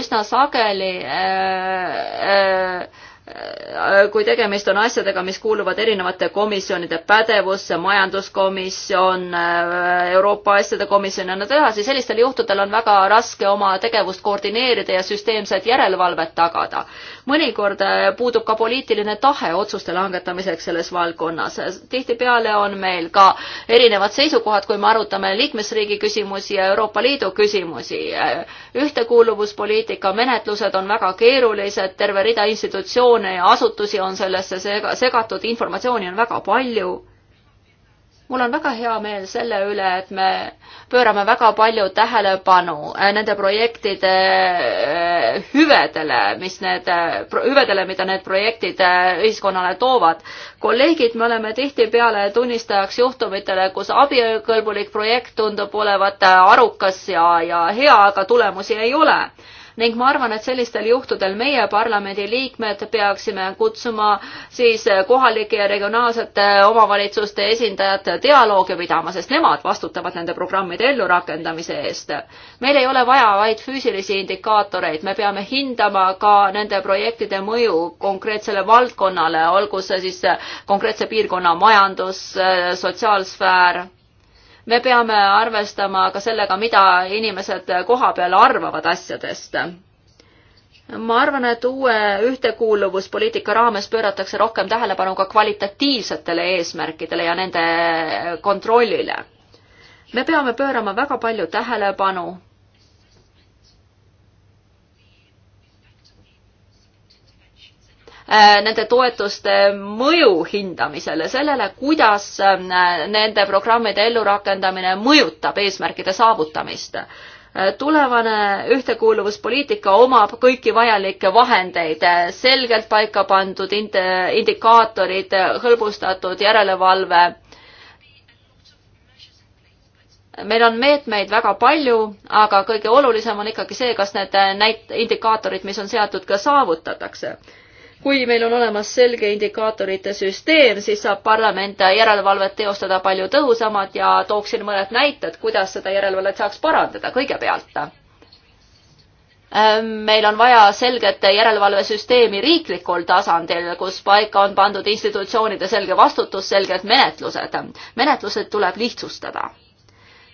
üsna sageli äh, äh, Äh, kui tegemist on asjadega, mis kuuluvad erinevate komisjonide pädevusse, majanduskomisjon, äh, Euroopa asjade komisjon ja nõnda edasi, sellistel juhtudel on väga raske oma tegevust koordineerida ja süsteemset järelevalvet tagada mõnikord äh, puudub ka poliitiline tahe otsuste langetamiseks selles valdkonnas. tihtipeale on meil ka erinevad seisukohad, kui me arutame liikmesriigi küsimusi ja Euroopa Liidu küsimusi. Äh, ühtekuuluvuspoliitika menetlused on väga keerulised, terve rida institutsioone ja asutusi on sellesse segatud, informatsiooni on väga palju mul on väga hea meel selle üle, et me pöörame väga palju tähelepanu äh, nende projektide äh, hüvedele, mis need, äh, hüvedele, mida need projektid ühiskonnale toovad. kolleegid, me oleme tihtipeale tunnistajaks juhtumitele, kus abikõlbulik projekt tundub olevat arukas ja, ja hea, aga tulemusi ei ole ning ma arvan, et sellistel juhtudel meie parlamendi liikmed peaksime kutsuma siis kohalike ja regionaalsete omavalitsuste esindajad dialoogi pidama, sest nemad vastutavad nende programmide ellurakendamise eest. meil ei ole vaja vaid füüsilisi indikaatoreid, me peame hindama ka nende projektide mõju konkreetsele valdkonnale, olgu see siis konkreetse piirkonna majandus, sotsiaalsfäär me peame arvestama ka sellega, mida inimesed kohapeal arvavad asjadest. ma arvan, et uue ühtekuuluvuspoliitika raames pööratakse rohkem tähelepanu ka kvalitatiivsetele eesmärkidele ja nende kontrollile. me peame pöörama väga palju tähelepanu Äh, nende toetuste mõju hindamisele, sellele, kuidas äh, nende programmide ellurakendamine mõjutab eesmärkide saavutamist. Äh, tulevane ühtekuuluvuspoliitika omab kõiki vajalikke vahendeid, selgelt paika pandud ind-, indikaatorid, hõlbustatud järelevalve. meil on meetmeid väga palju, aga kõige olulisem on ikkagi see, kas need näit-, indikaatorid, mis on seatud, ka saavutatakse kui meil on olemas selge indikaatorite süsteem, siis saab parlament järelevalvet teostada palju tõhusamalt ja tooksin mõned näited, kuidas seda järelevalvet saaks parandada kõigepealt. Ähm, meil on vaja selget järelevalvesüsteemi riiklikul tasandil, kus paika on pandud institutsioonide selge vastutus, selged menetlused. menetlused tuleb lihtsustada.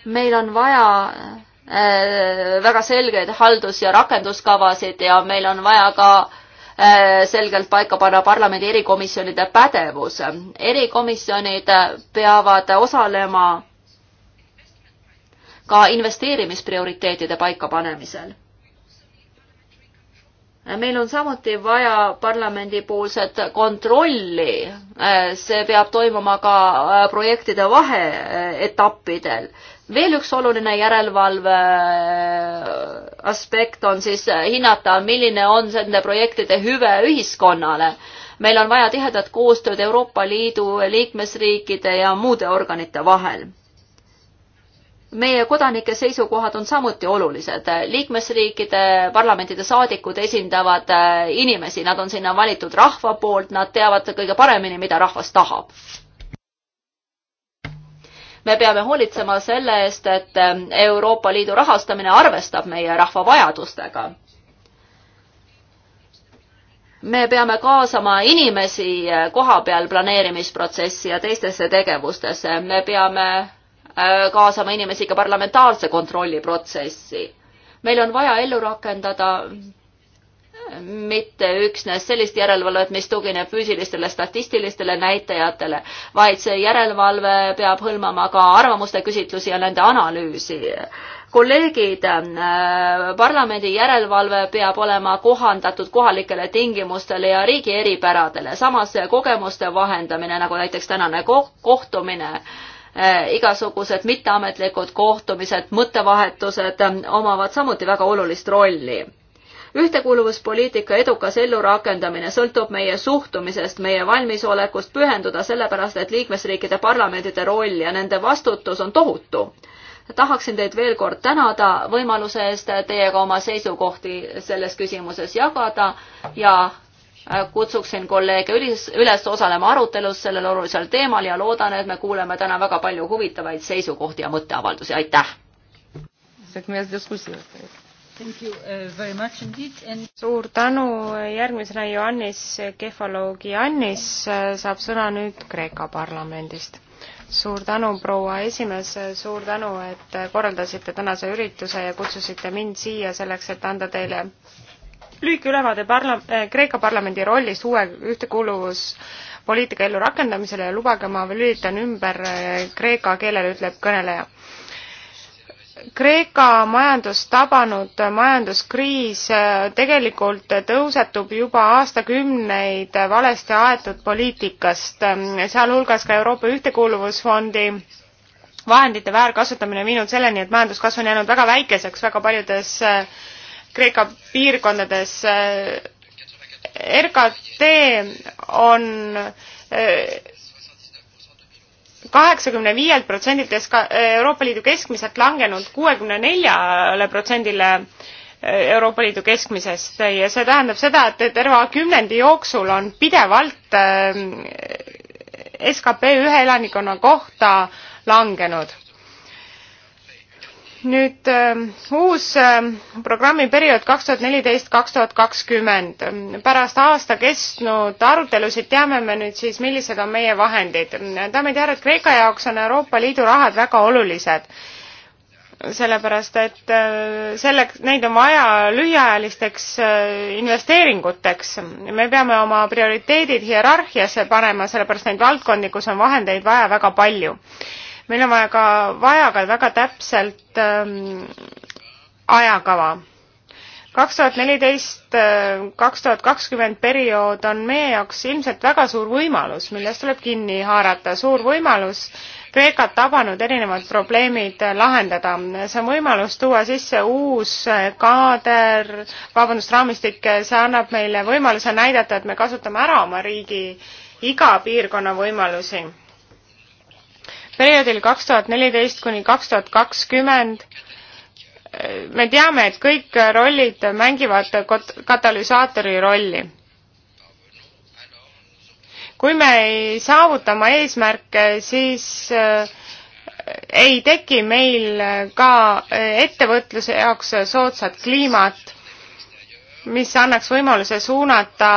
meil on vaja äh, väga selgeid haldus- ja rakenduskavasid ja meil on vaja ka Äh, selgelt paika panna parlamendi erikomisjonide pädevus. erikomisjonid äh, peavad osalema ka investeerimisprioriteetide paikapanemisel. meil on samuti vaja parlamendipoolset kontrolli, äh, see peab toimuma ka projektide vaheetappidel veel üks oluline järelevalve äh, aspekt on siis äh, hinnata, milline on nende projektide hüve ühiskonnale. meil on vaja tihedat koostööd Euroopa Liidu liikmesriikide ja muude organite vahel meie kodanike seisukohad on samuti olulised. liikmesriikide parlamentide saadikud esindavad äh, inimesi, nad on sinna valitud rahva poolt, nad teavad kõige paremini, mida rahvas tahab me peame hoolitsema selle eest, et ähm, Euroopa Liidu rahastamine arvestab meie rahva vajadustega. me peame kaasama inimesi äh, koha peal planeerimisprotsessi ja teistesse tegevustesse, me peame äh, kaasama inimesi ka parlamentaarse kontrolli protsessi. meil on vaja ellu rakendada mitte üksnes sellist järelevalvet, mis tugineb füüsilistele statistilistele näitajatele, vaid see järelevalve peab hõlmama ka arvamuste küsitlusi ja nende analüüsi. kolleegid, äh, parlamendi järelevalve peab olema kohandatud kohalikele tingimustele ja riigi eripäradele, samas kogemuste vahendamine, nagu näiteks tänane kohtumine, äh, igasugused mitteametlikud kohtumised, mõttevahetused äh, omavad samuti väga olulist rolli ühtekuuluvuspoliitika edukas ellurakendamine sõltub meie suhtumisest, meie valmisolekust pühenduda, sellepärast et liikmesriikide parlamentide roll ja nende vastutus on tohutu tahaksin teid veel kord tänada võimaluse eest teiega oma seisukohti selles küsimuses jagada ja kutsuksin kolleege ülis, üles osalema arutelus sellel olulisel teemal ja loodan, et me kuuleme täna väga palju huvitavaid seisukohti ja mõtteavaldusi, aitäh! Uh, And... suur tänu, järgmisena Ioannis Kefalogi Annis uh, saab sõna nüüd Kreeka parlamendist. suur tänu, proua esimees, suur tänu, et korraldasite tänase ürituse ja kutsusite mind siia selleks, et anda teile lühike ülevaade parla-, äh, Kreeka parlamendi rollist uue ühtekuuluvuspoliitika ellurakendamisele ja lubage, ma lülitan ümber äh, kreeka keelele, ütleb kõneleja Kreeka majandust tabanud majanduskriis äh, tegelikult tõusetub juba aastakümneid valesti aetud poliitikast, ähm, sealhulgas ka Euroopa Ühtekuuluvusfondi vahendite väärkasutamine viinud selleni, et majanduskasv on jäänud väga väikeseks väga paljudes äh, Kreeka piirkondades. Äh, RKT on kaheksakümne viielt protsendilt Euroopa Liidu keskmiselt langenud kuuekümne neljale protsendile e, Euroopa Liidu keskmisest ja see tähendab seda, et terve kümnendi jooksul on pidevalt e, SKP ühe elanikkonna kohta langenud nüüd äh, uus äh, programmiperiood kaks tuhat neliteist kaks tuhat kakskümmend pärast aasta kestnud arutelusid teame me nüüd siis millised on meie vahendid daamid ja härrad kreeka jaoks on euroopa liidu rahad väga olulised sellepärast et äh, selleks neid on vaja lühiajalisteks investeeringuteks me peame oma prioriteedid hierarhiasse panema sellepärast neid valdkondi kus on vahendeid vaja väga palju meil on vaja ka, vaja ka väga täpselt ähm, ajakava. kaks tuhat neliteist, äh, kaks tuhat kakskümmend periood on meie jaoks ilmselt väga suur võimalus, millest tuleb kinni haarata, suur võimalus Kreekat tabanud erinevad probleemid lahendada. see on võimalus tuua sisse uus kaader, vabandust, raamistik, see annab meile võimaluse näidata, et me kasutame ära oma riigi iga piirkonna võimalusi perioodil kaks tuhat neliteist kuni kaks tuhat kakskümmend me teame, et kõik rollid mängivad katalüsaatori rolli. kui me ei saavuta oma eesmärke, siis äh, ei teki meil ka äh, ettevõtluse jaoks soodsat kliimat mis annaks võimaluse suunata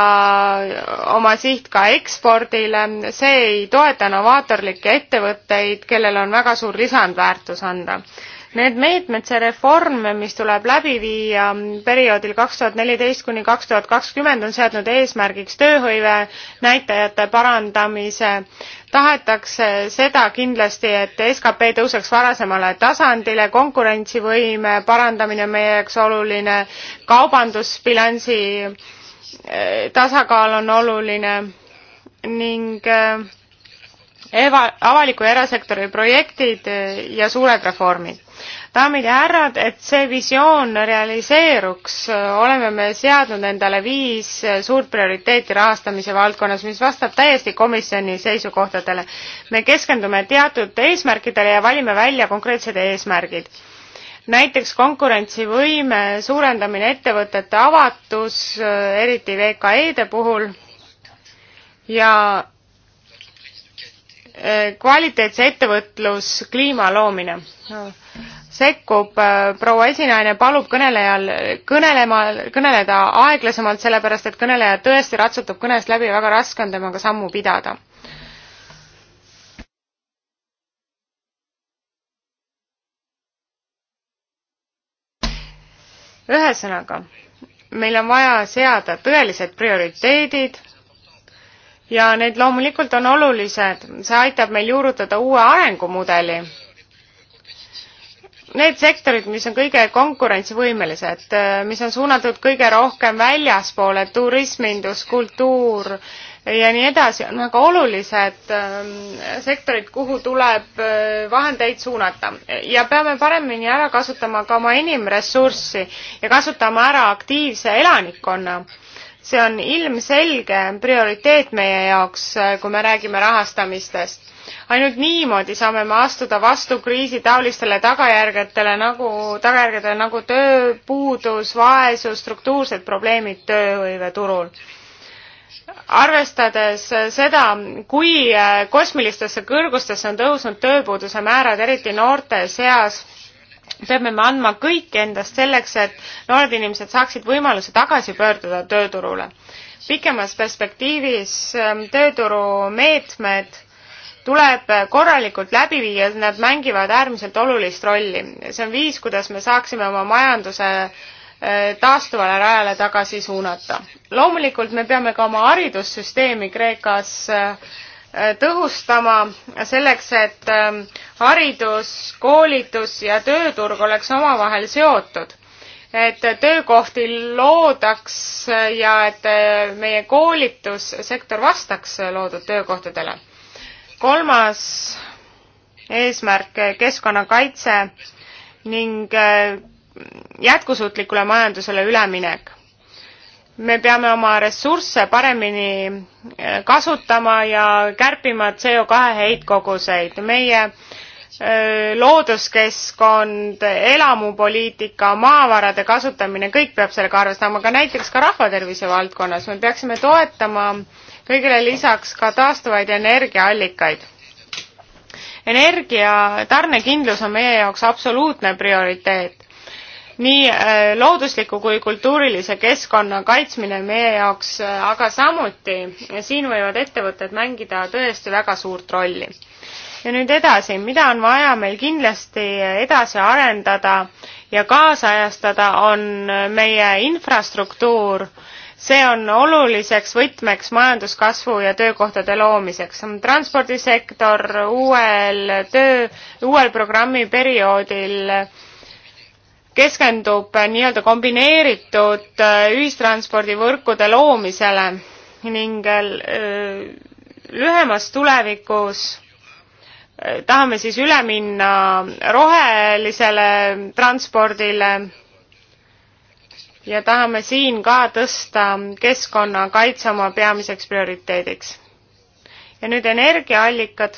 oma siht ka ekspordile, see ei toeta novaatorlikke ettevõtteid, kellel on väga suur lisandväärtus anda. Need meetmed, see reform, mis tuleb läbi viia perioodil kaks tuhat neliteist kuni kaks tuhat kakskümmend, on seadnud eesmärgiks tööhõive näitajate parandamise. tahetakse seda kindlasti, et skp tõuseks varasemale tasandile, konkurentsivõime parandamine on meie jaoks oluline, kaubandusbilansi eh, tasakaal on oluline ning äh, eva-, avaliku ja erasektori projektid eh, ja suured reformid. daamid ja härrad, et see visioon realiseeruks, eh, oleme me seadnud endale viis eh, suurt prioriteeti rahastamise valdkonnas, mis vastab täiesti komisjoni seisukohtadele. me keskendume teatud eesmärkidele ja valime välja konkreetsed eesmärgid näiteks konkurentsivõime suurendamine ettevõtete avatus eriti VKE-de puhul ja Äh, kvaliteetse ettevõtluskliima loomine. sekkub äh, proua esinaine, palub kõnelejal kõnelema, kõneleda aeglasemalt, sellepärast et kõneleja tõesti ratsutab kõnest läbi, väga raske on temaga sammu pidada. ühesõnaga, meil on vaja seada tõelised prioriteedid ja need loomulikult on olulised, see aitab meil juurutada uue arengumudeli. Need sektorid, mis on kõige konkurentsivõimelised, mis on suunatud kõige rohkem väljaspoole, turismindus, kultuur ja nii edasi, on väga olulised ähm, sektorid, kuhu tuleb äh, vahendeid suunata. ja peame paremini ära kasutama ka oma inimressurssi ja kasutama ära aktiivse elanikkonna see on ilmselge prioriteet meie jaoks, kui me räägime rahastamistest. ainult niimoodi saame me astuda vastu kriisi taolistele tagajärgedele nagu, tagajärgedele nagu tööpuudus, vaesus, struktuursed probleemid tööhõiveturul arvestades seda, kui eh, kosmilistesse kõrgustesse on tõusnud tööpuuduse määrad, eriti noorte seas, peame me andma kõik endast selleks, et noored inimesed saaksid võimaluse tagasi pöörduda tööturule. pikemas perspektiivis ähm, tööturumeetmed tuleb korralikult läbi viia, nad mängivad äärmiselt olulist rolli. see on viis, kuidas me saaksime oma majanduse äh, taastuvale rajale tagasi suunata. loomulikult me peame ka oma haridussüsteemi Kreekas äh, tõhustama selleks, et ähm, haridus, koolitus ja tööturg oleks omavahel seotud. et töökohti loodaks ja et äh, meie koolitussektor vastaks loodud töökohtadele. kolmas eesmärk, äh, keskkonnakaitse ning äh, jätkusuutlikule majandusele üleminek me peame oma ressursse paremini eh, kasutama ja kärpima CO2 heitkoguseid. meie eh, looduskeskkond, elamupoliitika, maavarade kasutamine, kõik peab sellega arvestama, aga näiteks ka rahvatervise valdkonnas me peaksime toetama kõigele lisaks ka taastuvaid energiaallikaid. energia tarnekindlus on meie jaoks absoluutne prioriteet nii äh, loodusliku kui kultuurilise keskkonna kaitsmine meie jaoks, äh, aga samuti siin võivad ettevõtted mängida tõesti väga suurt rolli. ja nüüd edasi, mida on vaja meil kindlasti edasi arendada ja kaasajastada, on äh, meie infrastruktuur see on oluliseks võtmeks majanduskasvu ja töökohtade loomiseks. transpordisektor uuel töö, uuel programmiperioodil keskendub nii-öelda kombineeritud äh, ühistranspordivõrkude loomisele ning äh, lühemas tulevikus äh, tahame siis üle minna rohelisele transpordile ja tahame siin ka tõsta keskkonnakaitse oma peamiseks prioriteediks. ja nüüd energiaallikad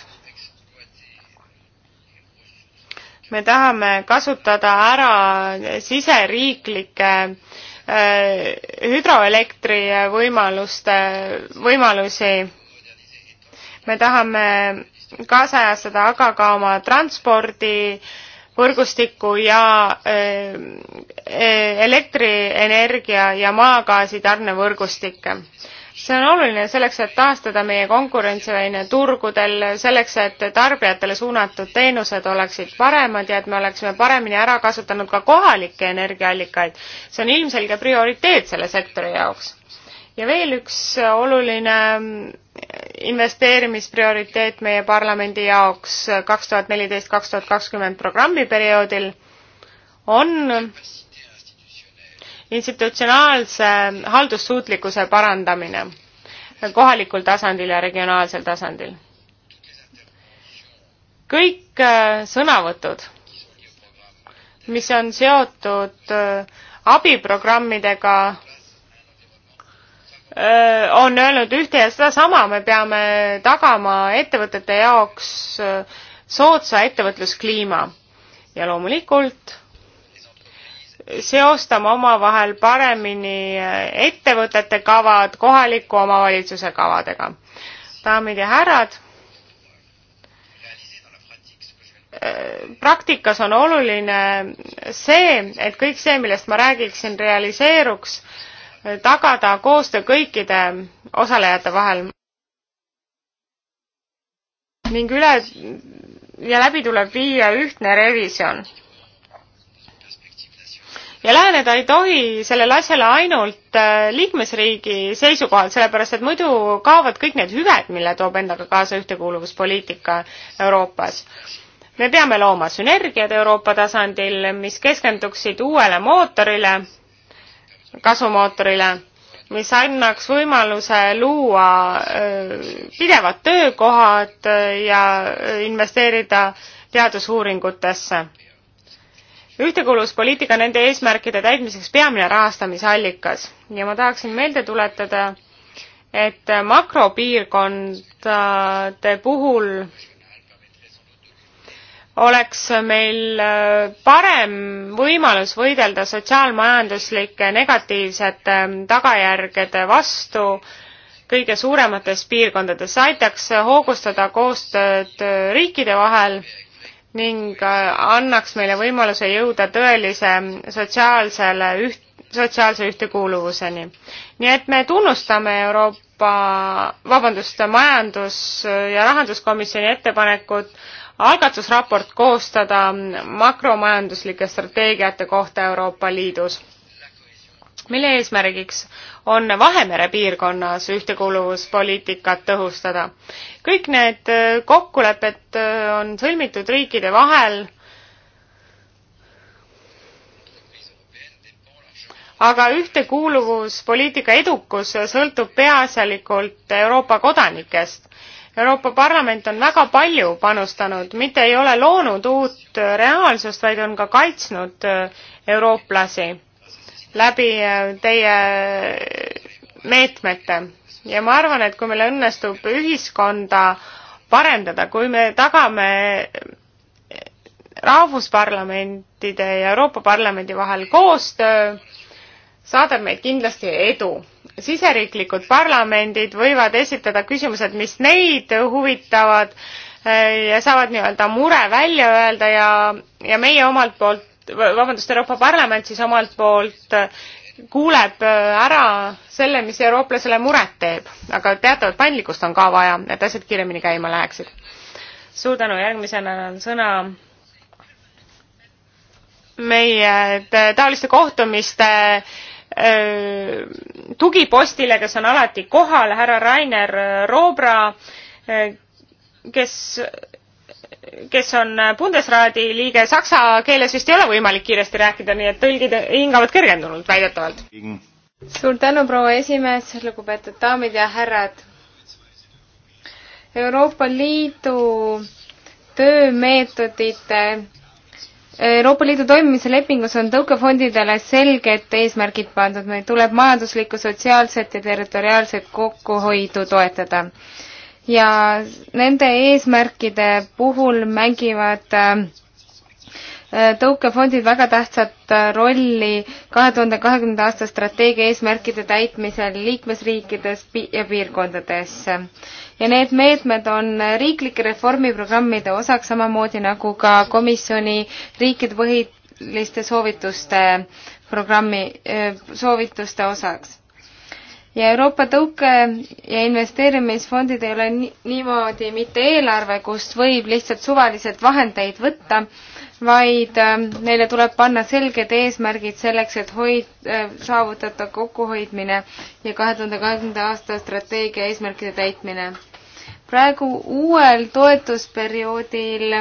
me tahame kasutada ära siseriiklike äh, hüdroelektri võimaluste, võimalusi. me tahame kaasajastada aga ka oma transpordi võrgustiku ja äh, e-, elektrienergia ja maagaasi tarnevõrgustikke see on oluline selleks, et taastada meie konkurentsivõime turgudel, selleks, et tarbijatele suunatud teenused oleksid paremad ja et me oleksime paremini ära kasutanud ka kohalikke energiaallikaid. see on ilmselge prioriteet selle sektori jaoks. ja veel üks oluline investeerimisprioriteet meie parlamendi jaoks kaks tuhat neliteist, kaks tuhat kakskümmend programmiperioodil on institutsionaalse haldussuutlikkuse parandamine kohalikul tasandil ja regionaalsel tasandil. kõik äh, sõnavõtud, mis on seotud äh, abiprogrammidega, äh, on öelnud ühte ja sedasama, me peame tagama ettevõtete jaoks soodsa ettevõtluskliima ja loomulikult seostama omavahel paremini ettevõtete kavad kohaliku omavalitsuse kavadega. daamid ja härrad, praktikas on oluline see, et kõik see, millest ma räägiksin, realiseeruks, tagada koostöö kõikide osalejate vahel ning üle ja läbi tuleb viia ühtne revisjon ja läheneda ei tohi sellele asjale ainult äh, liikmesriigi seisukohalt, sellepärast et muidu kaovad kõik need hüved, mille toob endaga kaasa ühtekuuluvuspoliitika Euroopas. me peame looma sünergiad Euroopa tasandil, mis keskenduksid uuele mootorile, kasumootorile, mis annaks võimaluse luua äh, pidevad töökohad äh, ja investeerida teadusuuringutesse ühtekuuluvuspoliitika nende eesmärkide täitmiseks peamine rahastamisallikas ja ma tahaksin meelde tuletada, et makropiirkondade puhul oleks meil parem võimalus võidelda sotsiaalmajanduslike negatiivsete tagajärgede vastu kõige suuremates piirkondades. see aitaks hoogustada koostööd riikide vahel ning äh, annaks meile võimaluse jõuda tõelise sotsiaalsele üht-, sotsiaalse ühtekuuluvuseni. nii et me tunnustame Euroopa, vabandust, Majandus- ja Rahanduskomisjoni ettepanekut algatusraport koostada makromajanduslikest strateegiate kohta Euroopa Liidus mille eesmärgiks on Vahemere piirkonnas ühtekuuluvuspoliitikat tõhustada. kõik need äh, kokkulepped äh, on sõlmitud riikide vahel, aga ühtekuuluvuspoliitika edukus sõltub peaasjalikult Euroopa kodanikest. Euroopa Parlament on väga palju panustanud, mitte ei ole loonud uut reaalsust, vaid on ka kaitsnud äh, eurooplasi läbi äh, teie meetmete ja ma arvan, et kui meil õnnestub ühiskonda parendada, kui me tagame rahvusparlamentide ja Euroopa Parlamendi vahel koostöö, saadab meid kindlasti edu. siseriiklikud parlamendid võivad esitada küsimused, mis neid huvitavad äh, ja saavad nii-öelda mure välja öelda ja, ja meie omalt poolt vabandust, Euroopa Parlament siis omalt poolt äh, kuuleb äh, ära selle, mis eurooplasele muret teeb, aga teatavat paindlikkust on ka vaja, et asjad kiiremini käima läheksid. suur tänu, järgmisena annan sõna meie äh, taoliste kohtumiste öö, tugipostile, kes on alati kohal, härra Rainer Roobra, kes kes on Bundesrati liige, saksa keeles vist ei ole võimalik kiiresti rääkida, nii et tõlgid hingavad kergendunult väidetavalt. suur tänu, proua esimees, lugupeetud daamid ja härrad. Euroopa Liidu töömeetodite Euroopa Liidu toimimise lepingus on tõukefondidele selged eesmärgid pandud, meil tuleb majanduslikku, sotsiaalset ja territoriaalset kokkuhoidu toetada ja nende eesmärkide puhul mängivad äh, äh, tõukefondid väga tähtsat äh, rolli kahe tuhande kahekümnenda aasta strateegia eesmärkide täitmisel liikmesriikides ja piirkondades. ja need meetmed on riiklike reformiprogrammide osaks, samamoodi nagu ka komisjoni riikide põhiliste soovituste programmi, soovituste osaks ja Euroopa tõuke- ja investeerimisfondid ei ole niimoodi mitte eelarve, kust võib lihtsalt suvaliselt vahendeid võtta, vaid ähm, neile tuleb panna selged eesmärgid selleks, et hoid-, äh, saavutada kokkuhoidmine ja kahe tuhande kahekümnenda aasta strateegia eesmärkide täitmine. praegu uuel toetusperioodil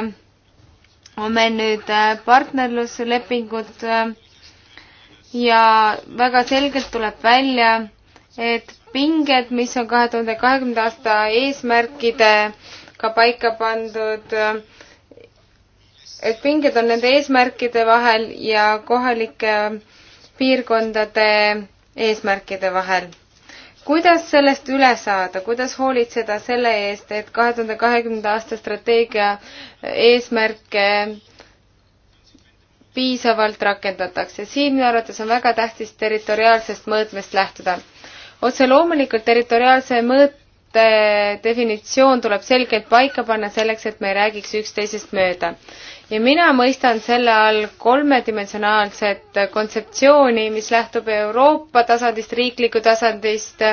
on meil nüüd äh, partnerluslepingud äh, ja väga selgelt tuleb välja, et pinged, mis on kahe tuhande kahekümnenda aasta eesmärkidega paika pandud, et pinged on nende eesmärkide vahel ja kohalike piirkondade eesmärkide vahel. kuidas sellest üle saada, kuidas hoolitseda selle eest, et kahe tuhande kahekümnenda aasta strateegia eesmärke piisavalt rakendatakse. siin minu arvates on väga tähtis territoriaalsest mõõtmest lähtuda otse loomulikult territoriaalse mõõte definitsioon tuleb selgelt paika panna selleks, et me ei räägiks üksteisest mööda. ja mina mõistan selle all kolmedimensionaalset kontseptsiooni, mis lähtub Euroopa tasandist, riikliku tasandist,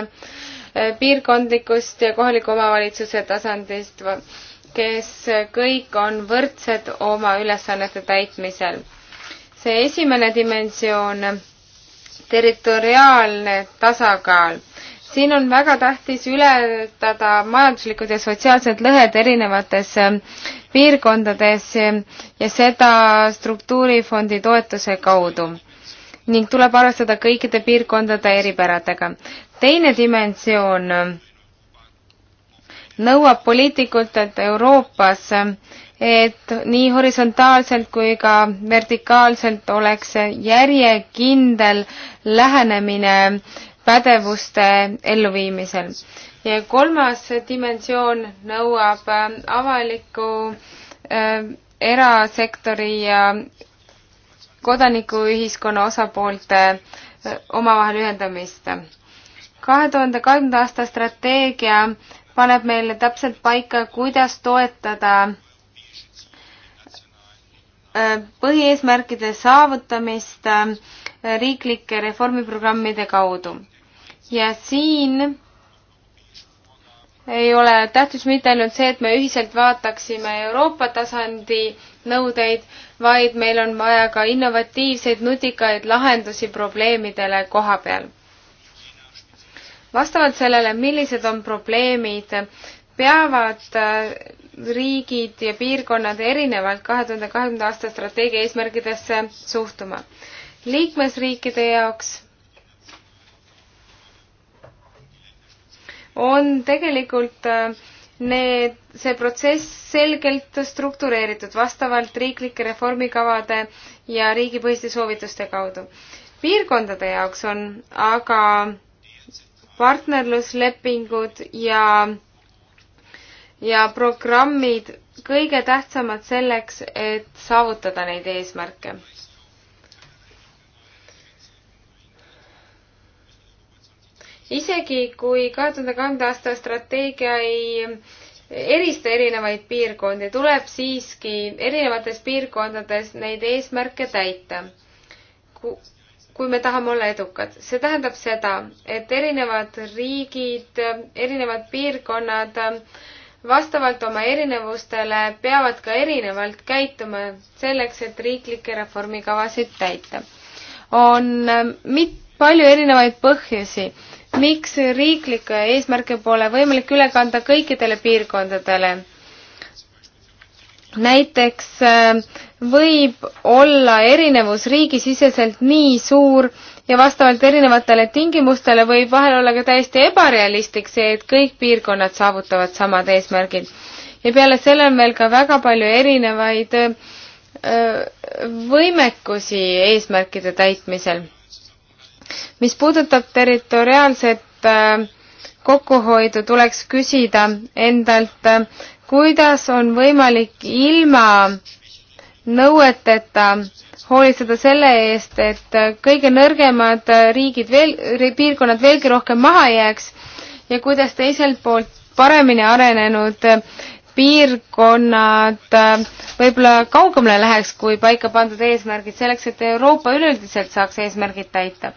piirkondlikust ja kohaliku omavalitsuse tasandist, kes kõik on võrdsed oma ülesannete täitmisel. see esimene dimensioon territoriaalne tasakaal. siin on väga tähtis ületada majanduslikud ja sotsiaalsed lõhed erinevates ähm, piirkondades ähm, ja seda struktuurifondi toetuse kaudu ning tuleb arvestada kõikide piirkondade eripäradega. teine dimensioon ähm, nõuab poliitikult, et Euroopas et nii horisontaalselt kui ka vertikaalselt oleks järjekindel lähenemine pädevuste elluviimisel. ja kolmas dimensioon nõuab äh, avaliku äh, erasektori ja kodanikuühiskonna osapoolte äh, omavahel ühendamist. kahe tuhande kahekümnenda aasta strateegia paneb meile täpselt paika, kuidas toetada äh, Äh, põhieesmärkide saavutamist äh, riiklike reformiprogrammide kaudu. ja siin ei ole tähtis mitte ainult see, et me ühiselt vaataksime Euroopa tasandi nõudeid, vaid meil on vaja ka innovatiivseid nutikaid lahendusi probleemidele koha peal. vastavalt sellele, millised on probleemid, peavad äh, riigid ja piirkonnad erinevalt kahe tuhande kahekümnenda aasta strateegia eesmärgidesse suhtuma. liikmesriikide jaoks on tegelikult äh, need, see protsess selgelt struktureeritud vastavalt riiklike reformikavade ja riigipõhiste soovituste kaudu. piirkondade jaoks on aga partnerluslepingud ja ja programmid kõige tähtsamad selleks, et saavutada neid eesmärke. isegi kui kahe tuhande kahekümnenda aasta strateegia ei erista erinevaid piirkondi, tuleb siiski erinevates piirkondades neid eesmärke täita. kui me tahame olla edukad, see tähendab seda, et erinevad riigid, erinevad piirkonnad äh, vastavalt oma erinevustele peavad ka erinevalt käituma selleks, et riiklikke reformikavasid täita. on ähm, mit-, palju erinevaid põhjusi, miks riiklikke eesmärke pole võimalik üle kanda kõikidele piirkondadele. näiteks ähm, võib olla erinevus riigisiseselt nii suur, ja vastavalt erinevatele tingimustele võib vahel olla ka täiesti ebarealistlik see, et kõik piirkonnad saavutavad samad eesmärgid. ja peale selle on meil ka väga palju erinevaid äh, võimekusi eesmärkide täitmisel. mis puudutab territoriaalset äh, kokkuhoidu, tuleks küsida endalt, äh, kuidas on võimalik ilma nõueteta hoolitseda selle eest, et kõige nõrgemad riigid veel, piirkonnad veelgi rohkem maha jääks ja kuidas teiselt poolt paremini arenenud piirkonnad võib-olla kaugemale läheks, kui paika pandud eesmärgid, selleks et Euroopa üleüldiselt saaks eesmärgid täita.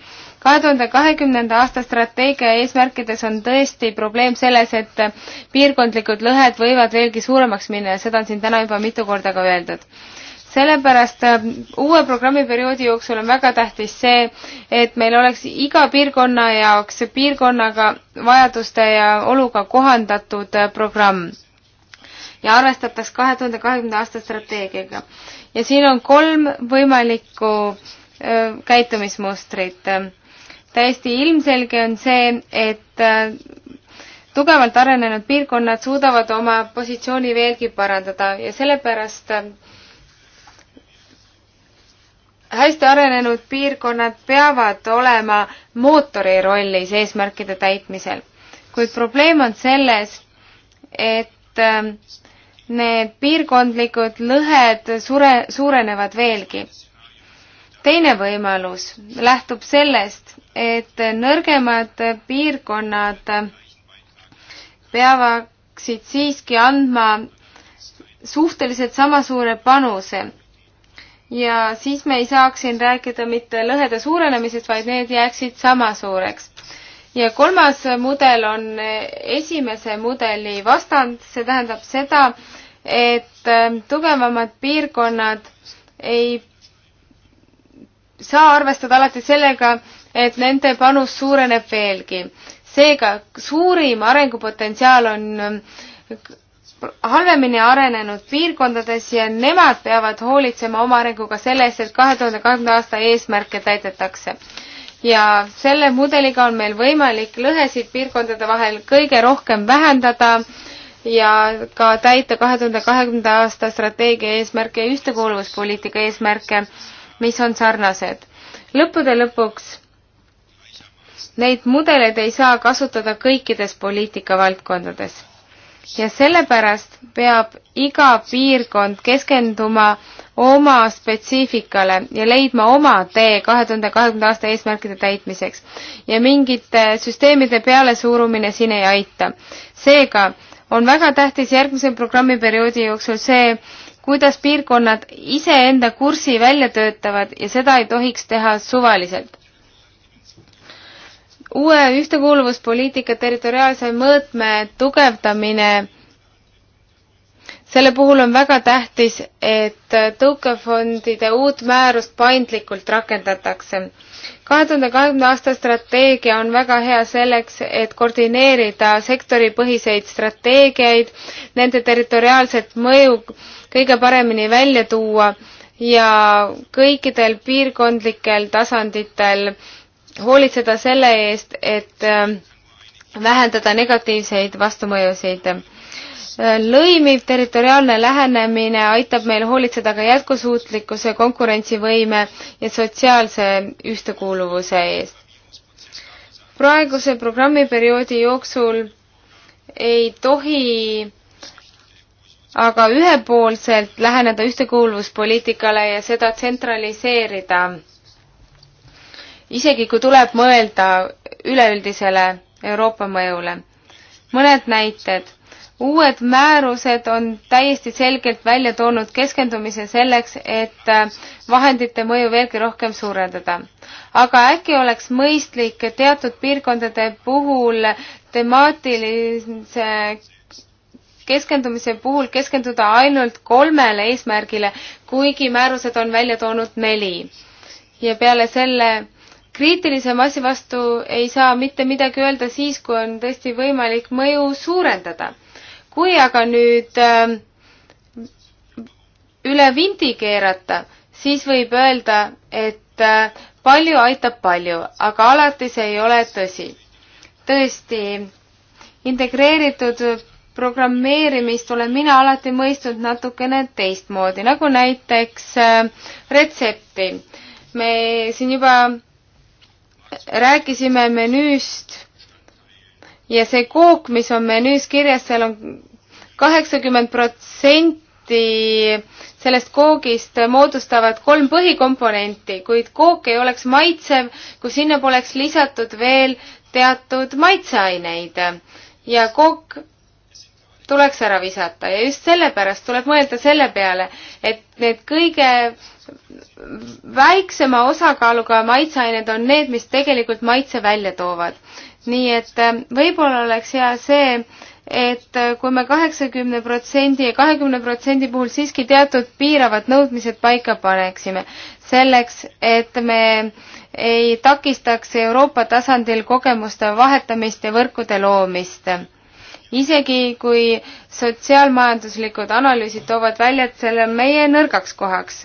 kahe tuhande kahekümnenda aasta strateegia eesmärkides on tõesti probleem selles, et piirkondlikud lõhed võivad veelgi suuremaks minna ja seda on siin täna juba mitu korda ka öeldud sellepärast äh, uue programmiperioodi jooksul on väga tähtis see, et meil oleks iga piirkonna jaoks piirkonnaga vajaduste ja oluga kohandatud äh, programm ja arvestataks kahe tuhande kahekümne aasta strateegiaga. ja siin on kolm võimalikku äh, käitumismustrit. täiesti ilmselge on see, et tugevalt arenenud piirkonnad suudavad oma positsiooni veelgi parandada ja sellepärast hästi arenenud piirkonnad peavad olema mootori rollis eesmärkide täitmisel, kuid probleem on selles, et ähm, need piirkondlikud lõhed sure, suurenevad veelgi. teine võimalus lähtub sellest, et nõrgemad piirkonnad peavaksid siiski andma suhteliselt sama suure panuse ja siis me ei saaks siin rääkida mitte lõhede suurenemisest, vaid need jääksid sama suureks. ja kolmas mudel on esimese mudeli vastand, see tähendab seda, et äh, tugevamad piirkonnad ei saa arvestada alati sellega, et nende panus suureneb veelgi. seega suurim arengupotentsiaal on äh, halvemini arenenud piirkondades ja nemad peavad hoolitsema oma arenguga selle eest, et kahe tuhande kahekümne aasta eesmärke täidetakse. ja selle mudeliga on meil võimalik lõhesid piirkondade vahel kõige rohkem vähendada ja ka täita kahe tuhande kahekümnenda aasta strateegia eesmärke ja ühtekuuluvuspoliitika eesmärke, mis on sarnased. lõppude lõpuks neid mudeleid ei saa kasutada kõikides poliitikavaldkondades ja sellepärast peab iga piirkond keskenduma oma spetsiifikale ja leidma oma tee kahe tuhande kahekümnenda aasta eesmärkide täitmiseks. ja mingite süsteemide pealesurumine siin ei aita. seega on väga tähtis järgmise programmiperioodi jooksul see, kuidas piirkonnad iseenda kursi välja töötavad ja seda ei tohiks teha suvaliselt uue ühtekuuluvuspoliitika territoriaalse mõõtme tugevdamine, selle puhul on väga tähtis, et tõukefondide uut määrust paindlikult rakendatakse. kahe tuhande kahekümne aasta strateegia on väga hea selleks, et koordineerida sektoripõhiseid strateegiaid, nende territoriaalset mõju kõige paremini välja tuua ja kõikidel piirkondlikel tasanditel hoolitseda selle eest, et äh, vähendada negatiivseid vastumõjusid. Äh, lõimiv territoriaalne lähenemine aitab meil hoolitseda ka jätkusuutlikkuse, konkurentsivõime ja sotsiaalse ühtekuuluvuse eest. praeguse programmiperioodi jooksul ei tohi aga ühepoolselt läheneda ühtekuuluvuspoliitikale ja seda tsentraliseerida isegi kui tuleb mõelda üleüldisele Euroopa mõjule. mõned näited. uued määrused on täiesti selgelt välja toonud keskendumise selleks, et äh, vahendite mõju veelgi rohkem suurendada. aga äkki oleks mõistlik teatud piirkondade puhul temaatilise keskendumise puhul keskenduda ainult kolmele eesmärgile, kuigi määrused on välja toonud neli. ja peale selle kriitilise massi vastu ei saa mitte midagi öelda siis, kui on tõesti võimalik mõju suurendada. kui aga nüüd äh, üle vindi keerata, siis võib öelda, et äh, palju aitab palju, aga alati see ei ole tõsi. tõesti, integreeritud programmeerimist olen mina alati mõistnud natukene teistmoodi, nagu näiteks äh, retsepti. me siin juba rääkisime menüüst ja see kook, mis on menüüs kirjas, seal on kaheksakümmend protsenti sellest koogist moodustavad kolm põhikomponenti, kuid kook ei oleks maitsev, kui sinna poleks lisatud veel teatud maitseaineid ja kook tuleks ära visata ja just sellepärast tuleb mõelda selle peale, et need kõige väiksema osakaaluga maitseained on need, mis tegelikult maitse välja toovad. nii et äh, võib-olla oleks hea see, et äh, kui me kaheksakümne protsendi ja kahekümne protsendi puhul siiski teatud piiravad nõudmised paika paneksime, selleks et me ei takistaks Euroopa tasandil kogemuste vahetamist ja võrkude loomist isegi kui sotsiaalmajanduslikud analüüsid toovad välja, et selle on meie nõrgaks kohaks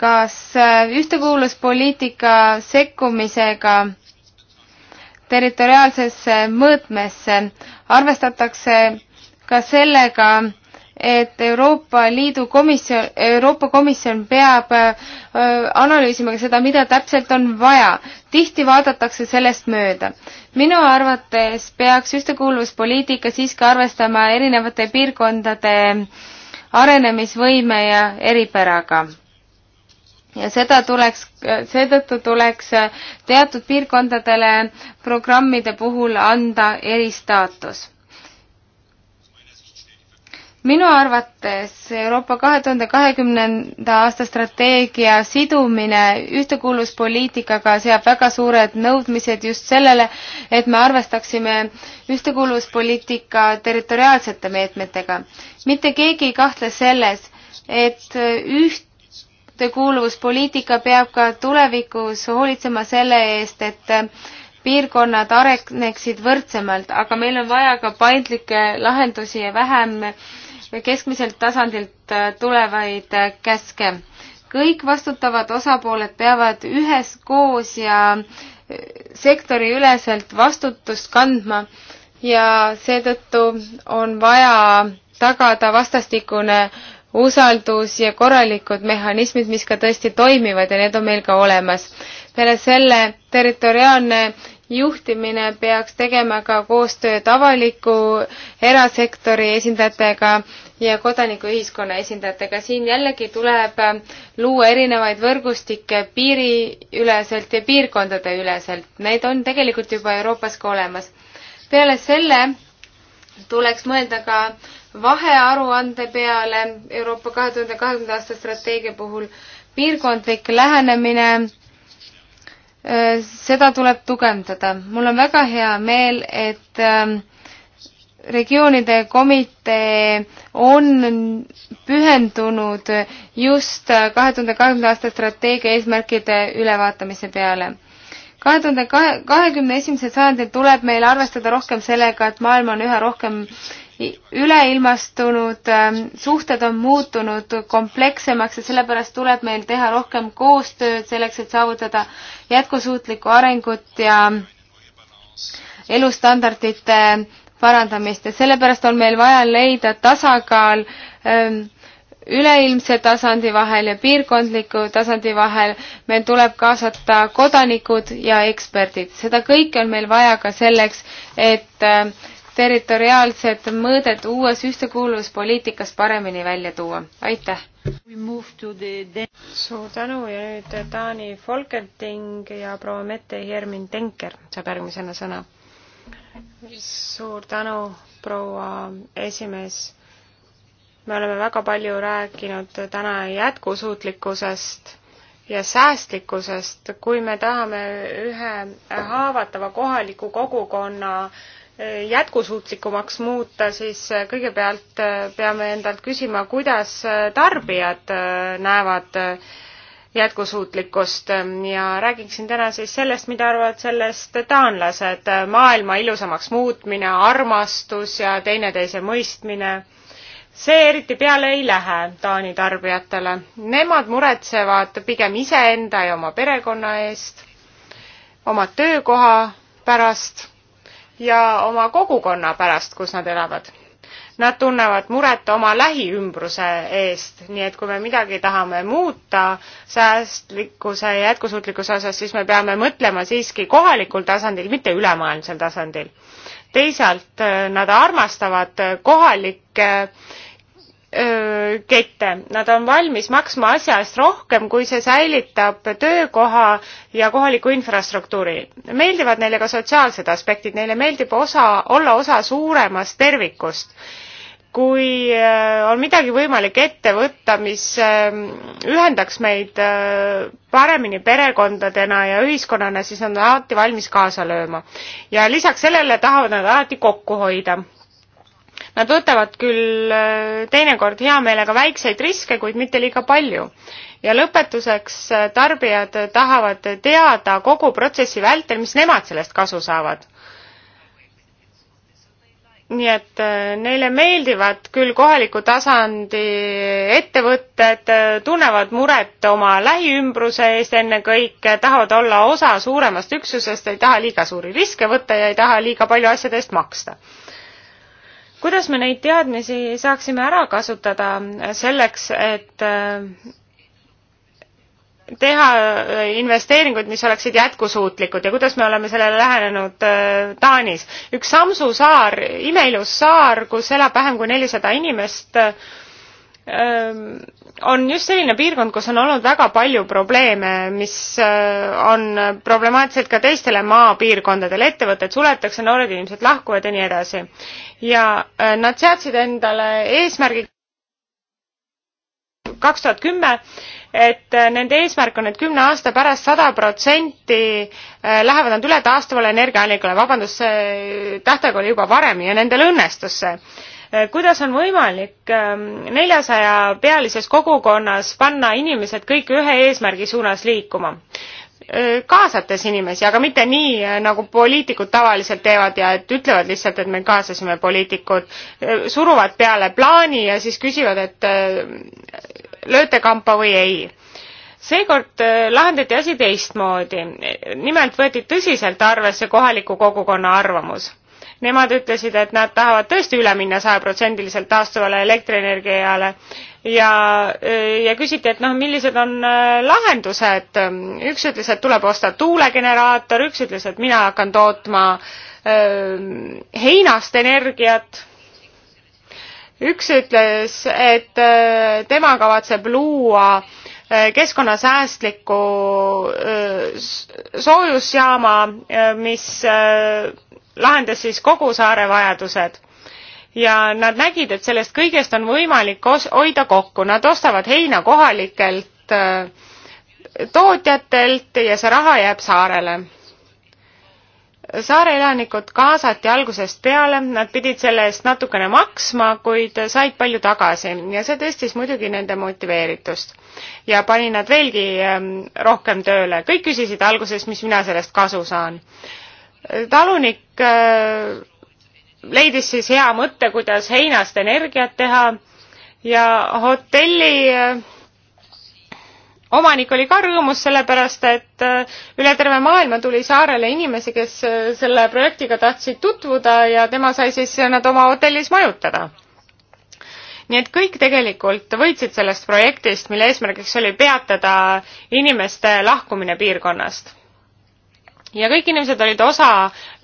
kas äh, ühtekuuluvuspoliitika sekkumisega territoriaalsesse mõõtmesse arvestatakse ka sellega, et Euroopa Liidu komisjon, Euroopa Komisjon peab öö, äh, analüüsima ka seda, mida täpselt on vaja. tihti vaadatakse sellest mööda. minu arvates peaks ühtekuuluvuspoliitika siiski arvestama erinevate piirkondade arenemisvõime ja eripäraga ja seda tuleks, seetõttu tuleks teatud piirkondadele programmide puhul anda eristaatus. minu arvates Euroopa kahe tuhande kahekümnenda aasta strateegia sidumine ühtekuuluvuspoliitikaga seab väga suured nõudmised just sellele, et me arvestaksime ühtekuuluvuspoliitika territoriaalsete meetmetega. mitte keegi ei kahtle selles, et üht ühtekuuluvuspoliitika peab ka tulevikus hoolitsema selle eest, et piirkonnad areneksid võrdsemalt, aga meil on vaja ka paindlikke lahendusi ja vähem keskmiselt tasandilt tulevaid käske. kõik vastutavad osapooled peavad üheskoos ja sektoriüleselt vastutust kandma ja seetõttu on vaja tagada vastastikune usaldus ja korralikud mehhanismid, mis ka tõesti toimivad ja need on meil ka olemas. peale selle territoriaalne juhtimine peaks tegema ka koostööd avaliku erasektori esindajatega ja kodanikuühiskonna esindajatega. siin jällegi tuleb luua erinevaid võrgustikke piiriüleselt ja piirkondade üleselt. Neid on tegelikult juba Euroopas ka olemas. peale selle tuleks mõelda ka äh, vahearuande peale Euroopa kahe tuhande kahekümnenda aasta strateegia puhul. piirkondlik lähenemine, seda tuleb tugevdada. mul on väga hea meel, et regioonide komitee on pühendunud just kahe tuhande kahekümnenda aasta strateegia eesmärkide ülevaatamise peale kahe tuhande kahekümne esimesel sajandil tuleb meil arvestada rohkem sellega, et maailm on üha rohkem üleilmastunud, ähm, suhted on muutunud komplekssemaks ja sellepärast tuleb meil teha rohkem koostööd selleks, et saavutada jätkusuutlikku arengut ja elustandardite parandamist ja sellepärast on meil vaja leida tasakaal ähm, üleilmse tasandi vahel ja piirkondliku tasandi vahel. meil tuleb kaasata kodanikud ja eksperdid, seda kõike on meil vaja ka selleks, et ähm, territoriaalset mõõdet uues ühtekuuluvuspoliitikas paremini välja tuua. aitäh! suur tänu ja nüüd Taani Folketing ja proua Mette Hermin Tenker saab järgmisena sõna. suur tänu, proua esimees. me oleme väga palju rääkinud täna jätkusuutlikkusest ja säästlikkusest, kui me tahame ühe haavatava kohaliku kogukonna äh, jätkusuutlikumaks muuta, siis äh, kõigepealt äh, peame endalt küsima, kuidas äh, tarbijad näevad jätkusuutlikkust ja räägiksin täna siis sellest, mida arvavad sellest taanlased. maailma ilusamaks muutmine, armastus ja teineteise mõistmine. see eriti peale ei lähe Taani tarbijatele. Nemad muretsevad pigem iseenda ja oma perekonna eest, oma töökoha pärast ja oma kogukonna pärast, kus nad elavad. Nad tunnevad muret oma lähiümbruse eest, nii et kui me midagi tahame muuta säästlikkuse ja jätkusuutlikkuse osas, siis me peame mõtlema siiski kohalikul tasandil, mitte ülemaailmsel tasandil. teisalt eh, nad armastavad kohalikke äh, kette, nad on valmis maksma asja eest rohkem, kui see säilitab töökoha ja kohaliku infrastruktuuri. meeldivad neile ka sotsiaalsed aspektid, neile meeldib osa, olla osa suuremast tervikust. kui on midagi võimalik ette võtta, mis ühendaks meid paremini perekondadena ja ühiskonnana, siis on nad alati valmis kaasa lööma. ja lisaks sellele tahavad nad alati kokku hoida Nad võtavad küll äh, teinekord hea meelega väikseid riske, kuid mitte liiga palju. ja lõpetuseks, äh, tarbijad tahavad teada kogu protsessi vältel, mis nemad sellest kasu saavad nii et äh, neile meeldivad küll kohaliku tasandi ettevõtted, tunnevad muret oma lähiümbruse eest ennekõike, tahavad olla osa suuremast üksusest, ei taha liiga suuri riske võtta ja ei taha liiga palju asjade eest maksta kuidas me neid teadmisi saaksime ära kasutada selleks, et äh, teha äh, investeeringuid, mis oleksid jätkusuutlikud ja kuidas me oleme sellele lähenenud äh, Taanis. üks Samsu saar, imeilus saar, kus elab vähem kui nelisada inimest, on just selline piirkond, kus on olnud väga palju probleeme, mis on problemaatilised ka teistele maapiirkondadele, ettevõtted suletakse, noored inimesed lahkuvad ja nii edasi. ja nad seadsid endale eesmärgi kaks tuhat kümme, et nende eesmärk on, et kümne aasta pärast sada protsenti lähevad nad üle taastuvale energiaallikale, vabandust, see tähtaeg oli juba varem ja nendel õnnestus see Äh, kuidas on võimalik ähm, neljasaja pealises kogukonnas panna inimesed kõik ühe eesmärgi suunas liikuma? Äh, kaasates inimesi, aga mitte nii, äh, nagu poliitikud tavaliselt teevad ja et ütlevad lihtsalt, et me kaasasime poliitikud, suruvad peale plaani ja siis küsivad, et lööte kampa või ei seekord lahendati asi teistmoodi. nimelt võeti tõsiselt arvesse kohaliku kogukonna arvamus. Nemad ütlesid, et nad tahavad tõesti üle minna sajaprotsendiliselt taastuvale elektrienergiale ja, äh, ja küsiti, et noh, millised on äh, lahendused. üks ütles, et tuleb osta tuulegeneraator, üks ütles, et mina hakkan tootma öö, äh, heinast energiat üks ütles, et tema kavatseb luua keskkonnasäästliku soojusjaama, mis lahendas siis kogu saare vajadused ja nad nägid, et sellest kõigest on võimalik os-, hoida kokku, nad ostavad heina kohalikelt äh, tootjatelt ja see raha jääb saarele. saare elanikud kaasati algusest peale, nad pidid selle eest natukene maksma, kuid said palju tagasi ja see tõstis muidugi nende motiveeritust. ja pani nad veelgi ähm, rohkem tööle, kõik küsisid alguses, mis mina sellest kasu saan talunik äh, leidis siis hea mõtte, kuidas heinast energiat teha ja hotelli äh, omanik oli ka rõõmus, sellepärast et äh, üle terve maailma tuli saarele inimesi, kes selle projektiga tahtsid tutvuda ja tema sai siis nad oma hotellis majutada. nii et kõik tegelikult võitsid sellest projektist, mille eesmärgiks oli peatada inimeste lahkumine piirkonnast ja kõik inimesed olid osa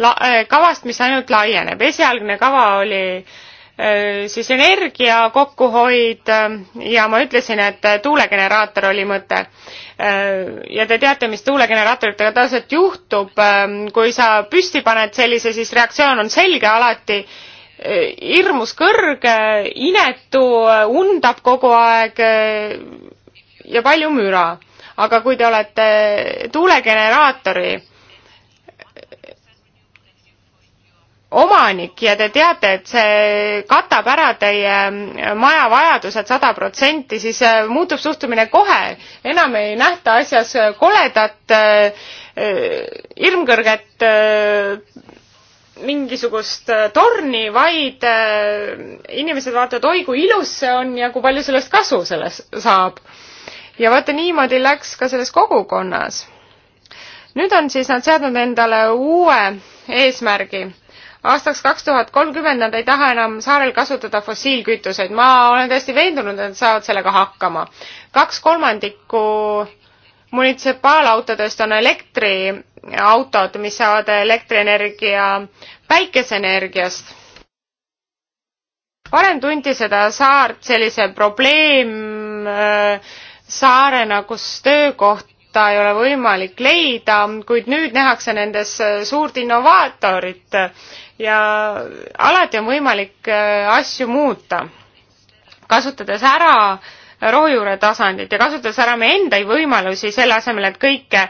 la- äh,, kavast, mis ainult laieneb. esialgne kava oli äh, siis energia kokkuhoid äh, ja ma ütlesin, et äh, tuulegeneraator oli mõte. Äh, ja te teate, mis tuulegeneraatoritega tavaliselt juhtub, äh, kui sa püsti paned sellise, siis reaktsioon on selge alati hirmus kõrge, inetu, undab kogu aeg ja palju müra. aga kui te olete tuulegeneraatori omanik ja te teate, et see katab ära teie mm, maja vajadused sada protsenti, siis äh, muutub suhtumine kohe. enam ei nähta asjas äh, koledat, hirmkõrget äh, mingisugust torni, vaid inimesed vaatavad, oi kui ilus see on ja kui palju sellest kasu selles saab. ja vaata, niimoodi läks ka selles kogukonnas nüüd on siis nad seadnud endale uue eesmärgi aastaks kaks tuhat kolmkümmend nad ei taha enam saarel kasutada fossiilkütuseid. ma olen täiesti veendunud, et nad saavad sellega hakkama. kaks kolmandikku munitsipaalautodest on elektriautod, mis saavad elektrienergia päikeseenergiast. varem tunti seda saart sellise probleemsaarena, äh, kus töökoht kohta ei ole võimalik leida, kuid nüüd nähakse nendes äh, suurt innovaatorit ja alati on võimalik äh, asju muuta, kasutades ära rohujuure tasandit ja kasutades ära meie enda võimalusi selle asemel, et kõike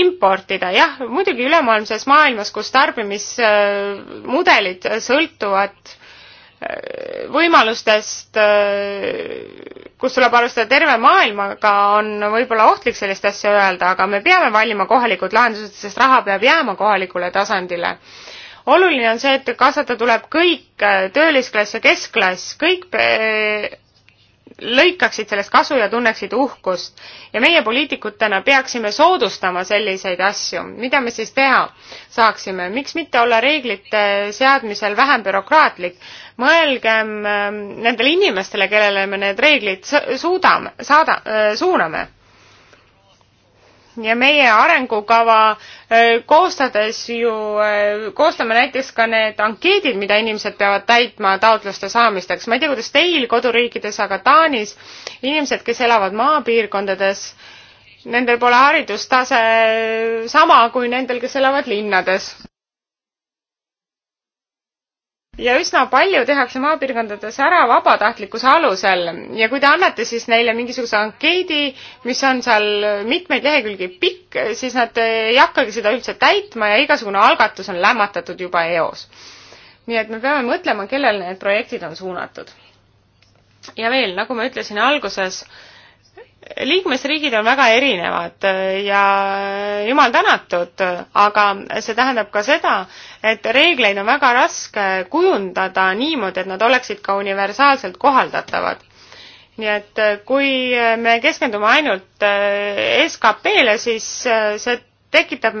importida. jah, muidugi ülemaailmses maailmas, kus tarbimismudelid sõltuvad äh, võimalustest, äh, kus tuleb arvestada terve maailmaga, on võib-olla ohtlik sellist asja öelda, aga me peame valima kohalikud lahendused, sest raha peab jääma kohalikule tasandile oluline on see, et kaasata tuleb kõik, äh, töölisklass ja keskklass, kõik äh, lõikaksid sellest kasu ja tunneksid uhkust. ja meie poliitikutena peaksime soodustama selliseid asju. mida me siis teha saaksime? miks mitte olla reeglite seadmisel vähem bürokraatlik? mõelgem äh, nendele inimestele, kellele me need reeglid suudame, saada, suuname ja meie arengukava äh, koostades ju äh, koostame näiteks ka need ankeedid, mida inimesed peavad täitma taotluste saamisteks. ma ei tea, kuidas teil koduriikides, aga Taanis inimesed, kes elavad maapiirkondades, nendel pole haridustase sama kui nendel, kes elavad linnades ja üsna palju tehakse maapiirkondades ära vabatahtlikkuse alusel ja kui te annate siis neile mingisuguse ankeedi, mis on seal mitmeid lehekülgi pikk, siis nad ei hakkagi seda üldse täitma ja igasugune algatus on lämmatatud juba eos. nii et me peame mõtlema, kellele need projektid on suunatud. ja veel, nagu ma ütlesin alguses, liikmesriigid on väga erinevad äh, ja jumal tänatud, aga see tähendab ka seda, et reegleid on väga raske kujundada niimoodi, et nad oleksid ka universaalselt kohaldatavad. nii et äh, kui me keskendume ainult äh, SKP-le, siis see tekitab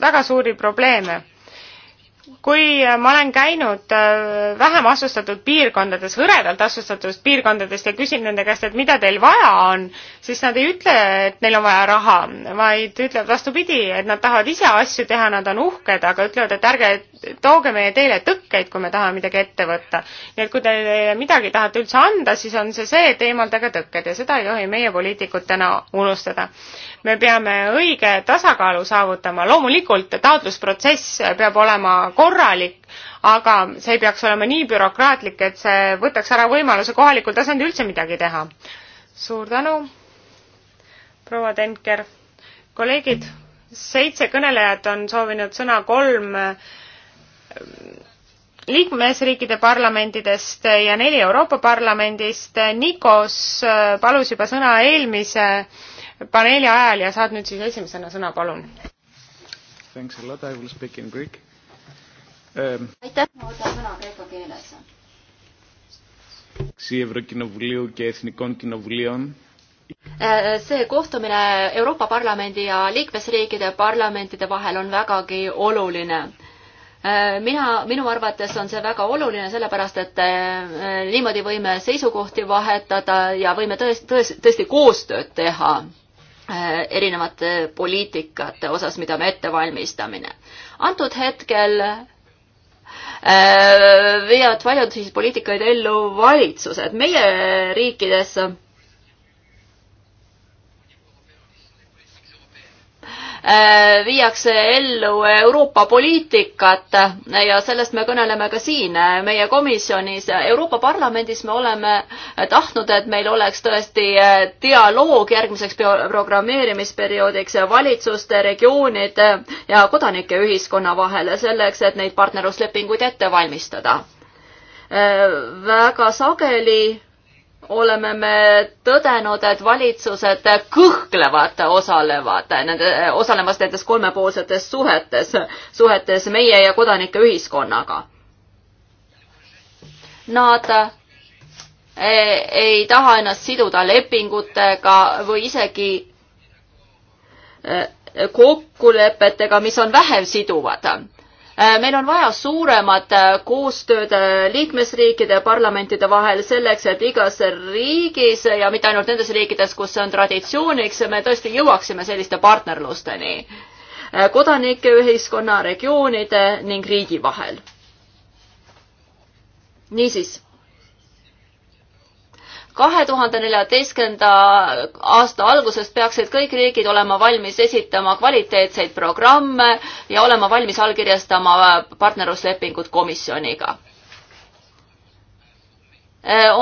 väga suuri probleeme kui äh, ma olen käinud äh, vähem asustatud piirkondades, hõredalt asustatud piirkondadest ja küsin nende käest, et mida teil vaja on, siis nad ei ütle, et neil on vaja raha, vaid ütlevad vastupidi, et nad tahavad ise asju teha, nad on uhked, aga ütlevad, et ärge tooge meie teele tõkkeid, kui me tahame midagi ette võtta. nii et kui te midagi tahate üldse anda, siis on see see, et eemaldage tõkked ja seda ei tohi meie poliitikutena unustada me peame õige tasakaalu saavutama, loomulikult taotlusprotsess peab olema korralik, aga see ei peaks olema nii bürokraatlik, et see võtaks ära võimaluse kohalikul tasandil üldse midagi teha. suur tänu, proua Tenker. kolleegid, seitse kõnelejat on soovinud sõna kolm ähm, liikmesriikide parlamentidest ja neli Euroopa Parlamendist. Nikos äh, palus juba sõna eelmise paneeli ajal ja saad nüüd siis esimesena sõna, palun. Thanks a lot, I will speak in greek um.... aitäh, ma võtan sõna kreeka keeles. Ευρωκοινοβουλίου και Εθνικών Κοινοβουλίων see kohtumine Euroopa Parlamendi ja liikmesriikide parlamentide vahel on vägagi oluline. Äh, mina, minu arvates on see väga oluline, sellepärast et äh, niimoodi võime seisukohti vahetada ja võime tõesti, tõesti, tõesti koostööd teha Äh, erinevate poliitikate osas, mida me ette valmistamine. antud hetkel äh, viivad paljud siis poliitikaid ellu valitsused. meie riikides Äh, viiakse ellu Euroopa poliitikat ja sellest me kõneleme ka siin äh, meie komisjonis. Euroopa Parlamendis me oleme tahtnud, et meil oleks tõesti äh, dialoog järgmiseks programmeerimisperioodiks valitsuste, regioonide ja kodanike ühiskonna vahel selleks, et neid partnerluslepinguid ette valmistada. väga sageli oleme me tõdenud, et valitsused kõhklevad osalevad nende, osalemas nendes kolmepoolsetes suhetes, suhetes meie ja kodanike ühiskonnaga. Nad ei, ei taha ennast siduda lepingutega või isegi e, kokkulepetega, mis on vähem siduvad Äh, meil on vaja suuremat äh, koostööd äh, liikmesriikide ja parlamentide vahel selleks, et igas riigis ja mitte ainult nendes riikides, kus see on traditsiooniks, me tõesti jõuaksime selliste partnerlusteni kodanike, ühiskonna, regioonide ning riigi vahel. niisiis kahe tuhande neljateistkümnenda aasta algusest peaksid kõik riigid olema valmis esitama kvaliteetseid programme ja olema valmis allkirjastama partnerluslepingud komisjoniga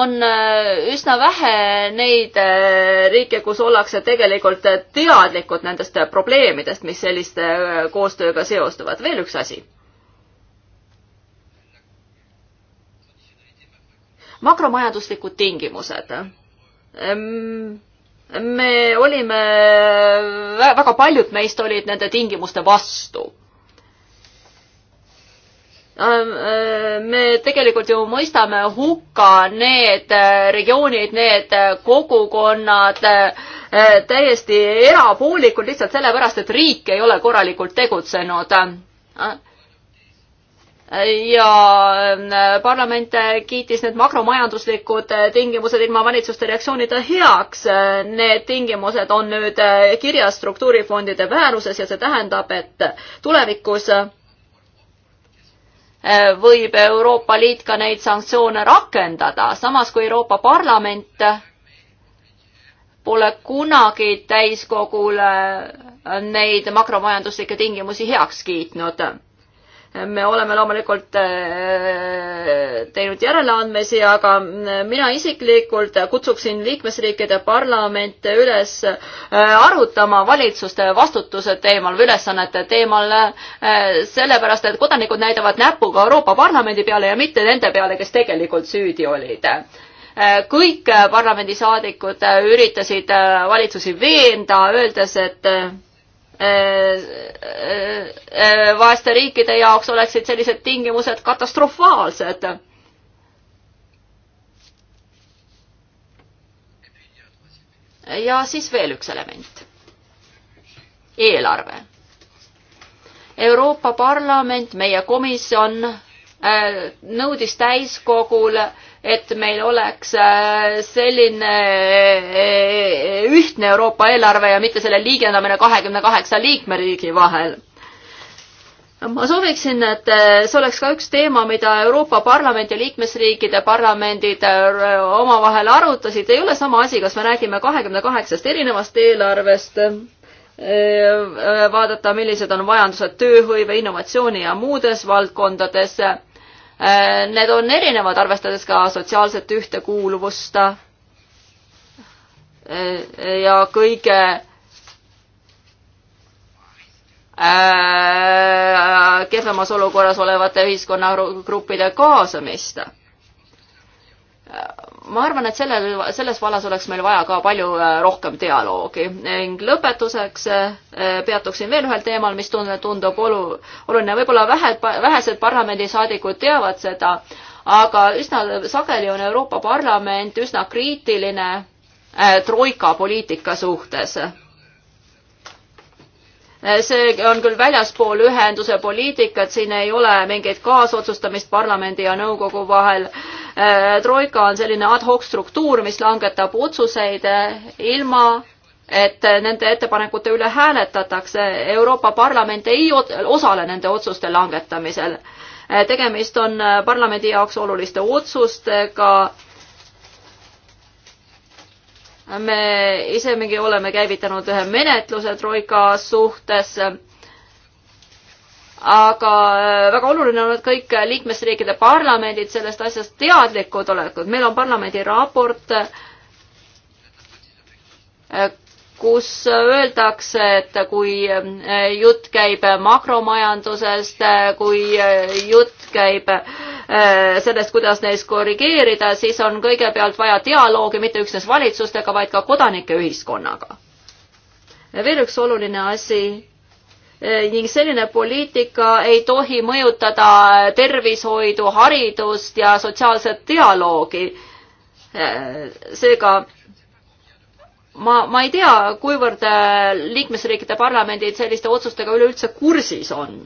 on äh, üsna vähe neid äh, riike, kus ollakse tegelikult teadlikud nendest probleemidest, mis selliste äh, koostööga seostuvad. veel üks asi. makromajanduslikud tingimused. Ehm, me olime, väga paljud meist olid nende tingimuste vastu ehm, ehm, me tegelikult ju mõistame hukka need äh, regioonid, need äh, kogukonnad äh, täiesti erapoolikult lihtsalt sellepärast, et riik ei ole korralikult tegutsenud ja äh, parlament äh, kiitis need makromajanduslikud äh, tingimused ilma valitsuste reaktsioonita heaks. Need tingimused on nüüd kirjas struktuurifondide määruses ja see tähendab, et tulevikus võib Euroopa Liit ka neid sanktsioone rakendada, samas kui Euroopa Parlament pole kunagi täiskogule neid makromajanduslikke tingimusi heaks kiitnud me oleme loomulikult äh, teinud järeleandmisi, aga äh, mina isiklikult kutsuksin liikmesriikide parlamente üles äh, arutama valitsuste vastutuse teemal või ülesannete teemal, sellepärast et kodanikud näitavad näpuga Euroopa Parlamendi peale ja mitte nende peale, kes tegelikult süüdi olid kõik parlamendisaadikud üritasid valitsusi veenda, öeldes, et Äh, äh, äh, vaeste riikide jaoks oleksid sellised tingimused katastrofaalsed. ja siis veel üks element. eelarve. Euroopa Parlament, meie komisjon nõudis täiskogul äh, et meil oleks äh, selline äh, ühtne Euroopa eelarve ja mitte selle liigendamine kahekümne kaheksa liikmeriigi vahel ma sooviksin, et äh, see oleks ka üks teema, mida Euroopa Parlament ja liikmesriikide parlamendid omavahel arutasid, ei ole sama asi, kas me räägime kahekümne kaheksast erinevast eelarvest, vaadata, millised on vajadused tööhõive, innovatsiooni ja muudes valdkondades Äh, need on erinevad, arvestades ka sotsiaalset ühtekuuluvust äh, ja kõige äh, kehvemas olukorras olevate ühiskonnagruppide kaasamist ma arvan, et sellel, selles vallas oleks meil vaja ka palju äh, rohkem dialoogi ning lõpetuseks äh, peatuksin veel ühel teemal, mis tundub olu-, oluline, võib-olla vähe, vähesed parlamendisaadikud teavad seda, aga üsna sageli on Euroopa Parlament üsna kriitiline äh, troika poliitika suhtes Eh, see on küll väljaspool ühenduse poliitikat, siin ei ole mingit kaasotsustamist parlamendi ja nõukogu vahel. Eh, troika on selline ad hoc struktuur, mis langetab otsuseid eh, ilma et nende ettepanekute üle hääletatakse. Euroopa Parlament ei osale nende otsuste langetamisel. tegemist on parlamendi jaoks oluliste otsustega me isemegi oleme käivitanud ühe menetluse Troika suhtes. aga äh, väga oluline on, et kõik liikmesriikide parlamendid sellest asjast teadlikud oleksid. meil on parlamendi raport, äh, kus öeldakse, et kui äh, jutt käib makromajandusest, kui jutt jutt käib äh, sellest, kuidas neis korrigeerida, siis on kõigepealt vaja dialoogi mitte üksnes valitsustega, vaid ka kodanike ühiskonnaga. veel üks oluline asi äh, ning selline poliitika ei tohi mõjutada tervishoidu, haridust ja sotsiaalset dialoogi. Äh, seega ma, ma ei tea, kuivõrd liikmesriikide parlamendid selliste otsustega üleüldse kursis on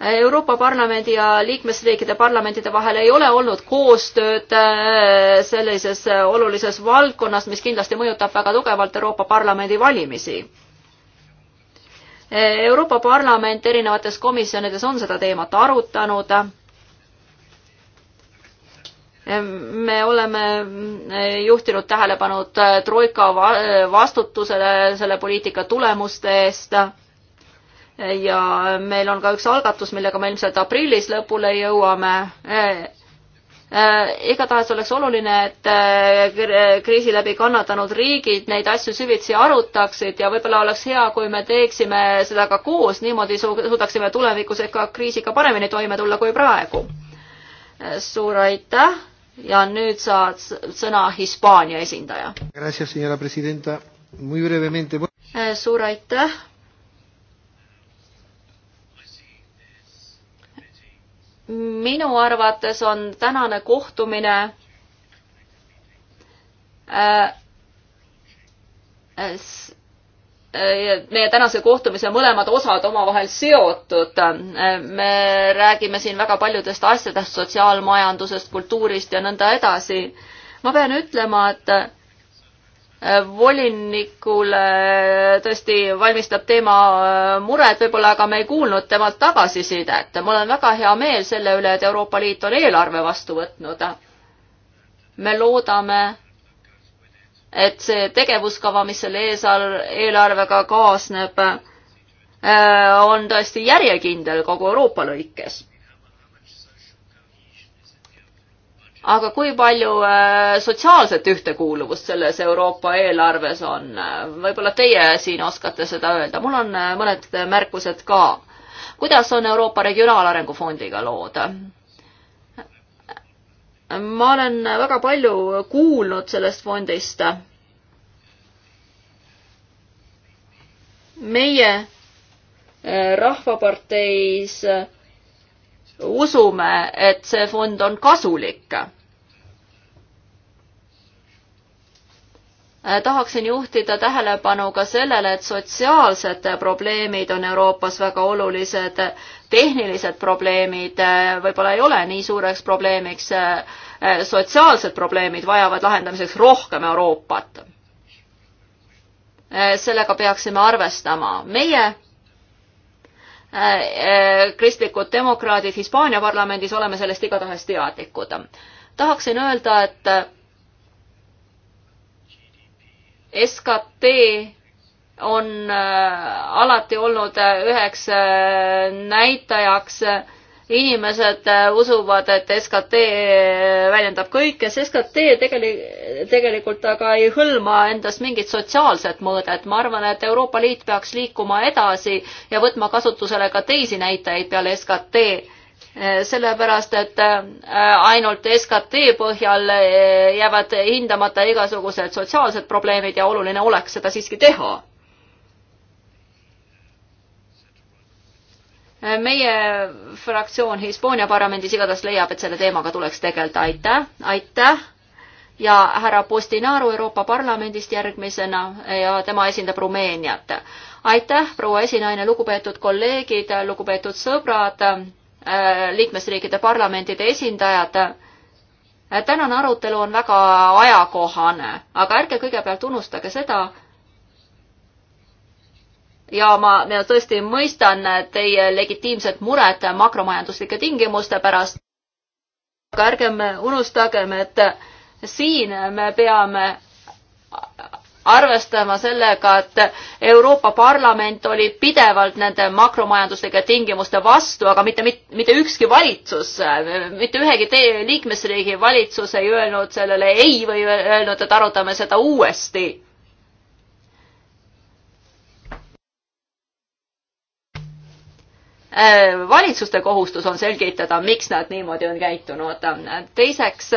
Euroopa Parlamendi ja liikmesriikide parlamentide vahel ei ole olnud koostööd äh, sellises äh, olulises valdkonnas, mis kindlasti mõjutab väga tugevalt Euroopa Parlamendi valimisi. Äh, Euroopa Parlament erinevates komisjonides on seda teemat arutanud me oleme juhtinud tähelepanu troika vastutusele selle poliitika tulemuste eest ja meil on ka üks algatus, millega me ilmselt aprillis lõpule jõuame. Äh, äh, igatahes oleks oluline, et äh, kriisi läbi kannatanud riigid neid asju süvitsi arutaksid ja võib-olla oleks hea, kui me teeksime seda ka koos, niimoodi suudaksime tulevikus ehk ka kriisiga paremini toime tulla kui praegu. suur aitäh ja nüüd saad sõna Hispaania esindaja. suur aitäh minu arvates on tänane kohtumine äh, äh, äh, meie tänase kohtumise mõlemad osad omavahel seotud. me räägime siin väga paljudest asjadest, sotsiaalmajandusest, kultuurist ja nõnda edasi. ma pean ütlema, et volinikule tõesti valmistab teema äh, muret võib-olla, aga me ei kuulnud temalt tagasisidet. mul on väga hea meel selle üle, et Euroopa Liit on eelarve vastu võtnud. me loodame, et see tegevuskava, mis selle eelarvega kaasneb, äh, on tõesti järjekindel kogu Euroopa lõikes. aga kui palju äh, sotsiaalset ühtekuuluvust selles Euroopa eelarves on? võib-olla teie siin oskate seda öelda, mul on äh, mõned märkused ka. kuidas on Euroopa Regionaalarengu Fondiga lood? ma olen väga palju kuulnud sellest fondist. meie äh, Rahvaparteis usume, et see fond on kasulik Äh, tahaksin juhtida tähelepanu ka sellele, et sotsiaalsed probleemid on Euroopas väga olulised, tehnilised probleemid äh, võib-olla ei ole nii suureks probleemiks, äh, sotsiaalsed probleemid vajavad lahendamiseks rohkem Euroopat. sellega peaksime arvestama. meie kristlikud demokraadid Hispaania parlamendis oleme sellest igatahes teadlikud. tahaksin öelda, et SKT on äh, alati olnud äh, üheks äh, näitajaks. inimesed usuvad, et SKT väljendab kõike, see SKT tegelik, tegelikult aga ei hõlma endas mingit sotsiaalset mõõdet. ma arvan, et Euroopa Liit peaks liikuma edasi ja võtma kasutusele ka teisi näitajaid peale SKT Eh, sellepärast et eh, ainult SKT põhjal eh, jäävad hindamata igasugused sotsiaalsed probleemid ja oluline oleks seda siiski teha. meie fraktsioon Hispaania parlamendis igatahes leiab, et selle teemaga tuleks tegeleda, aitäh, aitäh. ja härra Postinaru Euroopa Parlamendist järgmisena ja tema esindab Rumeeniat. aitäh, proua esinaine, lugupeetud kolleegid, lugupeetud sõbrad Äh, liikmesriikide parlamentide esindajad. Äh, tänane arutelu on väga ajakohane, aga ärge kõigepealt unustage seda, ja ma ja tõesti mõistan teie legitiimset muret makromajanduslike tingimuste pärast. aga ärgem unustagem, et siin me peame arvestama sellega, et Euroopa Parlament oli pidevalt nende makromajanduslike tingimuste vastu, aga mitte, mitte, mitte ükski valitsus, mitte ühegi teie liikmesriigi valitsus ei öelnud sellele ei või öelnud, et arutame seda uuesti. valitsuste kohustus on selgitada, miks nad niimoodi on käitunud. teiseks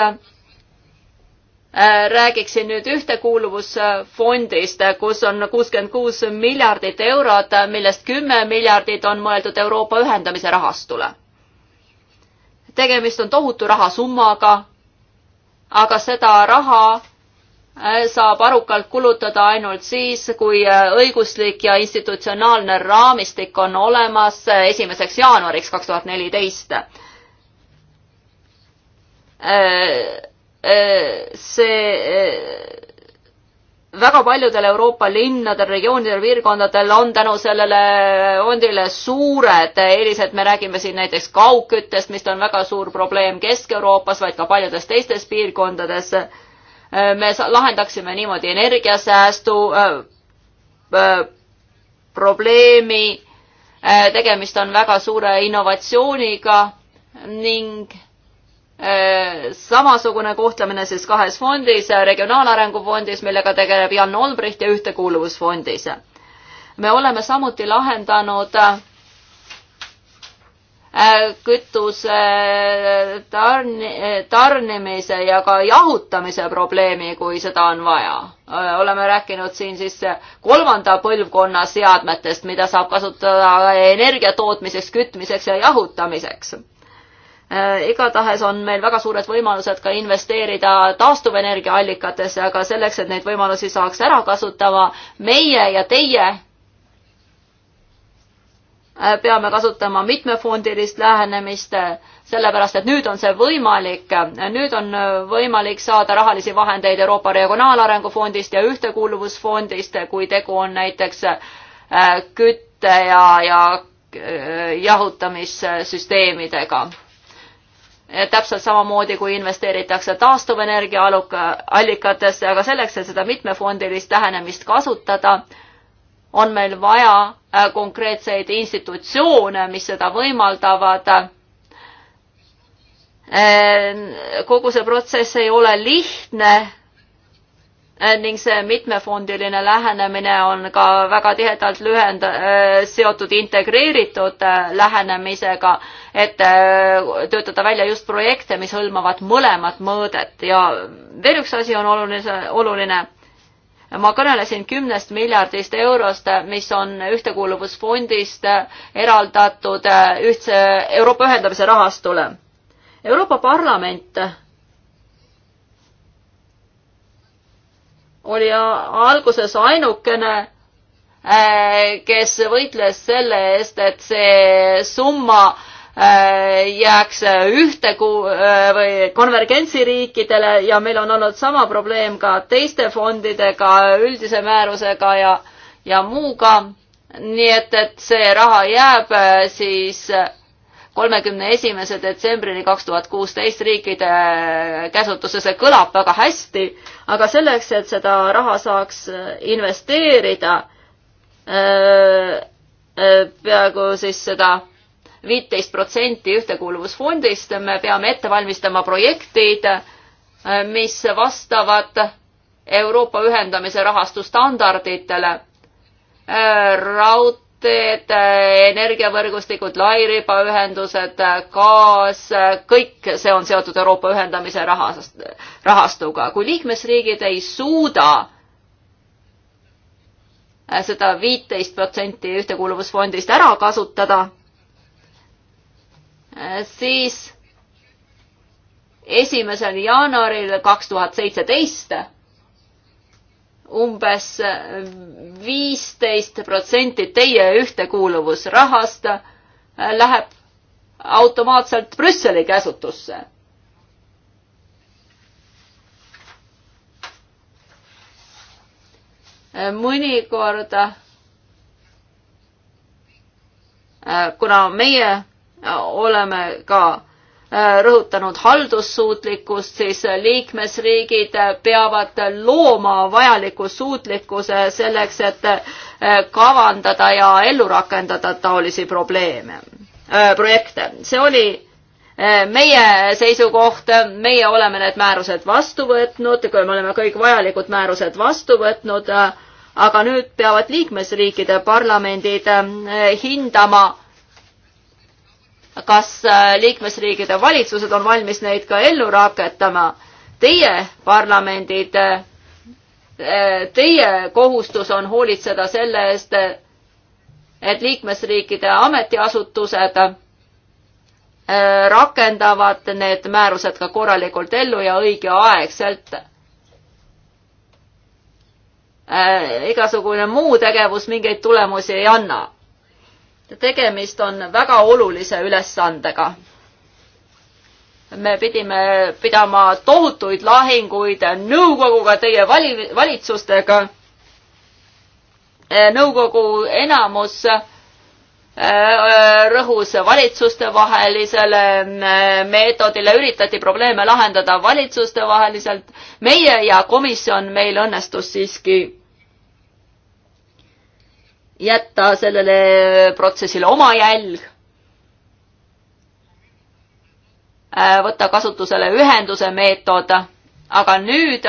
Äh, räägiksin nüüd ühtekuuluvusfondist, kus on kuuskümmend kuus miljardit eurot, millest kümme miljardit on mõeldud Euroopa ühendamise rahastule. tegemist on tohutu rahasummaga, aga seda raha äh, saab arukalt kulutada ainult siis, kui äh, õiguslik ja institutsionaalne raamistik on olemas esimeseks jaanuariks kaks tuhat neliteist Äh, see äh, väga paljudel Euroopa linnadel, regioonidel, piirkondadel on tänu sellele fondile suured eelised, me räägime siin näiteks kaugküttest, mis on väga suur probleem Kesk-Euroopas, vaid ka paljudes teistes piirkondades. Äh, me lahendaksime niimoodi energiasäästu probleemi, tegemist on väga suure innovatsiooniga ning Äh, samasugune kohtlemine siis kahes fondis, Regionaalarengu fondis, millega tegeleb Jan Olbricht ja Ühtekuuluvusfondis. me oleme samuti lahendanud äh, kütuse äh, tarni-, tarnimise ja ka jahutamise probleemi, kui seda on vaja. oleme rääkinud siin siis kolmanda põlvkonna seadmetest, mida saab kasutada energia tootmiseks, kütmiseks ja jahutamiseks Äh, igatahes on meil väga suured võimalused ka investeerida taastuvenergia allikatesse, aga selleks, et neid võimalusi saaks ära kasutama meie ja teie, äh, peame kasutama mitmefondilist lähenemist, sellepärast et nüüd on see võimalik. nüüd on äh, võimalik saada rahalisi vahendeid Euroopa Regionaalarengu Fondist ja Ühtekuuluvusfondist, kui tegu on näiteks kütte ja, ja jahutamissüsteemidega täpselt samamoodi kui investeeritakse taastuvenergia allikatesse, aga selleks, et seda mitmefondilist lähenemist kasutada, on meil vaja äh, konkreetseid institutsioone, mis seda võimaldavad. Äh, kogu see protsess ei ole lihtne Äh, ning see mitmefondiline lähenemine on ka väga tihedalt lühend-, äh, seotud integreeritud äh, lähenemisega, et töötada välja just projekte, mis hõlmavad mõlemat mõõdet ja veel üks asi on oluline, oluline. ma kõnelesin kümnest miljardist eurost, mis on Ühtekuuluvusfondist eraldatud ühtse Euroopa ühendamise rahastule. Euroopa Parlament oli alguses ainukene, äh, kes võitles selle eest, et see summa äh, jääks ühte äh, või konvergentsiriikidele ja meil on olnud sama probleem ka teiste fondidega, üldise määrusega ja, ja muuga. nii et, et see raha jääb siis äh, kolmekümne esimese detsembrini kaks tuhat kuusteist riikide äh, käsutusse, see kõlab väga hästi, aga selleks, et seda raha saaks äh, investeerida, äh, peaaegu siis seda viiteist protsenti ühtekuuluvusfondist, me peame ette valmistama projektid, mis vastavad Euroopa ühendamise rahastustandarditele raud-, raudteed, energiavõrgustikud, lairibaühendused, gaas, kõik see on seotud Euroopa ühendamise rahast, rahastuga. kui liikmesriigid ei suuda seda viiteist protsenti ühtekuuluvusfondist ära kasutada, siis esimesel jaanuaril kaks tuhat seitseteist umbes viisteist protsenti teie ühtekuuluvusrahast äh, läheb automaatselt Brüsseli käsutusse. mõnikord, äh, kuna meie oleme ka Äh, rõhutanud haldussuutlikkust, siis liikmesriigid peavad looma vajaliku suutlikkuse selleks, et äh, kavandada ja ellu rakendada taolisi probleeme, äh, projekte. see oli meie seisukoht, meie oleme need määrused vastu võtnud, me oleme kõik vajalikud määrused vastu võtnud, aga nüüd peavad liikmesriikide parlamendid hindama kas äh, liikmesriigide valitsused on valmis neid ka ellu rakendama. Teie parlamendid, äh, teie kohustus on hoolitseda selle eest, et liikmesriikide ametiasutused äh, rakendavad need määrused ka korralikult ellu ja õigeaegselt igasugune muu tegevus mingeid tulemusi ei anna tegemist on väga olulise ülesandega. me pidime pidama tohutuid lahinguid nõukoguga, teie vali-, valitsustega. nõukogu enamus äh, rõhus valitsustevahelisele äh, meetodile, üritati probleeme lahendada valitsustevaheliselt. meie ja komisjon, meil õnnestus siiski jätta sellele protsessile oma jälg, äh, võtta kasutusele ühenduse meetod, aga nüüd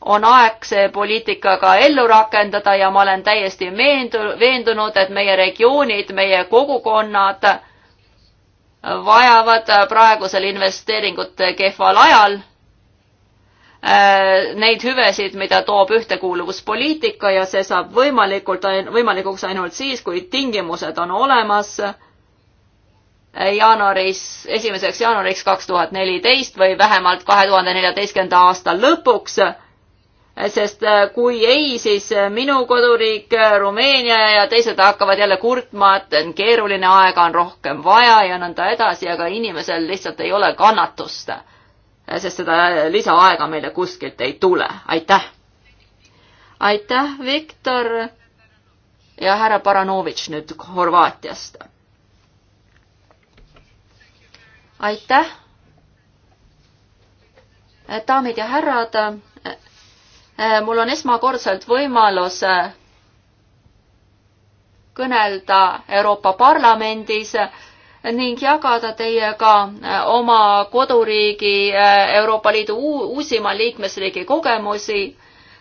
on aeg see poliitika ka ellu rakendada ja ma olen täiesti meendu-, veendunud, et meie regioonid, meie kogukonnad vajavad praegusel investeeringute kehval ajal Äh, neid hüvesid, mida toob ühtekuuluvuspoliitika ja see saab võimalikult, võimalikuks ainult siis, kui tingimused on olemas äh, jaanuaris, esimeseks jaanuariks kaks tuhat neliteist või vähemalt kahe tuhande neljateistkümnenda aasta lõpuks. Äh, sest kui ei, siis minu koduriik Rumeenia ja teised hakkavad jälle kurtma, et on keeruline, aega on rohkem vaja ja nõnda edasi, aga inimesel lihtsalt ei ole kannatust sest seda lisaaega meile kuskilt ei tule. aitäh! aitäh, Viktor ja härra Baranovitš nüüd Horvaatiast. aitäh! daamid ja härrad, mul on esmakordselt võimalus kõnelda Euroopa Parlamendis ning jagada teiega äh, oma koduriigi äh, Euroopa Liidu uusima liikmesriigi kogemusi.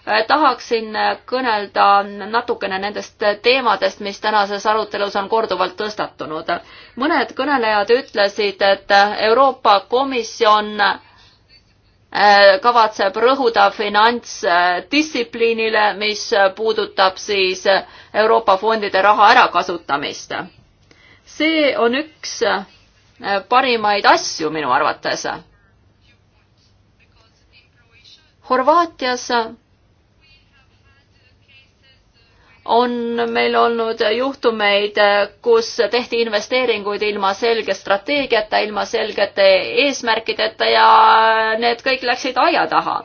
Äh, tahaksin kõnelda natukene nendest teemadest, mis tänases arutelus on korduvalt tõstatunud. mõned kõnelejad ütlesid, et Euroopa Komisjon kavatseb rõhuda finantsdistsipliinile, mis puudutab siis Euroopa fondide raha ärakasutamist see on üks äh, parimaid asju minu arvates. Horvaatias on meil olnud juhtumeid, kus tehti investeeringuid ilma selge strateegiata, ilma selgete eesmärkideta ja need kõik läksid aia taha.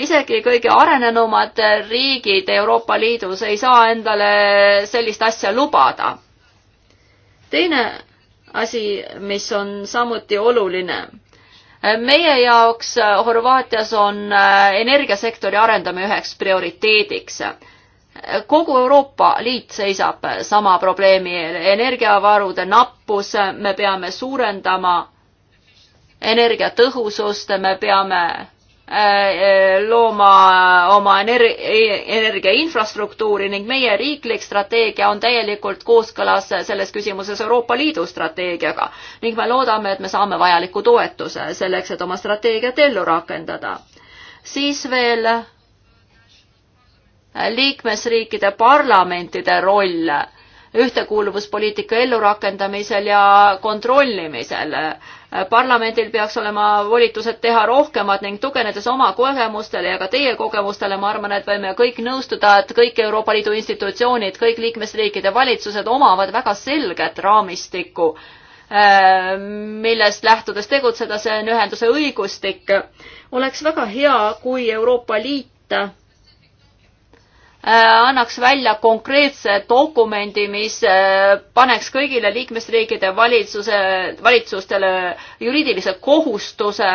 isegi kõige arenenumad riigid Euroopa Liidus ei saa endale sellist asja lubada teine asi, mis on samuti oluline. meie jaoks Horvaatias on äh, energiasektori arendamine üheks prioriteediks. kogu Euroopa Liit seisab sama probleemi eel, energiavarude nappus, me peame suurendama energiatõhusust, me peame Äh, äh, looma oma energi energia infrastruktuuri ning meie riiklik strateegia on täielikult kooskõlas selles küsimuses Euroopa Liidu strateegiaga ning me loodame, et me saame vajaliku toetuse selleks, et oma strateegiat ellu rakendada. siis veel liikmesriikide parlamentide roll ühtekuuluvuspoliitika ellurakendamisel ja kontrollimisel. parlamendil peaks olema volitused teha rohkemat ning tuginedes oma kogemustele ja ka teie kogemustele, ma arvan, et võime kõik nõustuda, et kõik Euroopa Liidu institutsioonid, kõik liikmesriikide valitsused omavad väga selget raamistikku, millest lähtudes tegutseda, see on ühenduse õigustik. oleks väga hea, kui Euroopa Liit Äh, annaks välja konkreetse dokumendi, mis äh, paneks kõigile liikmesriikide valitsuse, valitsustele juriidilise kohustuse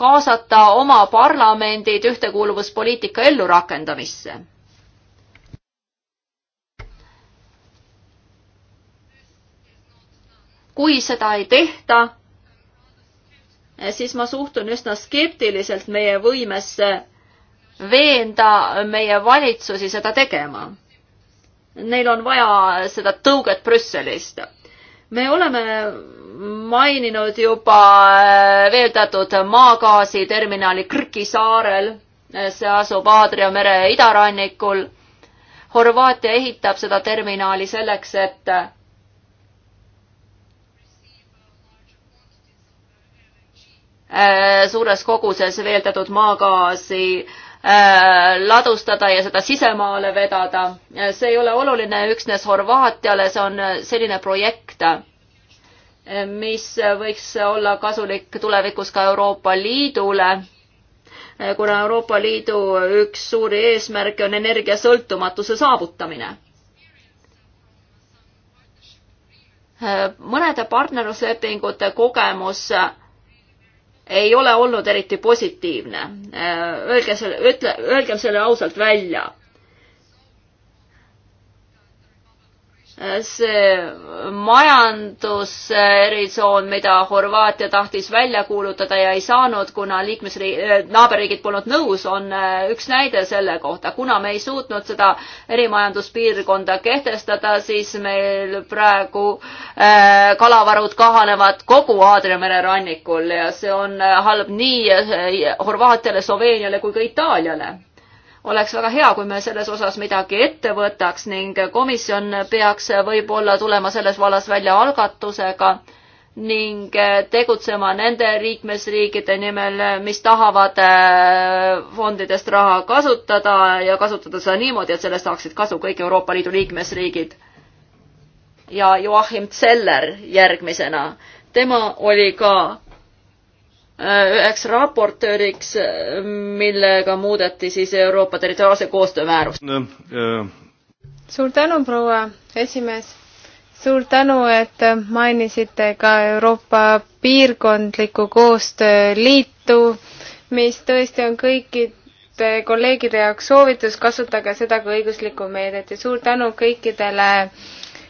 kaasata oma parlamendid ühtekuuluvuspoliitika ellurakendamisse. kui seda ei tehta, äh, siis ma suhtun üsna skeptiliselt meie võimesse veenda meie valitsusi seda tegema. Neil on vaja seda tõuget Brüsselist. me oleme maininud juba äh, veeldatud maagaasi terminali Krki saarel, äh, see asub Aadria mere idarannikul. Horvaatia ehitab seda terminali selleks, et äh, suures koguses veeldatud maagaasi Äh, ladustada ja seda sisemaale vedada. Äh, see ei ole oluline üksnes Horvaatiale, see on äh, selline projekt, mis võiks olla kasulik tulevikus ka Euroopa Liidule, kuna Euroopa Liidu üks suuri eesmärke on energiasõltumatuse saavutamine mõnede partnerluslepingute kogemus ei ole olnud eriti positiivne. Äh, öelge selle, ütle, öelgem selle ausalt välja see majanduseritsoon, mida Horvaatia tahtis välja kuulutada ja ei saanud, kuna liikmesriik, äh, naaberriigid polnud nõus, on äh, üks näide selle kohta. kuna me ei suutnud seda erimajanduspiirkonda kehtestada, siis meil praegu äh, kalavarud kahanevad kogu Aadria mere rannikul ja see on halb nii Horvaatiale, Sloveeniale kui ka Itaaliale oleks väga hea, kui me selles osas midagi ette võtaks ning komisjon peaks võib-olla tulema selles vallas välja algatusega ning tegutsema nende liikmesriikide nimel, mis tahavad äh, fondidest raha kasutada ja kasutada seda niimoodi, et sellest saaksid kasu kõik Euroopa Liidu liikmesriigid. ja Joachim Zeller järgmisena, tema oli ka Äh, üheks raportööriks, äh, millega muudeti siis Euroopa territoriaalse koostöö määrust no,. Uh... Äh, suur tänu, proua esimees. suur tänu, et mainisite ka Euroopa piirkondliku koostöö liitu, mis tõesti on kõikide kolleegide jaoks soovitus, kasutage seda kui õiguslikku meedet ja suur tänu kõikidele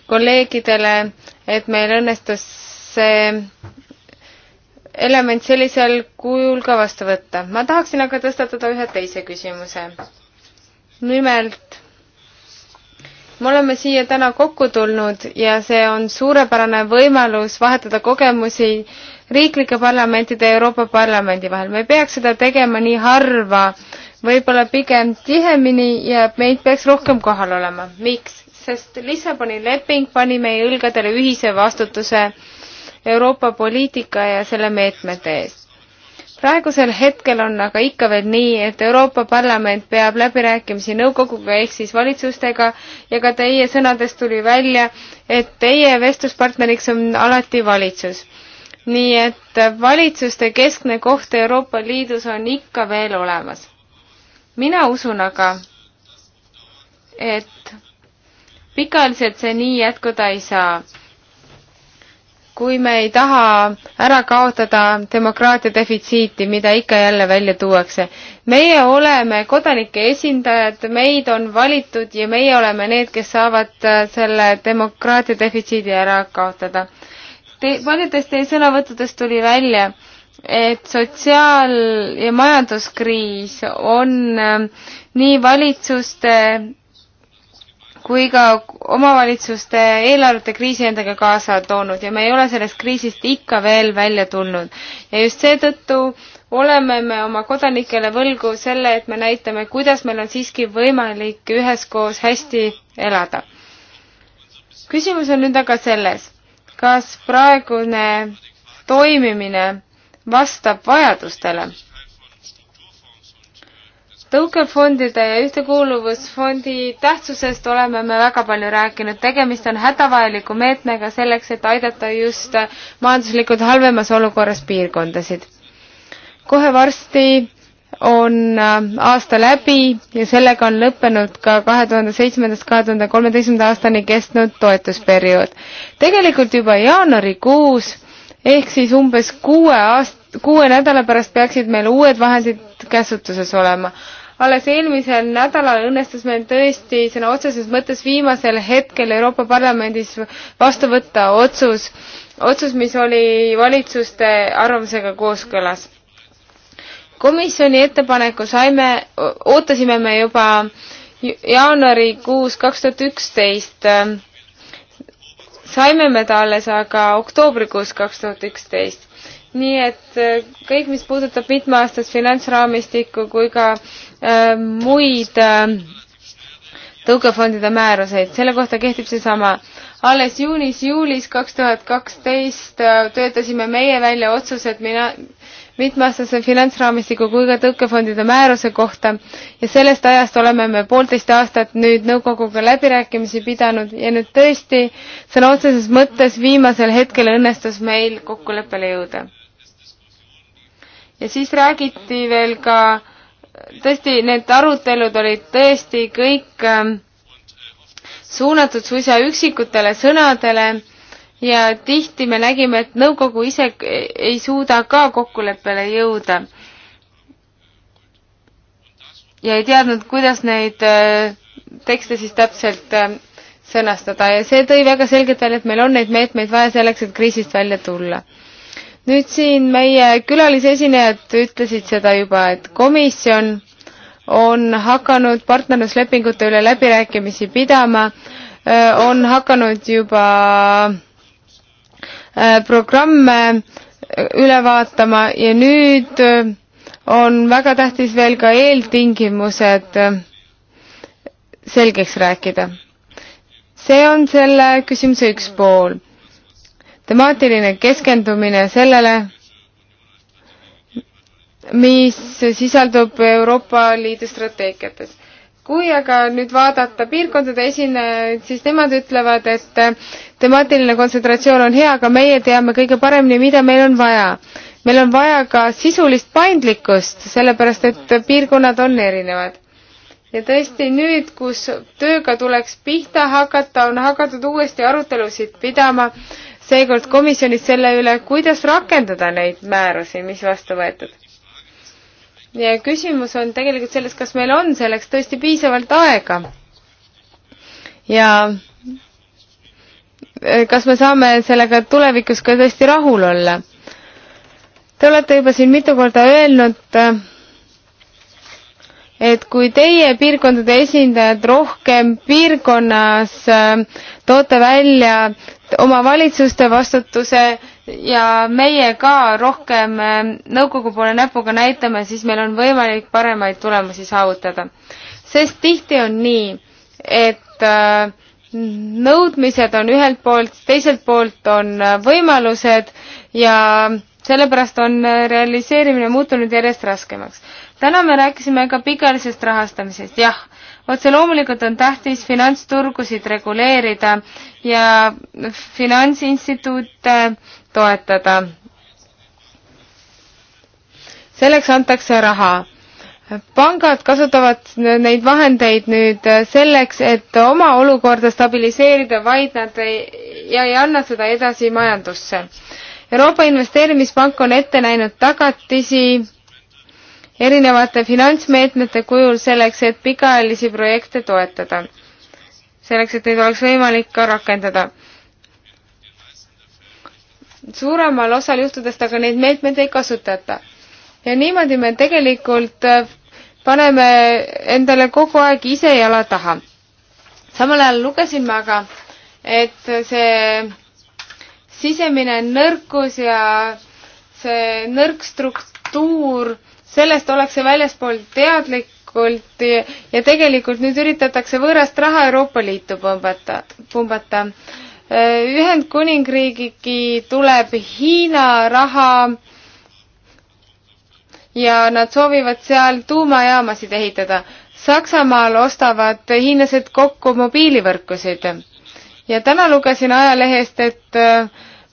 kolleegidele, et meil õnnestus see element sellisel kujul ka vastu võtta. ma tahaksin aga tõstatada ühe teise küsimuse. nimelt, me oleme siia täna kokku tulnud ja see on suurepärane võimalus vahetada kogemusi riiklike parlamentide ja Euroopa Parlamendi vahel. me ei peaks seda tegema nii harva, võib-olla pigem tihemini ja meid peaks rohkem kohal olema. miks? sest Lissaboni leping pani meie õlgadele ühise vastutuse äh, Euroopa poliitika ja selle meetmete eest. praegusel hetkel on aga ikka veel nii, et Euroopa Parlament peab läbirääkimisi nõukoguga ehk siis valitsustega ja ka teie sõnadest tuli välja, et teie vestluspartneriks on alati valitsus. nii et valitsuste keskne koht Euroopa Liidus on ikka veel olemas. mina usun aga, et pikaajaliselt see nii jätkuda ei saa kui me ei taha ära kaotada demokraatia defitsiiti, mida ikka jälle välja tuuakse. meie oleme kodanike esindajad, meid on valitud ja meie oleme need, kes saavad äh, selle demokraatia defitsiidi ära kaotada. Te, paljudest teie sõnavõttudest tuli välja, et sotsiaal- ja majanduskriis on äh, nii valitsuste kui ka omavalitsuste eelarvete kriisi endaga kaasa toonud ja me ei ole sellest kriisist ikka veel välja tulnud. ja just seetõttu oleme me oma kodanikele võlgu selle, et me näitame, kuidas meil on siiski võimalik üheskoos hästi elada. küsimus on nüüd aga selles, kas praegune toimimine vastab vajadustele tõukefondide ja ühtekuuluvusfondi tähtsusest oleme me väga palju rääkinud. tegemist on hädavajaliku meetmega selleks, et aidata just majanduslikult halvemas olukorras piirkondasid. kohe varsti on äh, aasta läbi ja sellega on lõppenud ka kahe tuhande seitsmendast kahe tuhande kolmeteistkümnenda aastani kestnud toetusperiood. tegelikult juba jaanuarikuus ehk siis umbes kuue aast-, kuue nädala pärast peaksid meil uued vahendid infot käsutuses olema. alles eelmisel nädalal õnnestus meil tõesti sõna otseses mõttes viimasel hetkel Euroopa Parlamendis vastu võtta otsus, otsus, mis oli valitsuste arvamusega kooskõlas. komisjoni ettepaneku saime, ootasime me juba jaanuarikuus kaks tuhat üksteist saime me ta alles aga oktoobrikuus kaks tuhat üksteist nii et äh, kõik, mis puudutab mitmeaastast finantsraamistikku kui ka äh, muid äh, tõukefondide määruseid, selle kohta kehtib seesama. alles juunis-juulis kaks tuhat kaksteist äh, töötasime meie välja otsused mina, mitmeaastase finantsraamistiku kui ka tõukefondide määruse kohta ja sellest ajast oleme me poolteist aastat nüüd nõukoguga läbirääkimisi pidanud ja nüüd tõesti sõna otseses mõttes viimasel hetkel õnnestus meil kokkuleppele jõuda ja siis räägiti veel ka, tõesti, need arutelud olid tõesti kõik ähm, suunatud suisa üksikutele sõnadele ja tihti me nägime, et nõukogu ise ei suuda ka kokkuleppele jõuda. ja ei teadnud, kuidas neid äh, tekste siis täpselt ähm, sõnastada ja see tõi väga selgelt välja, et meil on neid meetmeid vaja selleks, et kriisist välja tulla nüüd siin meie külalisesinejad ütlesid seda juba, et komisjon on hakanud partnerluslepingute üle läbirääkimisi pidama, on hakanud juba programme üle vaatama ja nüüd on väga tähtis veel ka eeltingimused selgeks rääkida. see on selle küsimuse üks pool temaatiline keskendumine sellele, mis sisaldub Euroopa Liidu strateegiates. kui aga nüüd vaadata piirkondade esinejaid, siis nemad ütlevad, et temaatiline kontsentratsioon on hea, aga meie teame kõige paremini, mida meil on vaja. meil on vaja ka sisulist paindlikkust, sellepärast et piirkonnad on erinevad ja tõesti nüüd, kus tööga tuleks pihta hakata, on hakatud uuesti arutelusid pidama, seekord komisjonis selle üle, kuidas rakendada neid määrusi, mis vastu võetud. ja küsimus on tegelikult selles, kas meil on selleks tõesti piisavalt aega. ja eh, kas me saame sellega tulevikus ka tõesti rahul olla? Te olete juba siin mitu korda öelnud, eh, et kui teie piirkondade esindajad rohkem piirkonnas äh, toote välja oma valitsuste vastutuse ja meie ka rohkem äh, nõukogu poole näpuga näitame, siis meil on võimalik paremaid tulemusi saavutada. sest tihti on nii, et äh, nõudmised on ühelt poolt, teiselt poolt on võimalused ja sellepärast on realiseerimine muutunud järjest raskemaks täna me rääkisime ka pikaajalisest rahastamisest, jah, otse loomulikult on tähtis finantsturgusid reguleerida ja finantsinstituute toetada. selleks antakse raha pangad kasutavad neid vahendeid nüüd selleks, et oma olukorda stabiliseerida, vaid nad ei, ja ei anna seda edasi majandusse. Euroopa Investeerimispank on ette näinud tagatisi erinevate finantsmeetmete kujul selleks, et pikaajalisi projekte toetada. selleks, et neid oleks võimalik ka rakendada. suuremal osal juhtudest aga neid meetmeid ei kasutata. ja niimoodi me tegelikult äh, paneme endale kogu aeg ise jala taha. samal ajal lugesin ma aga, et see sisemine nõrkus ja see nõrk struktuur sellest ollakse väljaspool teadlikult ja tegelikult nüüd üritatakse võõrast raha Euroopa Liitu pumbata, pumbata. Äh, Ühendkuningriigigi tuleb Hiina raha ja nad soovivad seal tuumajaamasid ehitada. Saksamaal ostavad hiinlased kokku mobiilivõrkusid. ja täna lugesin ajalehest, et äh,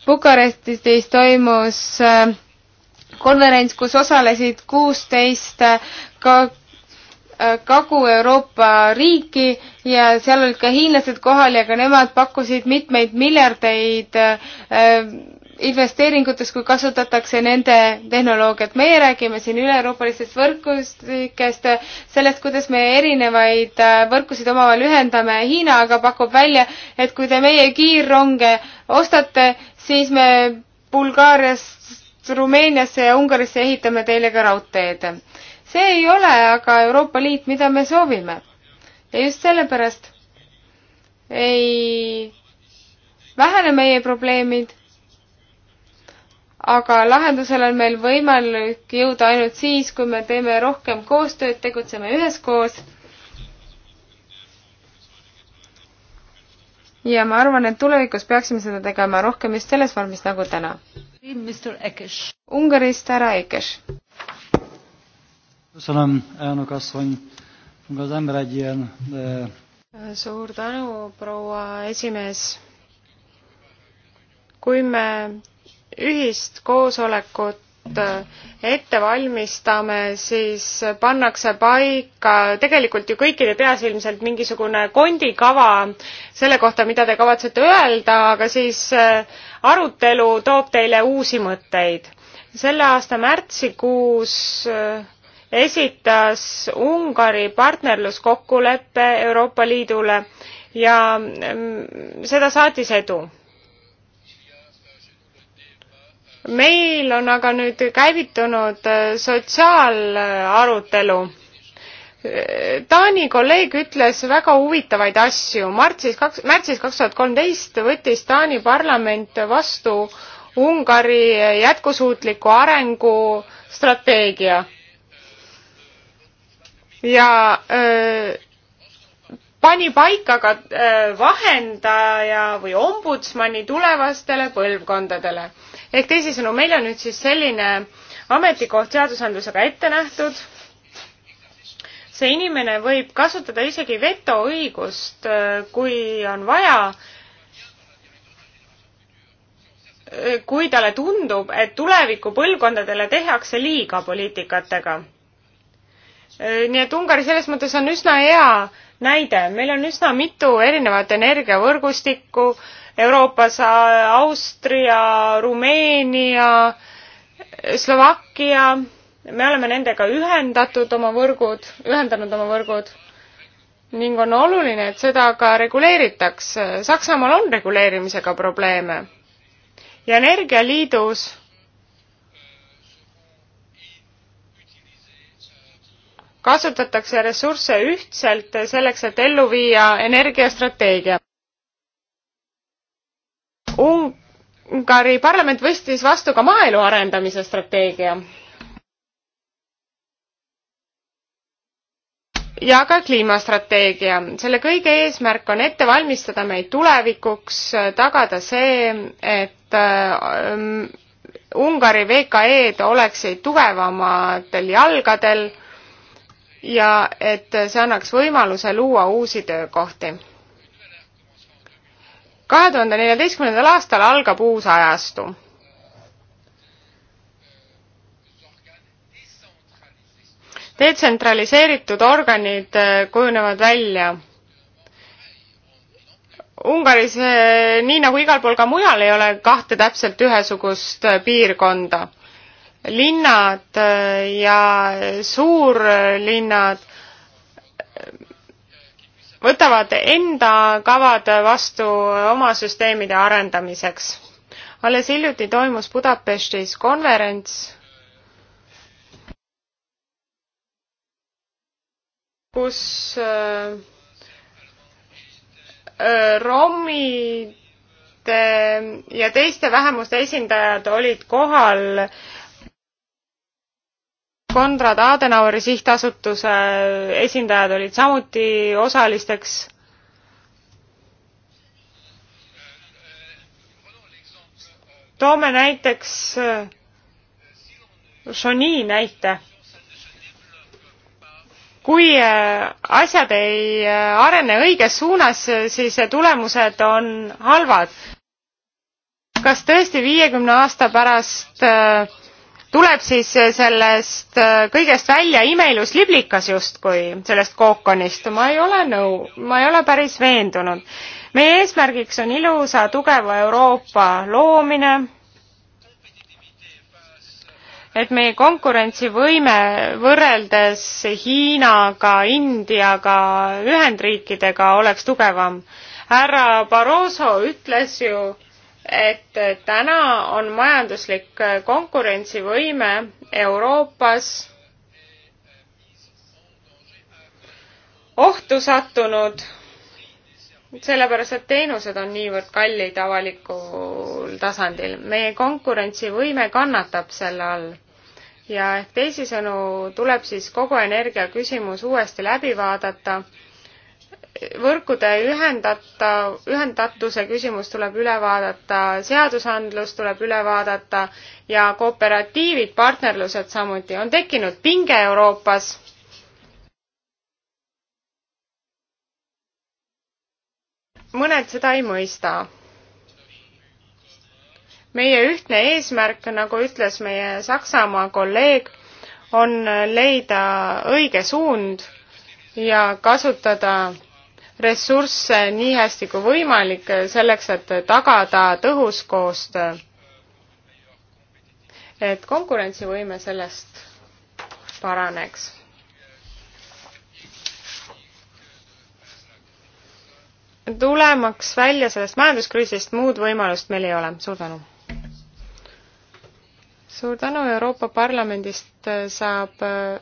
Bukarestis toimus äh, konverents, kus osalesid kuusteist ka äh, Kagu-Euroopa riiki ja seal olid ka hiinlased kohal ja ka nemad pakkusid mitmeid miljardeid äh, investeeringutes, kui kasutatakse nende tehnoloogiat. meie räägime siin üle-euroopalistest võrgustikest, sellest, kuidas me erinevaid äh, võrkusid omavahel ühendame. Hiina aga pakub välja, et kui te meie kiirronge ostate, siis me Bulgaariast Rumeeniasse ja Ungarisse ehitame teile ka raudteed. see ei ole aga Euroopa Liit, mida me soovime. ja just sellepärast ei vähene meie probleemid, aga lahendusel on meil võimalik jõuda ainult siis, kui me teeme rohkem koostööd, tegutseme üheskoos. ja ma arvan, et tulevikus peaksime seda tegema rohkem just selles vormis nagu täna. Ungarist härra Ekes. suur tänu, proua esimees. kui me ühist koosolekut eh, ette valmistame, siis pannakse paika tegelikult ju kõikide peas ilmselt mingisugune kondikava selle kohta, mida te kavatsete öelda, aga siis eh, arutelu toob teile uusi mõtteid. selle aasta märtsikuus äh, esitas Ungari partnerluskokkuleppe Euroopa Liidule ja mm, seda saatis edu. meil on aga nüüd käivitunud äh, sotsiaalarutelu Taani kolleeg ütles väga huvitavaid asju. märtsis kaks, märtsis kaks tuhat kolmteist võttis Taani parlament vastu Ungari jätkusuutliku arengu strateegia. ja öö, pani paika ka vahendaja või ombudsmani tulevastele põlvkondadele. ehk teisisõnu, meil on nüüd siis selline ametikoht seadusandlusega ette nähtud see inimene võib kasutada isegi vetoõigust, äh, kui on vaja, äh, kui talle tundub, et tulevikupõlvkondadele tehakse liiga poliitikatega. Äh, nii et Ungari selles mõttes on üsna hea näide, meil on üsna mitu erinevat energiavõrgustikku Euroopas, Austria, Rumeenia, Slovakkia me oleme nendega ühendatud oma võrgud, ühendanud oma võrgud ning on oluline, et seda ka reguleeritaks. Saksamaal on reguleerimisega probleeme ja Energialiidus kasutatakse ressursse ühtselt selleks, et ellu viia energiastrateegia. Ungari parlament võttis vastu ka maaelu arendamise strateegia ja ka kliimastrateegia. selle kõige eesmärk on ette valmistada meid tulevikuks, tagada see, et ähm, Ungari VKE-d oleksid tugevamatel jalgadel ja et see annaks võimaluse luua uusi töökohti. kahe tuhande neljateistkümnendal aastal algab uus ajastu detsentraliseeritud organid äh, kujunevad välja. Ungaris, äh, nii nagu igal pool ka mujal, ei ole kahte täpselt ühesugust äh, piirkonda. linnad ja suurlinnad võtavad enda kavad vastu oma süsteemide arendamiseks. alles hiljuti toimus Budapestis konverents kus äh, äh, romide ja teiste vähemuste esindajad olid kohal Konrad Adenaueri sihtasutuse esindajad olid samuti osalisteks toome näiteks äh, Johnny näite kui äh, asjad ei äh, arene õiges suunas, siis tulemused on halvad. kas tõesti viiekümne aasta pärast äh, tuleb siis sellest kõigest välja imeilus liblikas justkui, sellest kookonist? ma ei ole nõu, ma ei ole päris veendunud. meie eesmärgiks on ilusa tugeva Euroopa loomine et meie konkurentsivõime võrreldes Hiinaga, Indiaga, Ühendriikidega oleks tugevam. härra Barroso ütles ju, et täna on majanduslik konkurentsivõime Euroopas ohtu sattunud sellepärast, et teenused on niivõrd kallid avalikul tasandil. meie konkurentsivõime kannatab selle all. ja ehk teisisõnu tuleb siis kogu energia küsimus uuesti läbi vaadata. võrkude ühendata, ühendatuse küsimus tuleb üle vaadata, seadusandlus tuleb üle vaadata ja kooperatiivid, partnerlused samuti. on tekkinud pinge Euroopas mõned seda ei mõista. meie ühtne eesmärk, nagu ütles meie Saksamaa kolleeg, on leida õige suund ja kasutada ressursse nii hästi kui võimalik selleks, et tagada tõhus koostöö. et konkurentsivõime sellest paraneks tulemaks välja sellest majanduskriisist muud võimalust meil ei ole. suur tänu! suur tänu, Euroopa Parlamendist äh, saab äh,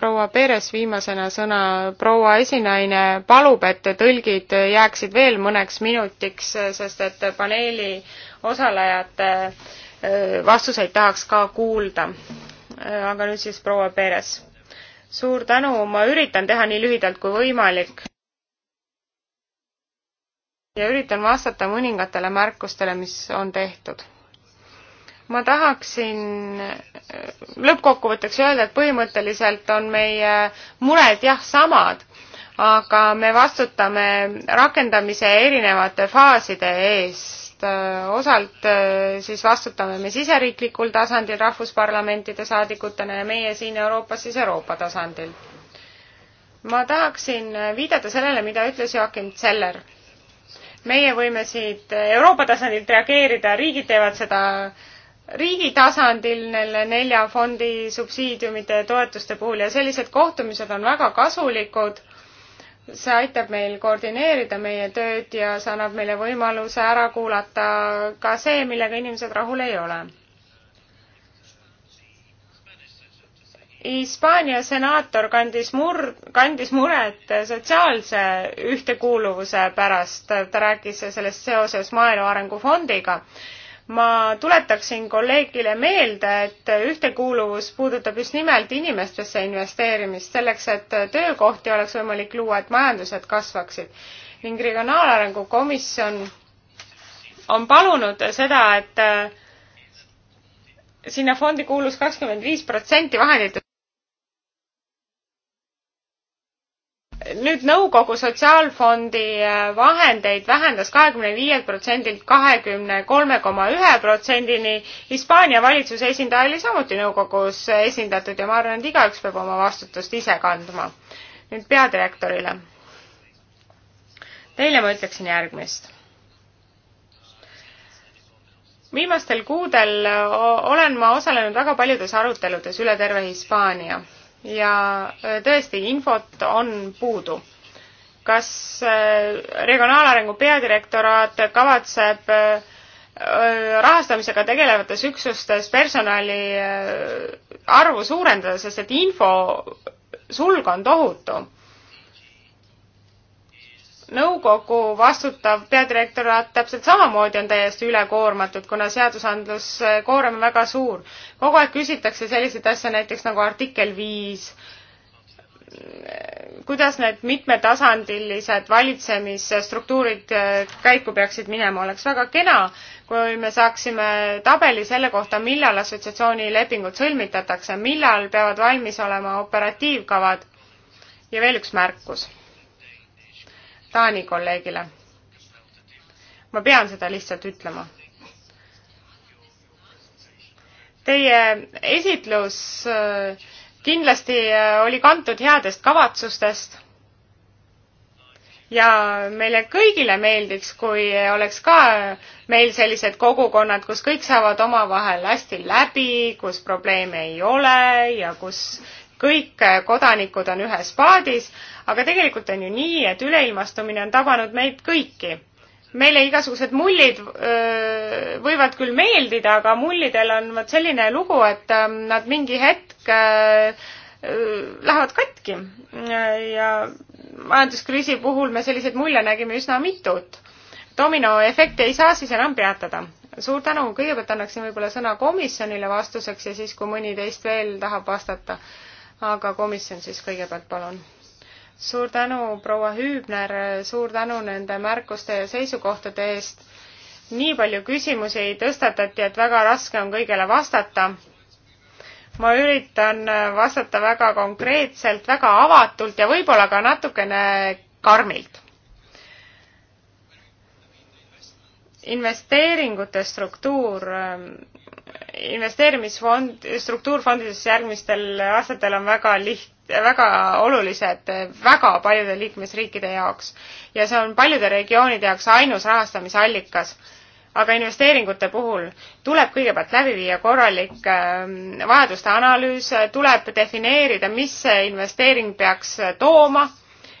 proua Peres viimasena sõna, proua esinaine palub, et tõlgid jääksid veel mõneks minutiks, äh, sest et paneeli osalejate vastuseid tahaks ka kuulda. aga nüüd siis proua Peres. suur tänu, ma üritan teha nii lühidalt kui võimalik ja üritan vastata mõningatele märkustele, mis on tehtud. ma tahaksin äh, lõppkokkuvõtteks öelda, et põhimõtteliselt on meie mured jah, samad, aga me vastutame rakendamise erinevate faaside eest. Äh, osalt äh, siis vastutame me siseriiklikul tasandil rahvusparlamentide saadikutena ja meie siin Euroopas siis Euroopa tasandil. ma tahaksin viidata sellele, mida ütles Joachim Zeller meie võime siit Euroopa tasandilt reageerida, riigid teevad seda riigi tasandil nende nelja fondi subsiidiumite ja toetuste puhul ja sellised kohtumised on väga kasulikud. see aitab meil koordineerida meie tööd ja see annab meile võimaluse ära kuulata ka see, millega inimesed rahul ei ole Hispaania senaator kandis mur-, kandis muret sotsiaalse ühtekuuluvuse pärast, ta rääkis sellest seoses Maaelu Arengufondiga. ma tuletaksin kolleegile meelde, et ühtekuuluvus puudutab just nimelt inimestesse investeerimist, selleks et töökohti oleks võimalik luua, et majandused kasvaksid. ning Regionaalarengu Komisjon on palunud seda, et sinna fondi kuulus kakskümmend viis protsenti vahenditest. nüüd nõukogu sotsiaalfondi äh, vahendeid vähendas kahekümne viielt protsendilt kahekümne kolme koma ühe protsendini. Hispaania valitsuse esindaja oli samuti nõukogus esindatud ja ma arvan, et igaüks peab oma vastutust ise kandma. nüüd peadirektorile. Teile ma ütleksin järgmist viimastel kuudel äh, olen ma osalenud väga paljudes aruteludes üle terve Hispaania ja äh, tõesti, infot on puudu. kas äh, Regionaalarengu peadirektoraat kavatseb äh, rahastamisega tegelevates üksustes personali arvu suurendada, sest et info sulg on tohutu nõukogu vastutav peadirektoraat täpselt samamoodi on täiesti ülekoormatud, kuna seadusandluskoorem äh, on väga suur. kogu aeg küsitakse selliseid asju näiteks nagu artikkel viis, kuidas need mitmetasandilised valitsemisstruktuurid äh, käiku peaksid minema, oleks väga kena, kui me saaksime tabeli selle kohta, millal assotsiatsioonilepingud sõlmitatakse, millal peavad valmis olema operatiivkavad ja veel üks märkus Taani kolleegile. ma pean seda lihtsalt ütlema. Teie esitlus äh, kindlasti äh, oli kantud headest kavatsustest ja meile kõigile meeldiks, kui oleks ka meil sellised kogukonnad, kus kõik saavad omavahel hästi läbi, kus probleeme ei ole ja kus kõik eh, kodanikud on ühes paadis, aga tegelikult on ju nii, et üleilmastumine on tabanud meid kõiki. meile igasugused mullid öö, eh, võivad küll meeldida, aga mullidel on vot selline lugu, et öö, eh, nad mingi hetk öö, lähevad katki ja majanduskriisi puhul me selliseid mulje nägime üsna mitut. dominoefekti ei saa siis enam peatada. suur tänu, kõigepealt annaksin võib-olla sõna komisjonile vastuseks ja siis, kui mõni teist veel tahab vastata aga komisjon siis kõigepealt, palun. suur tänu, proua Hüübner, suur tänu nende märkuste ja seisukohtade eest. nii palju küsimusi tõstatati, et väga raske on kõigele vastata. ma üritan vastata väga konkreetselt, väga avatult ja võib-olla ka natukene karmilt investeeringute struktuur investeerimisfond, struktuurfondidesse järgmistel aastatel on väga liht-, väga olulised väga paljude liikmesriikide jaoks ja see on paljude regioonide jaoks ainus rahastamisallikas. aga investeeringute puhul tuleb kõigepealt läbi viia korralik ähm, vajaduste analüüs, tuleb defineerida, mis see investeering peaks tooma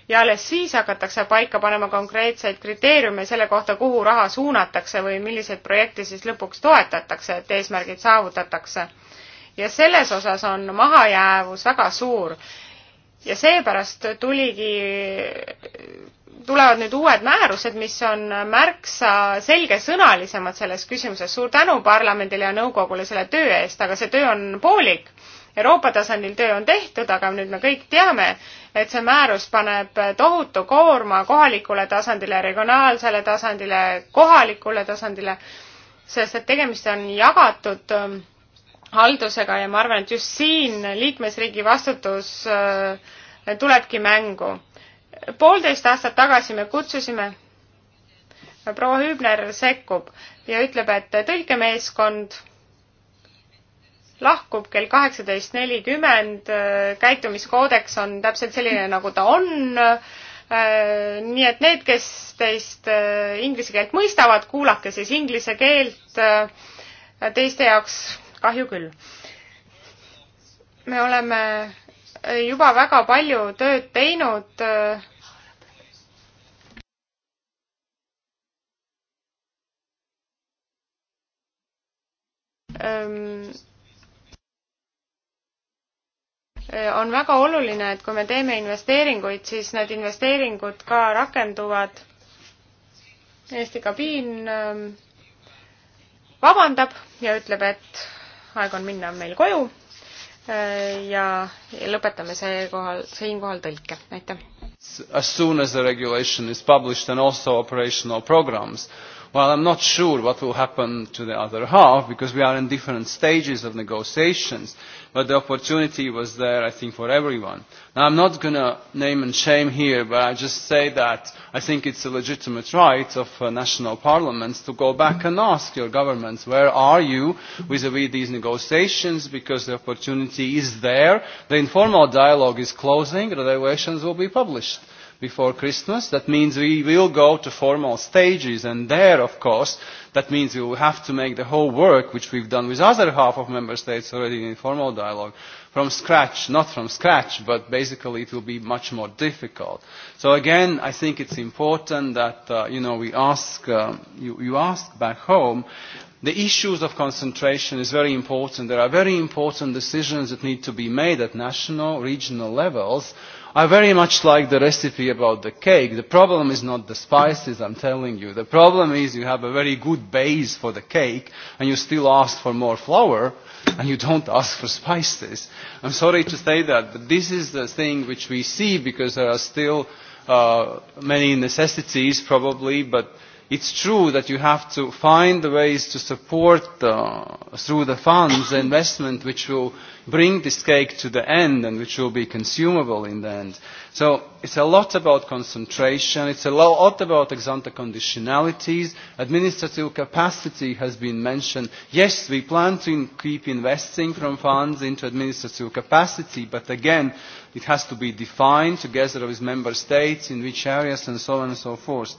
ja alles siis hakatakse paika panema konkreetseid kriteeriume selle kohta, kuhu raha suunatakse või milliseid projekte siis lõpuks toetatakse, et eesmärgid saavutatakse. ja selles osas on mahajäävus väga suur. ja seepärast tuligi tulevad nüüd uued määrused, mis on märksa selgesõnalisemad selles küsimuses. suur tänu parlamendile ja nõukogule selle töö eest, aga see töö on poolik. Euroopa tasandil töö on tehtud, aga nüüd me kõik teame, et see määrus paneb tohutu koorma kohalikule tasandile, regionaalsele tasandile, kohalikule tasandile, sest et tegemist on jagatud ähm, haldusega ja ma arvan, et just siin liikmesriigi vastutus äh, tulebki mängu. poolteist aastat tagasi me kutsusime, proua Hübner sekkub ja ütleb, et tõlkemeeskond lahkub kell kaheksateist nelikümmend, käitumiskoodeks on täpselt selline, nagu ta on. nii et need, kes teist äh, inglise keelt mõistavad, kuulake siis inglise keelt. Äh, teiste jaoks kahju küll. me oleme juba väga palju tööd teinud äh, ähm, Äh, on väga oluline, et kui me teeme investeeringuid, siis need investeeringud ka rakenduvad. Eesti kabiin ähm, vabandab ja ütleb, et aeg on minna meil koju äh, ja lõpetame see kohal, siinkohal tõlke, aitäh. As soon as the regulation is published and also operational programs Well, I'm not sure what will happen to the other half because we are in different stages of negotiations, but the opportunity was there, I think, for everyone. Now, I'm not going to name and shame here, but I just say that I think it's a legitimate right of uh, national parliaments to go back and ask your governments, where are you vis-à-vis -vis these negotiations because the opportunity is there, the informal dialogue is closing, the evaluations will be published before Christmas. That means we will go to formal stages and there, of course, that means we will have to make the whole work, which we've done with other half of member states already in informal dialogue, from scratch, not from scratch, but basically it will be much more difficult. So again, I think it's important that, uh, you know, we ask, um, you, you ask back home, the issues of concentration is very important. There are very important decisions that need to be made at national, regional levels I very much like the recipe about the cake. The problem is not the spices, I'm telling you. The problem is you have a very good base for the cake and you still ask for more flour and you don't ask for spices. I'm sorry to say that, but this is the thing which we see because there are still uh, many necessities probably, but uh, it's true that you have to find the ways to support uh, through the funds the investment which will bring this cake to the end and which will be consumable in the end. So it's a lot about concentration, it's a lot about ex ante conditionalities, administrative capacity has been mentioned. Yes, we plan to in keep investing from funds into administrative capacity, but again, it has to be defined together with member states in which areas and so on and so forth. Uh,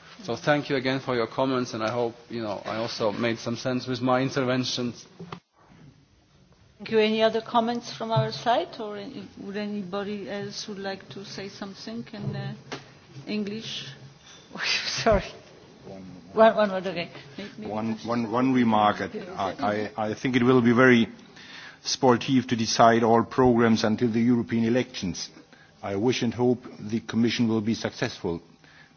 So thank you again for your comments, and I hope you know I also made some sense with my interventions. Thank you. Any other comments from our side, or any, would anybody else would like to say something in uh, English? Oh, *laughs* sorry. One, one, one, one, okay. maybe one, one, one remark. I, I, I think it will be very sportive to decide all programs until the European elections. I wish and hope the Commission will be successful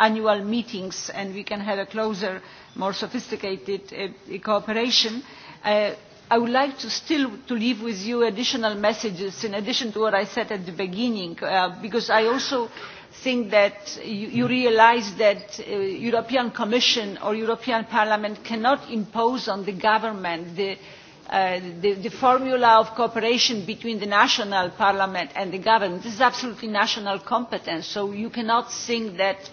annual meetings and we can have a closer, more sophisticated uh, cooperation. Uh, I would like to still to leave with you additional messages in addition to what I said at the beginning, uh, because I also think that you, you realise that uh, European Commission or European Parliament cannot impose on the government the Uh, the, the formula of cooperation between the national parliament and the government. This is absolutely national competence, so you cannot think that uh,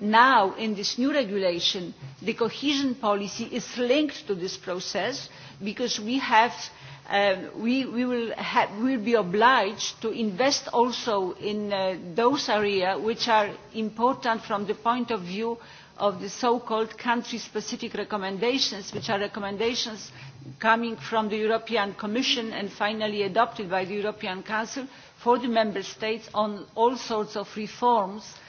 now in this new regulation the cohesion policy is linked to this process because we have um, we, we will, have, will be obliged to invest also in uh, those areas which are important from the point of view of the so-called country-specific recommendations, which are recommendations coming from the European Commission and finally adopted by the European Council for the Member States on all sorts of reforms uh,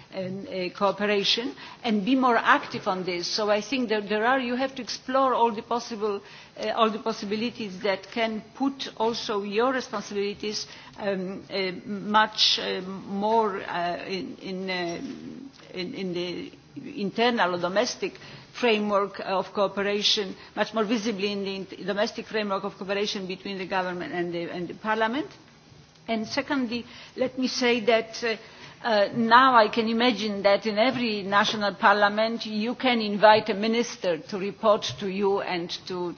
and, uh, cooperation and be more active on this. So I think that there are, you have to explore all the, possible, uh, all the possibilities that can put also your responsibilities um, uh, much uh, more uh, in, in, uh, in, in the internal or domestic framework of cooperation, much more visibly in the domestic framework of cooperation between the government and the, and the parliament. And secondly, let me say that uh, Uh, now i can imagine that in every national parliament you can invite a minister to report to you and to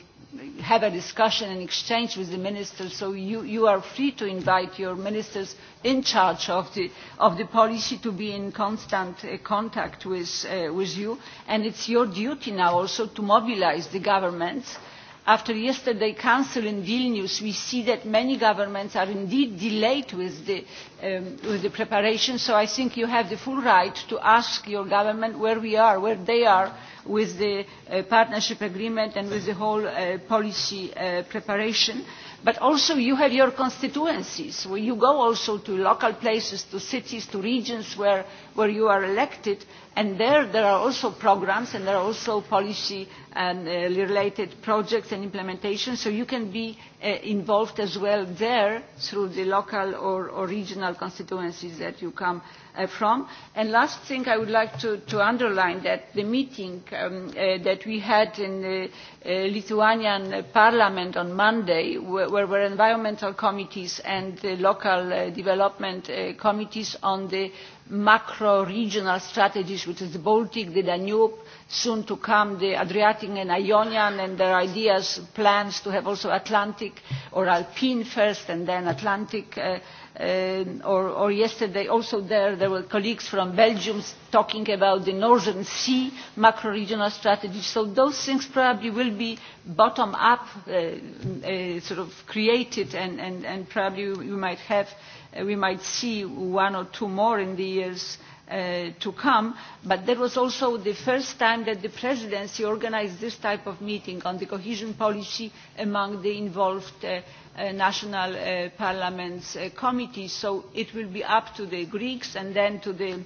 have a discussion and exchange with the minister so you, you are free to invite your ministers in charge of the, of the policy to be in constant uh, contact with, uh, with you and it's your duty now also to mobilise the governments uh, after yesterday's council in vilnius we see that many governments are indeed delayed with the, um, with the preparation so i think you have the full right to ask your government where we are where they are with the uh, partnership agreement and with the whole uh, policy uh, preparation. Uh, but also you have your constituencies where you go also to local places to cities to regions where, where you are elected and there there are also programs and there are also policy and uh, related projects and implementation so you can be uh, involved as well there through the local or, or regional constituencies that you come uh, uh, from. And last thing I would like to, to underline that the meeting um, uh, that we had in the uh, Lithuanian parliament on Monday, where, where were environmental committees and the local uh, development uh, committees on the macro-regional strategies, which is the Baltic, the Danube, soon to come the Adriatic and Ionian, and their ideas, plans to have also Atlantic or Alpine first and then Atlantic uh, Uh, or, or yesterday also there, there were colleagues from Belgium talking about the Northern Sea macro-regional strategy. So those things probably will be bottom-up uh, uh, sort of created and, and, and probably we might have, uh, we might see one or two more in the years uh, uh, to come but that was also the first time that the presidency organised this type of meeting on the cohesion policy among the involved uh, uh, national uh, parliaments uh, committees so it will be up to the greeks and then to the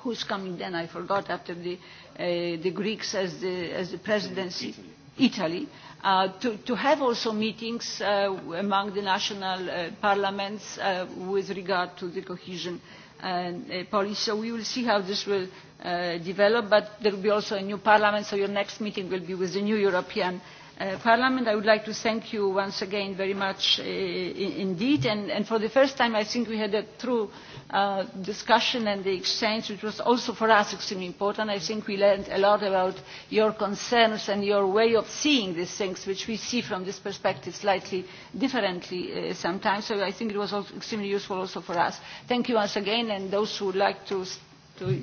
who's coming then i forgot after the uh, the greeks as the as the presidency italy uh, to, to have also meetings uh, among the national uh, parliaments uh, with regard to the cohesion uh, and, uh, policy. So we will see how this will uh, develop, but there will be also a new parliament, so your next meeting will be with the new European uh, Uh, parliament i would like to thank you once again very much uh, indeed and, and for the first time i think we had a true uh, discussion and exchange which was also for us extremely important. i think we learned a lot about your concerns and your way of seeing these things which we see from this perspective slightly differently uh, sometimes so i think it was extremely useful also for us. thank you once again and those who would like to, to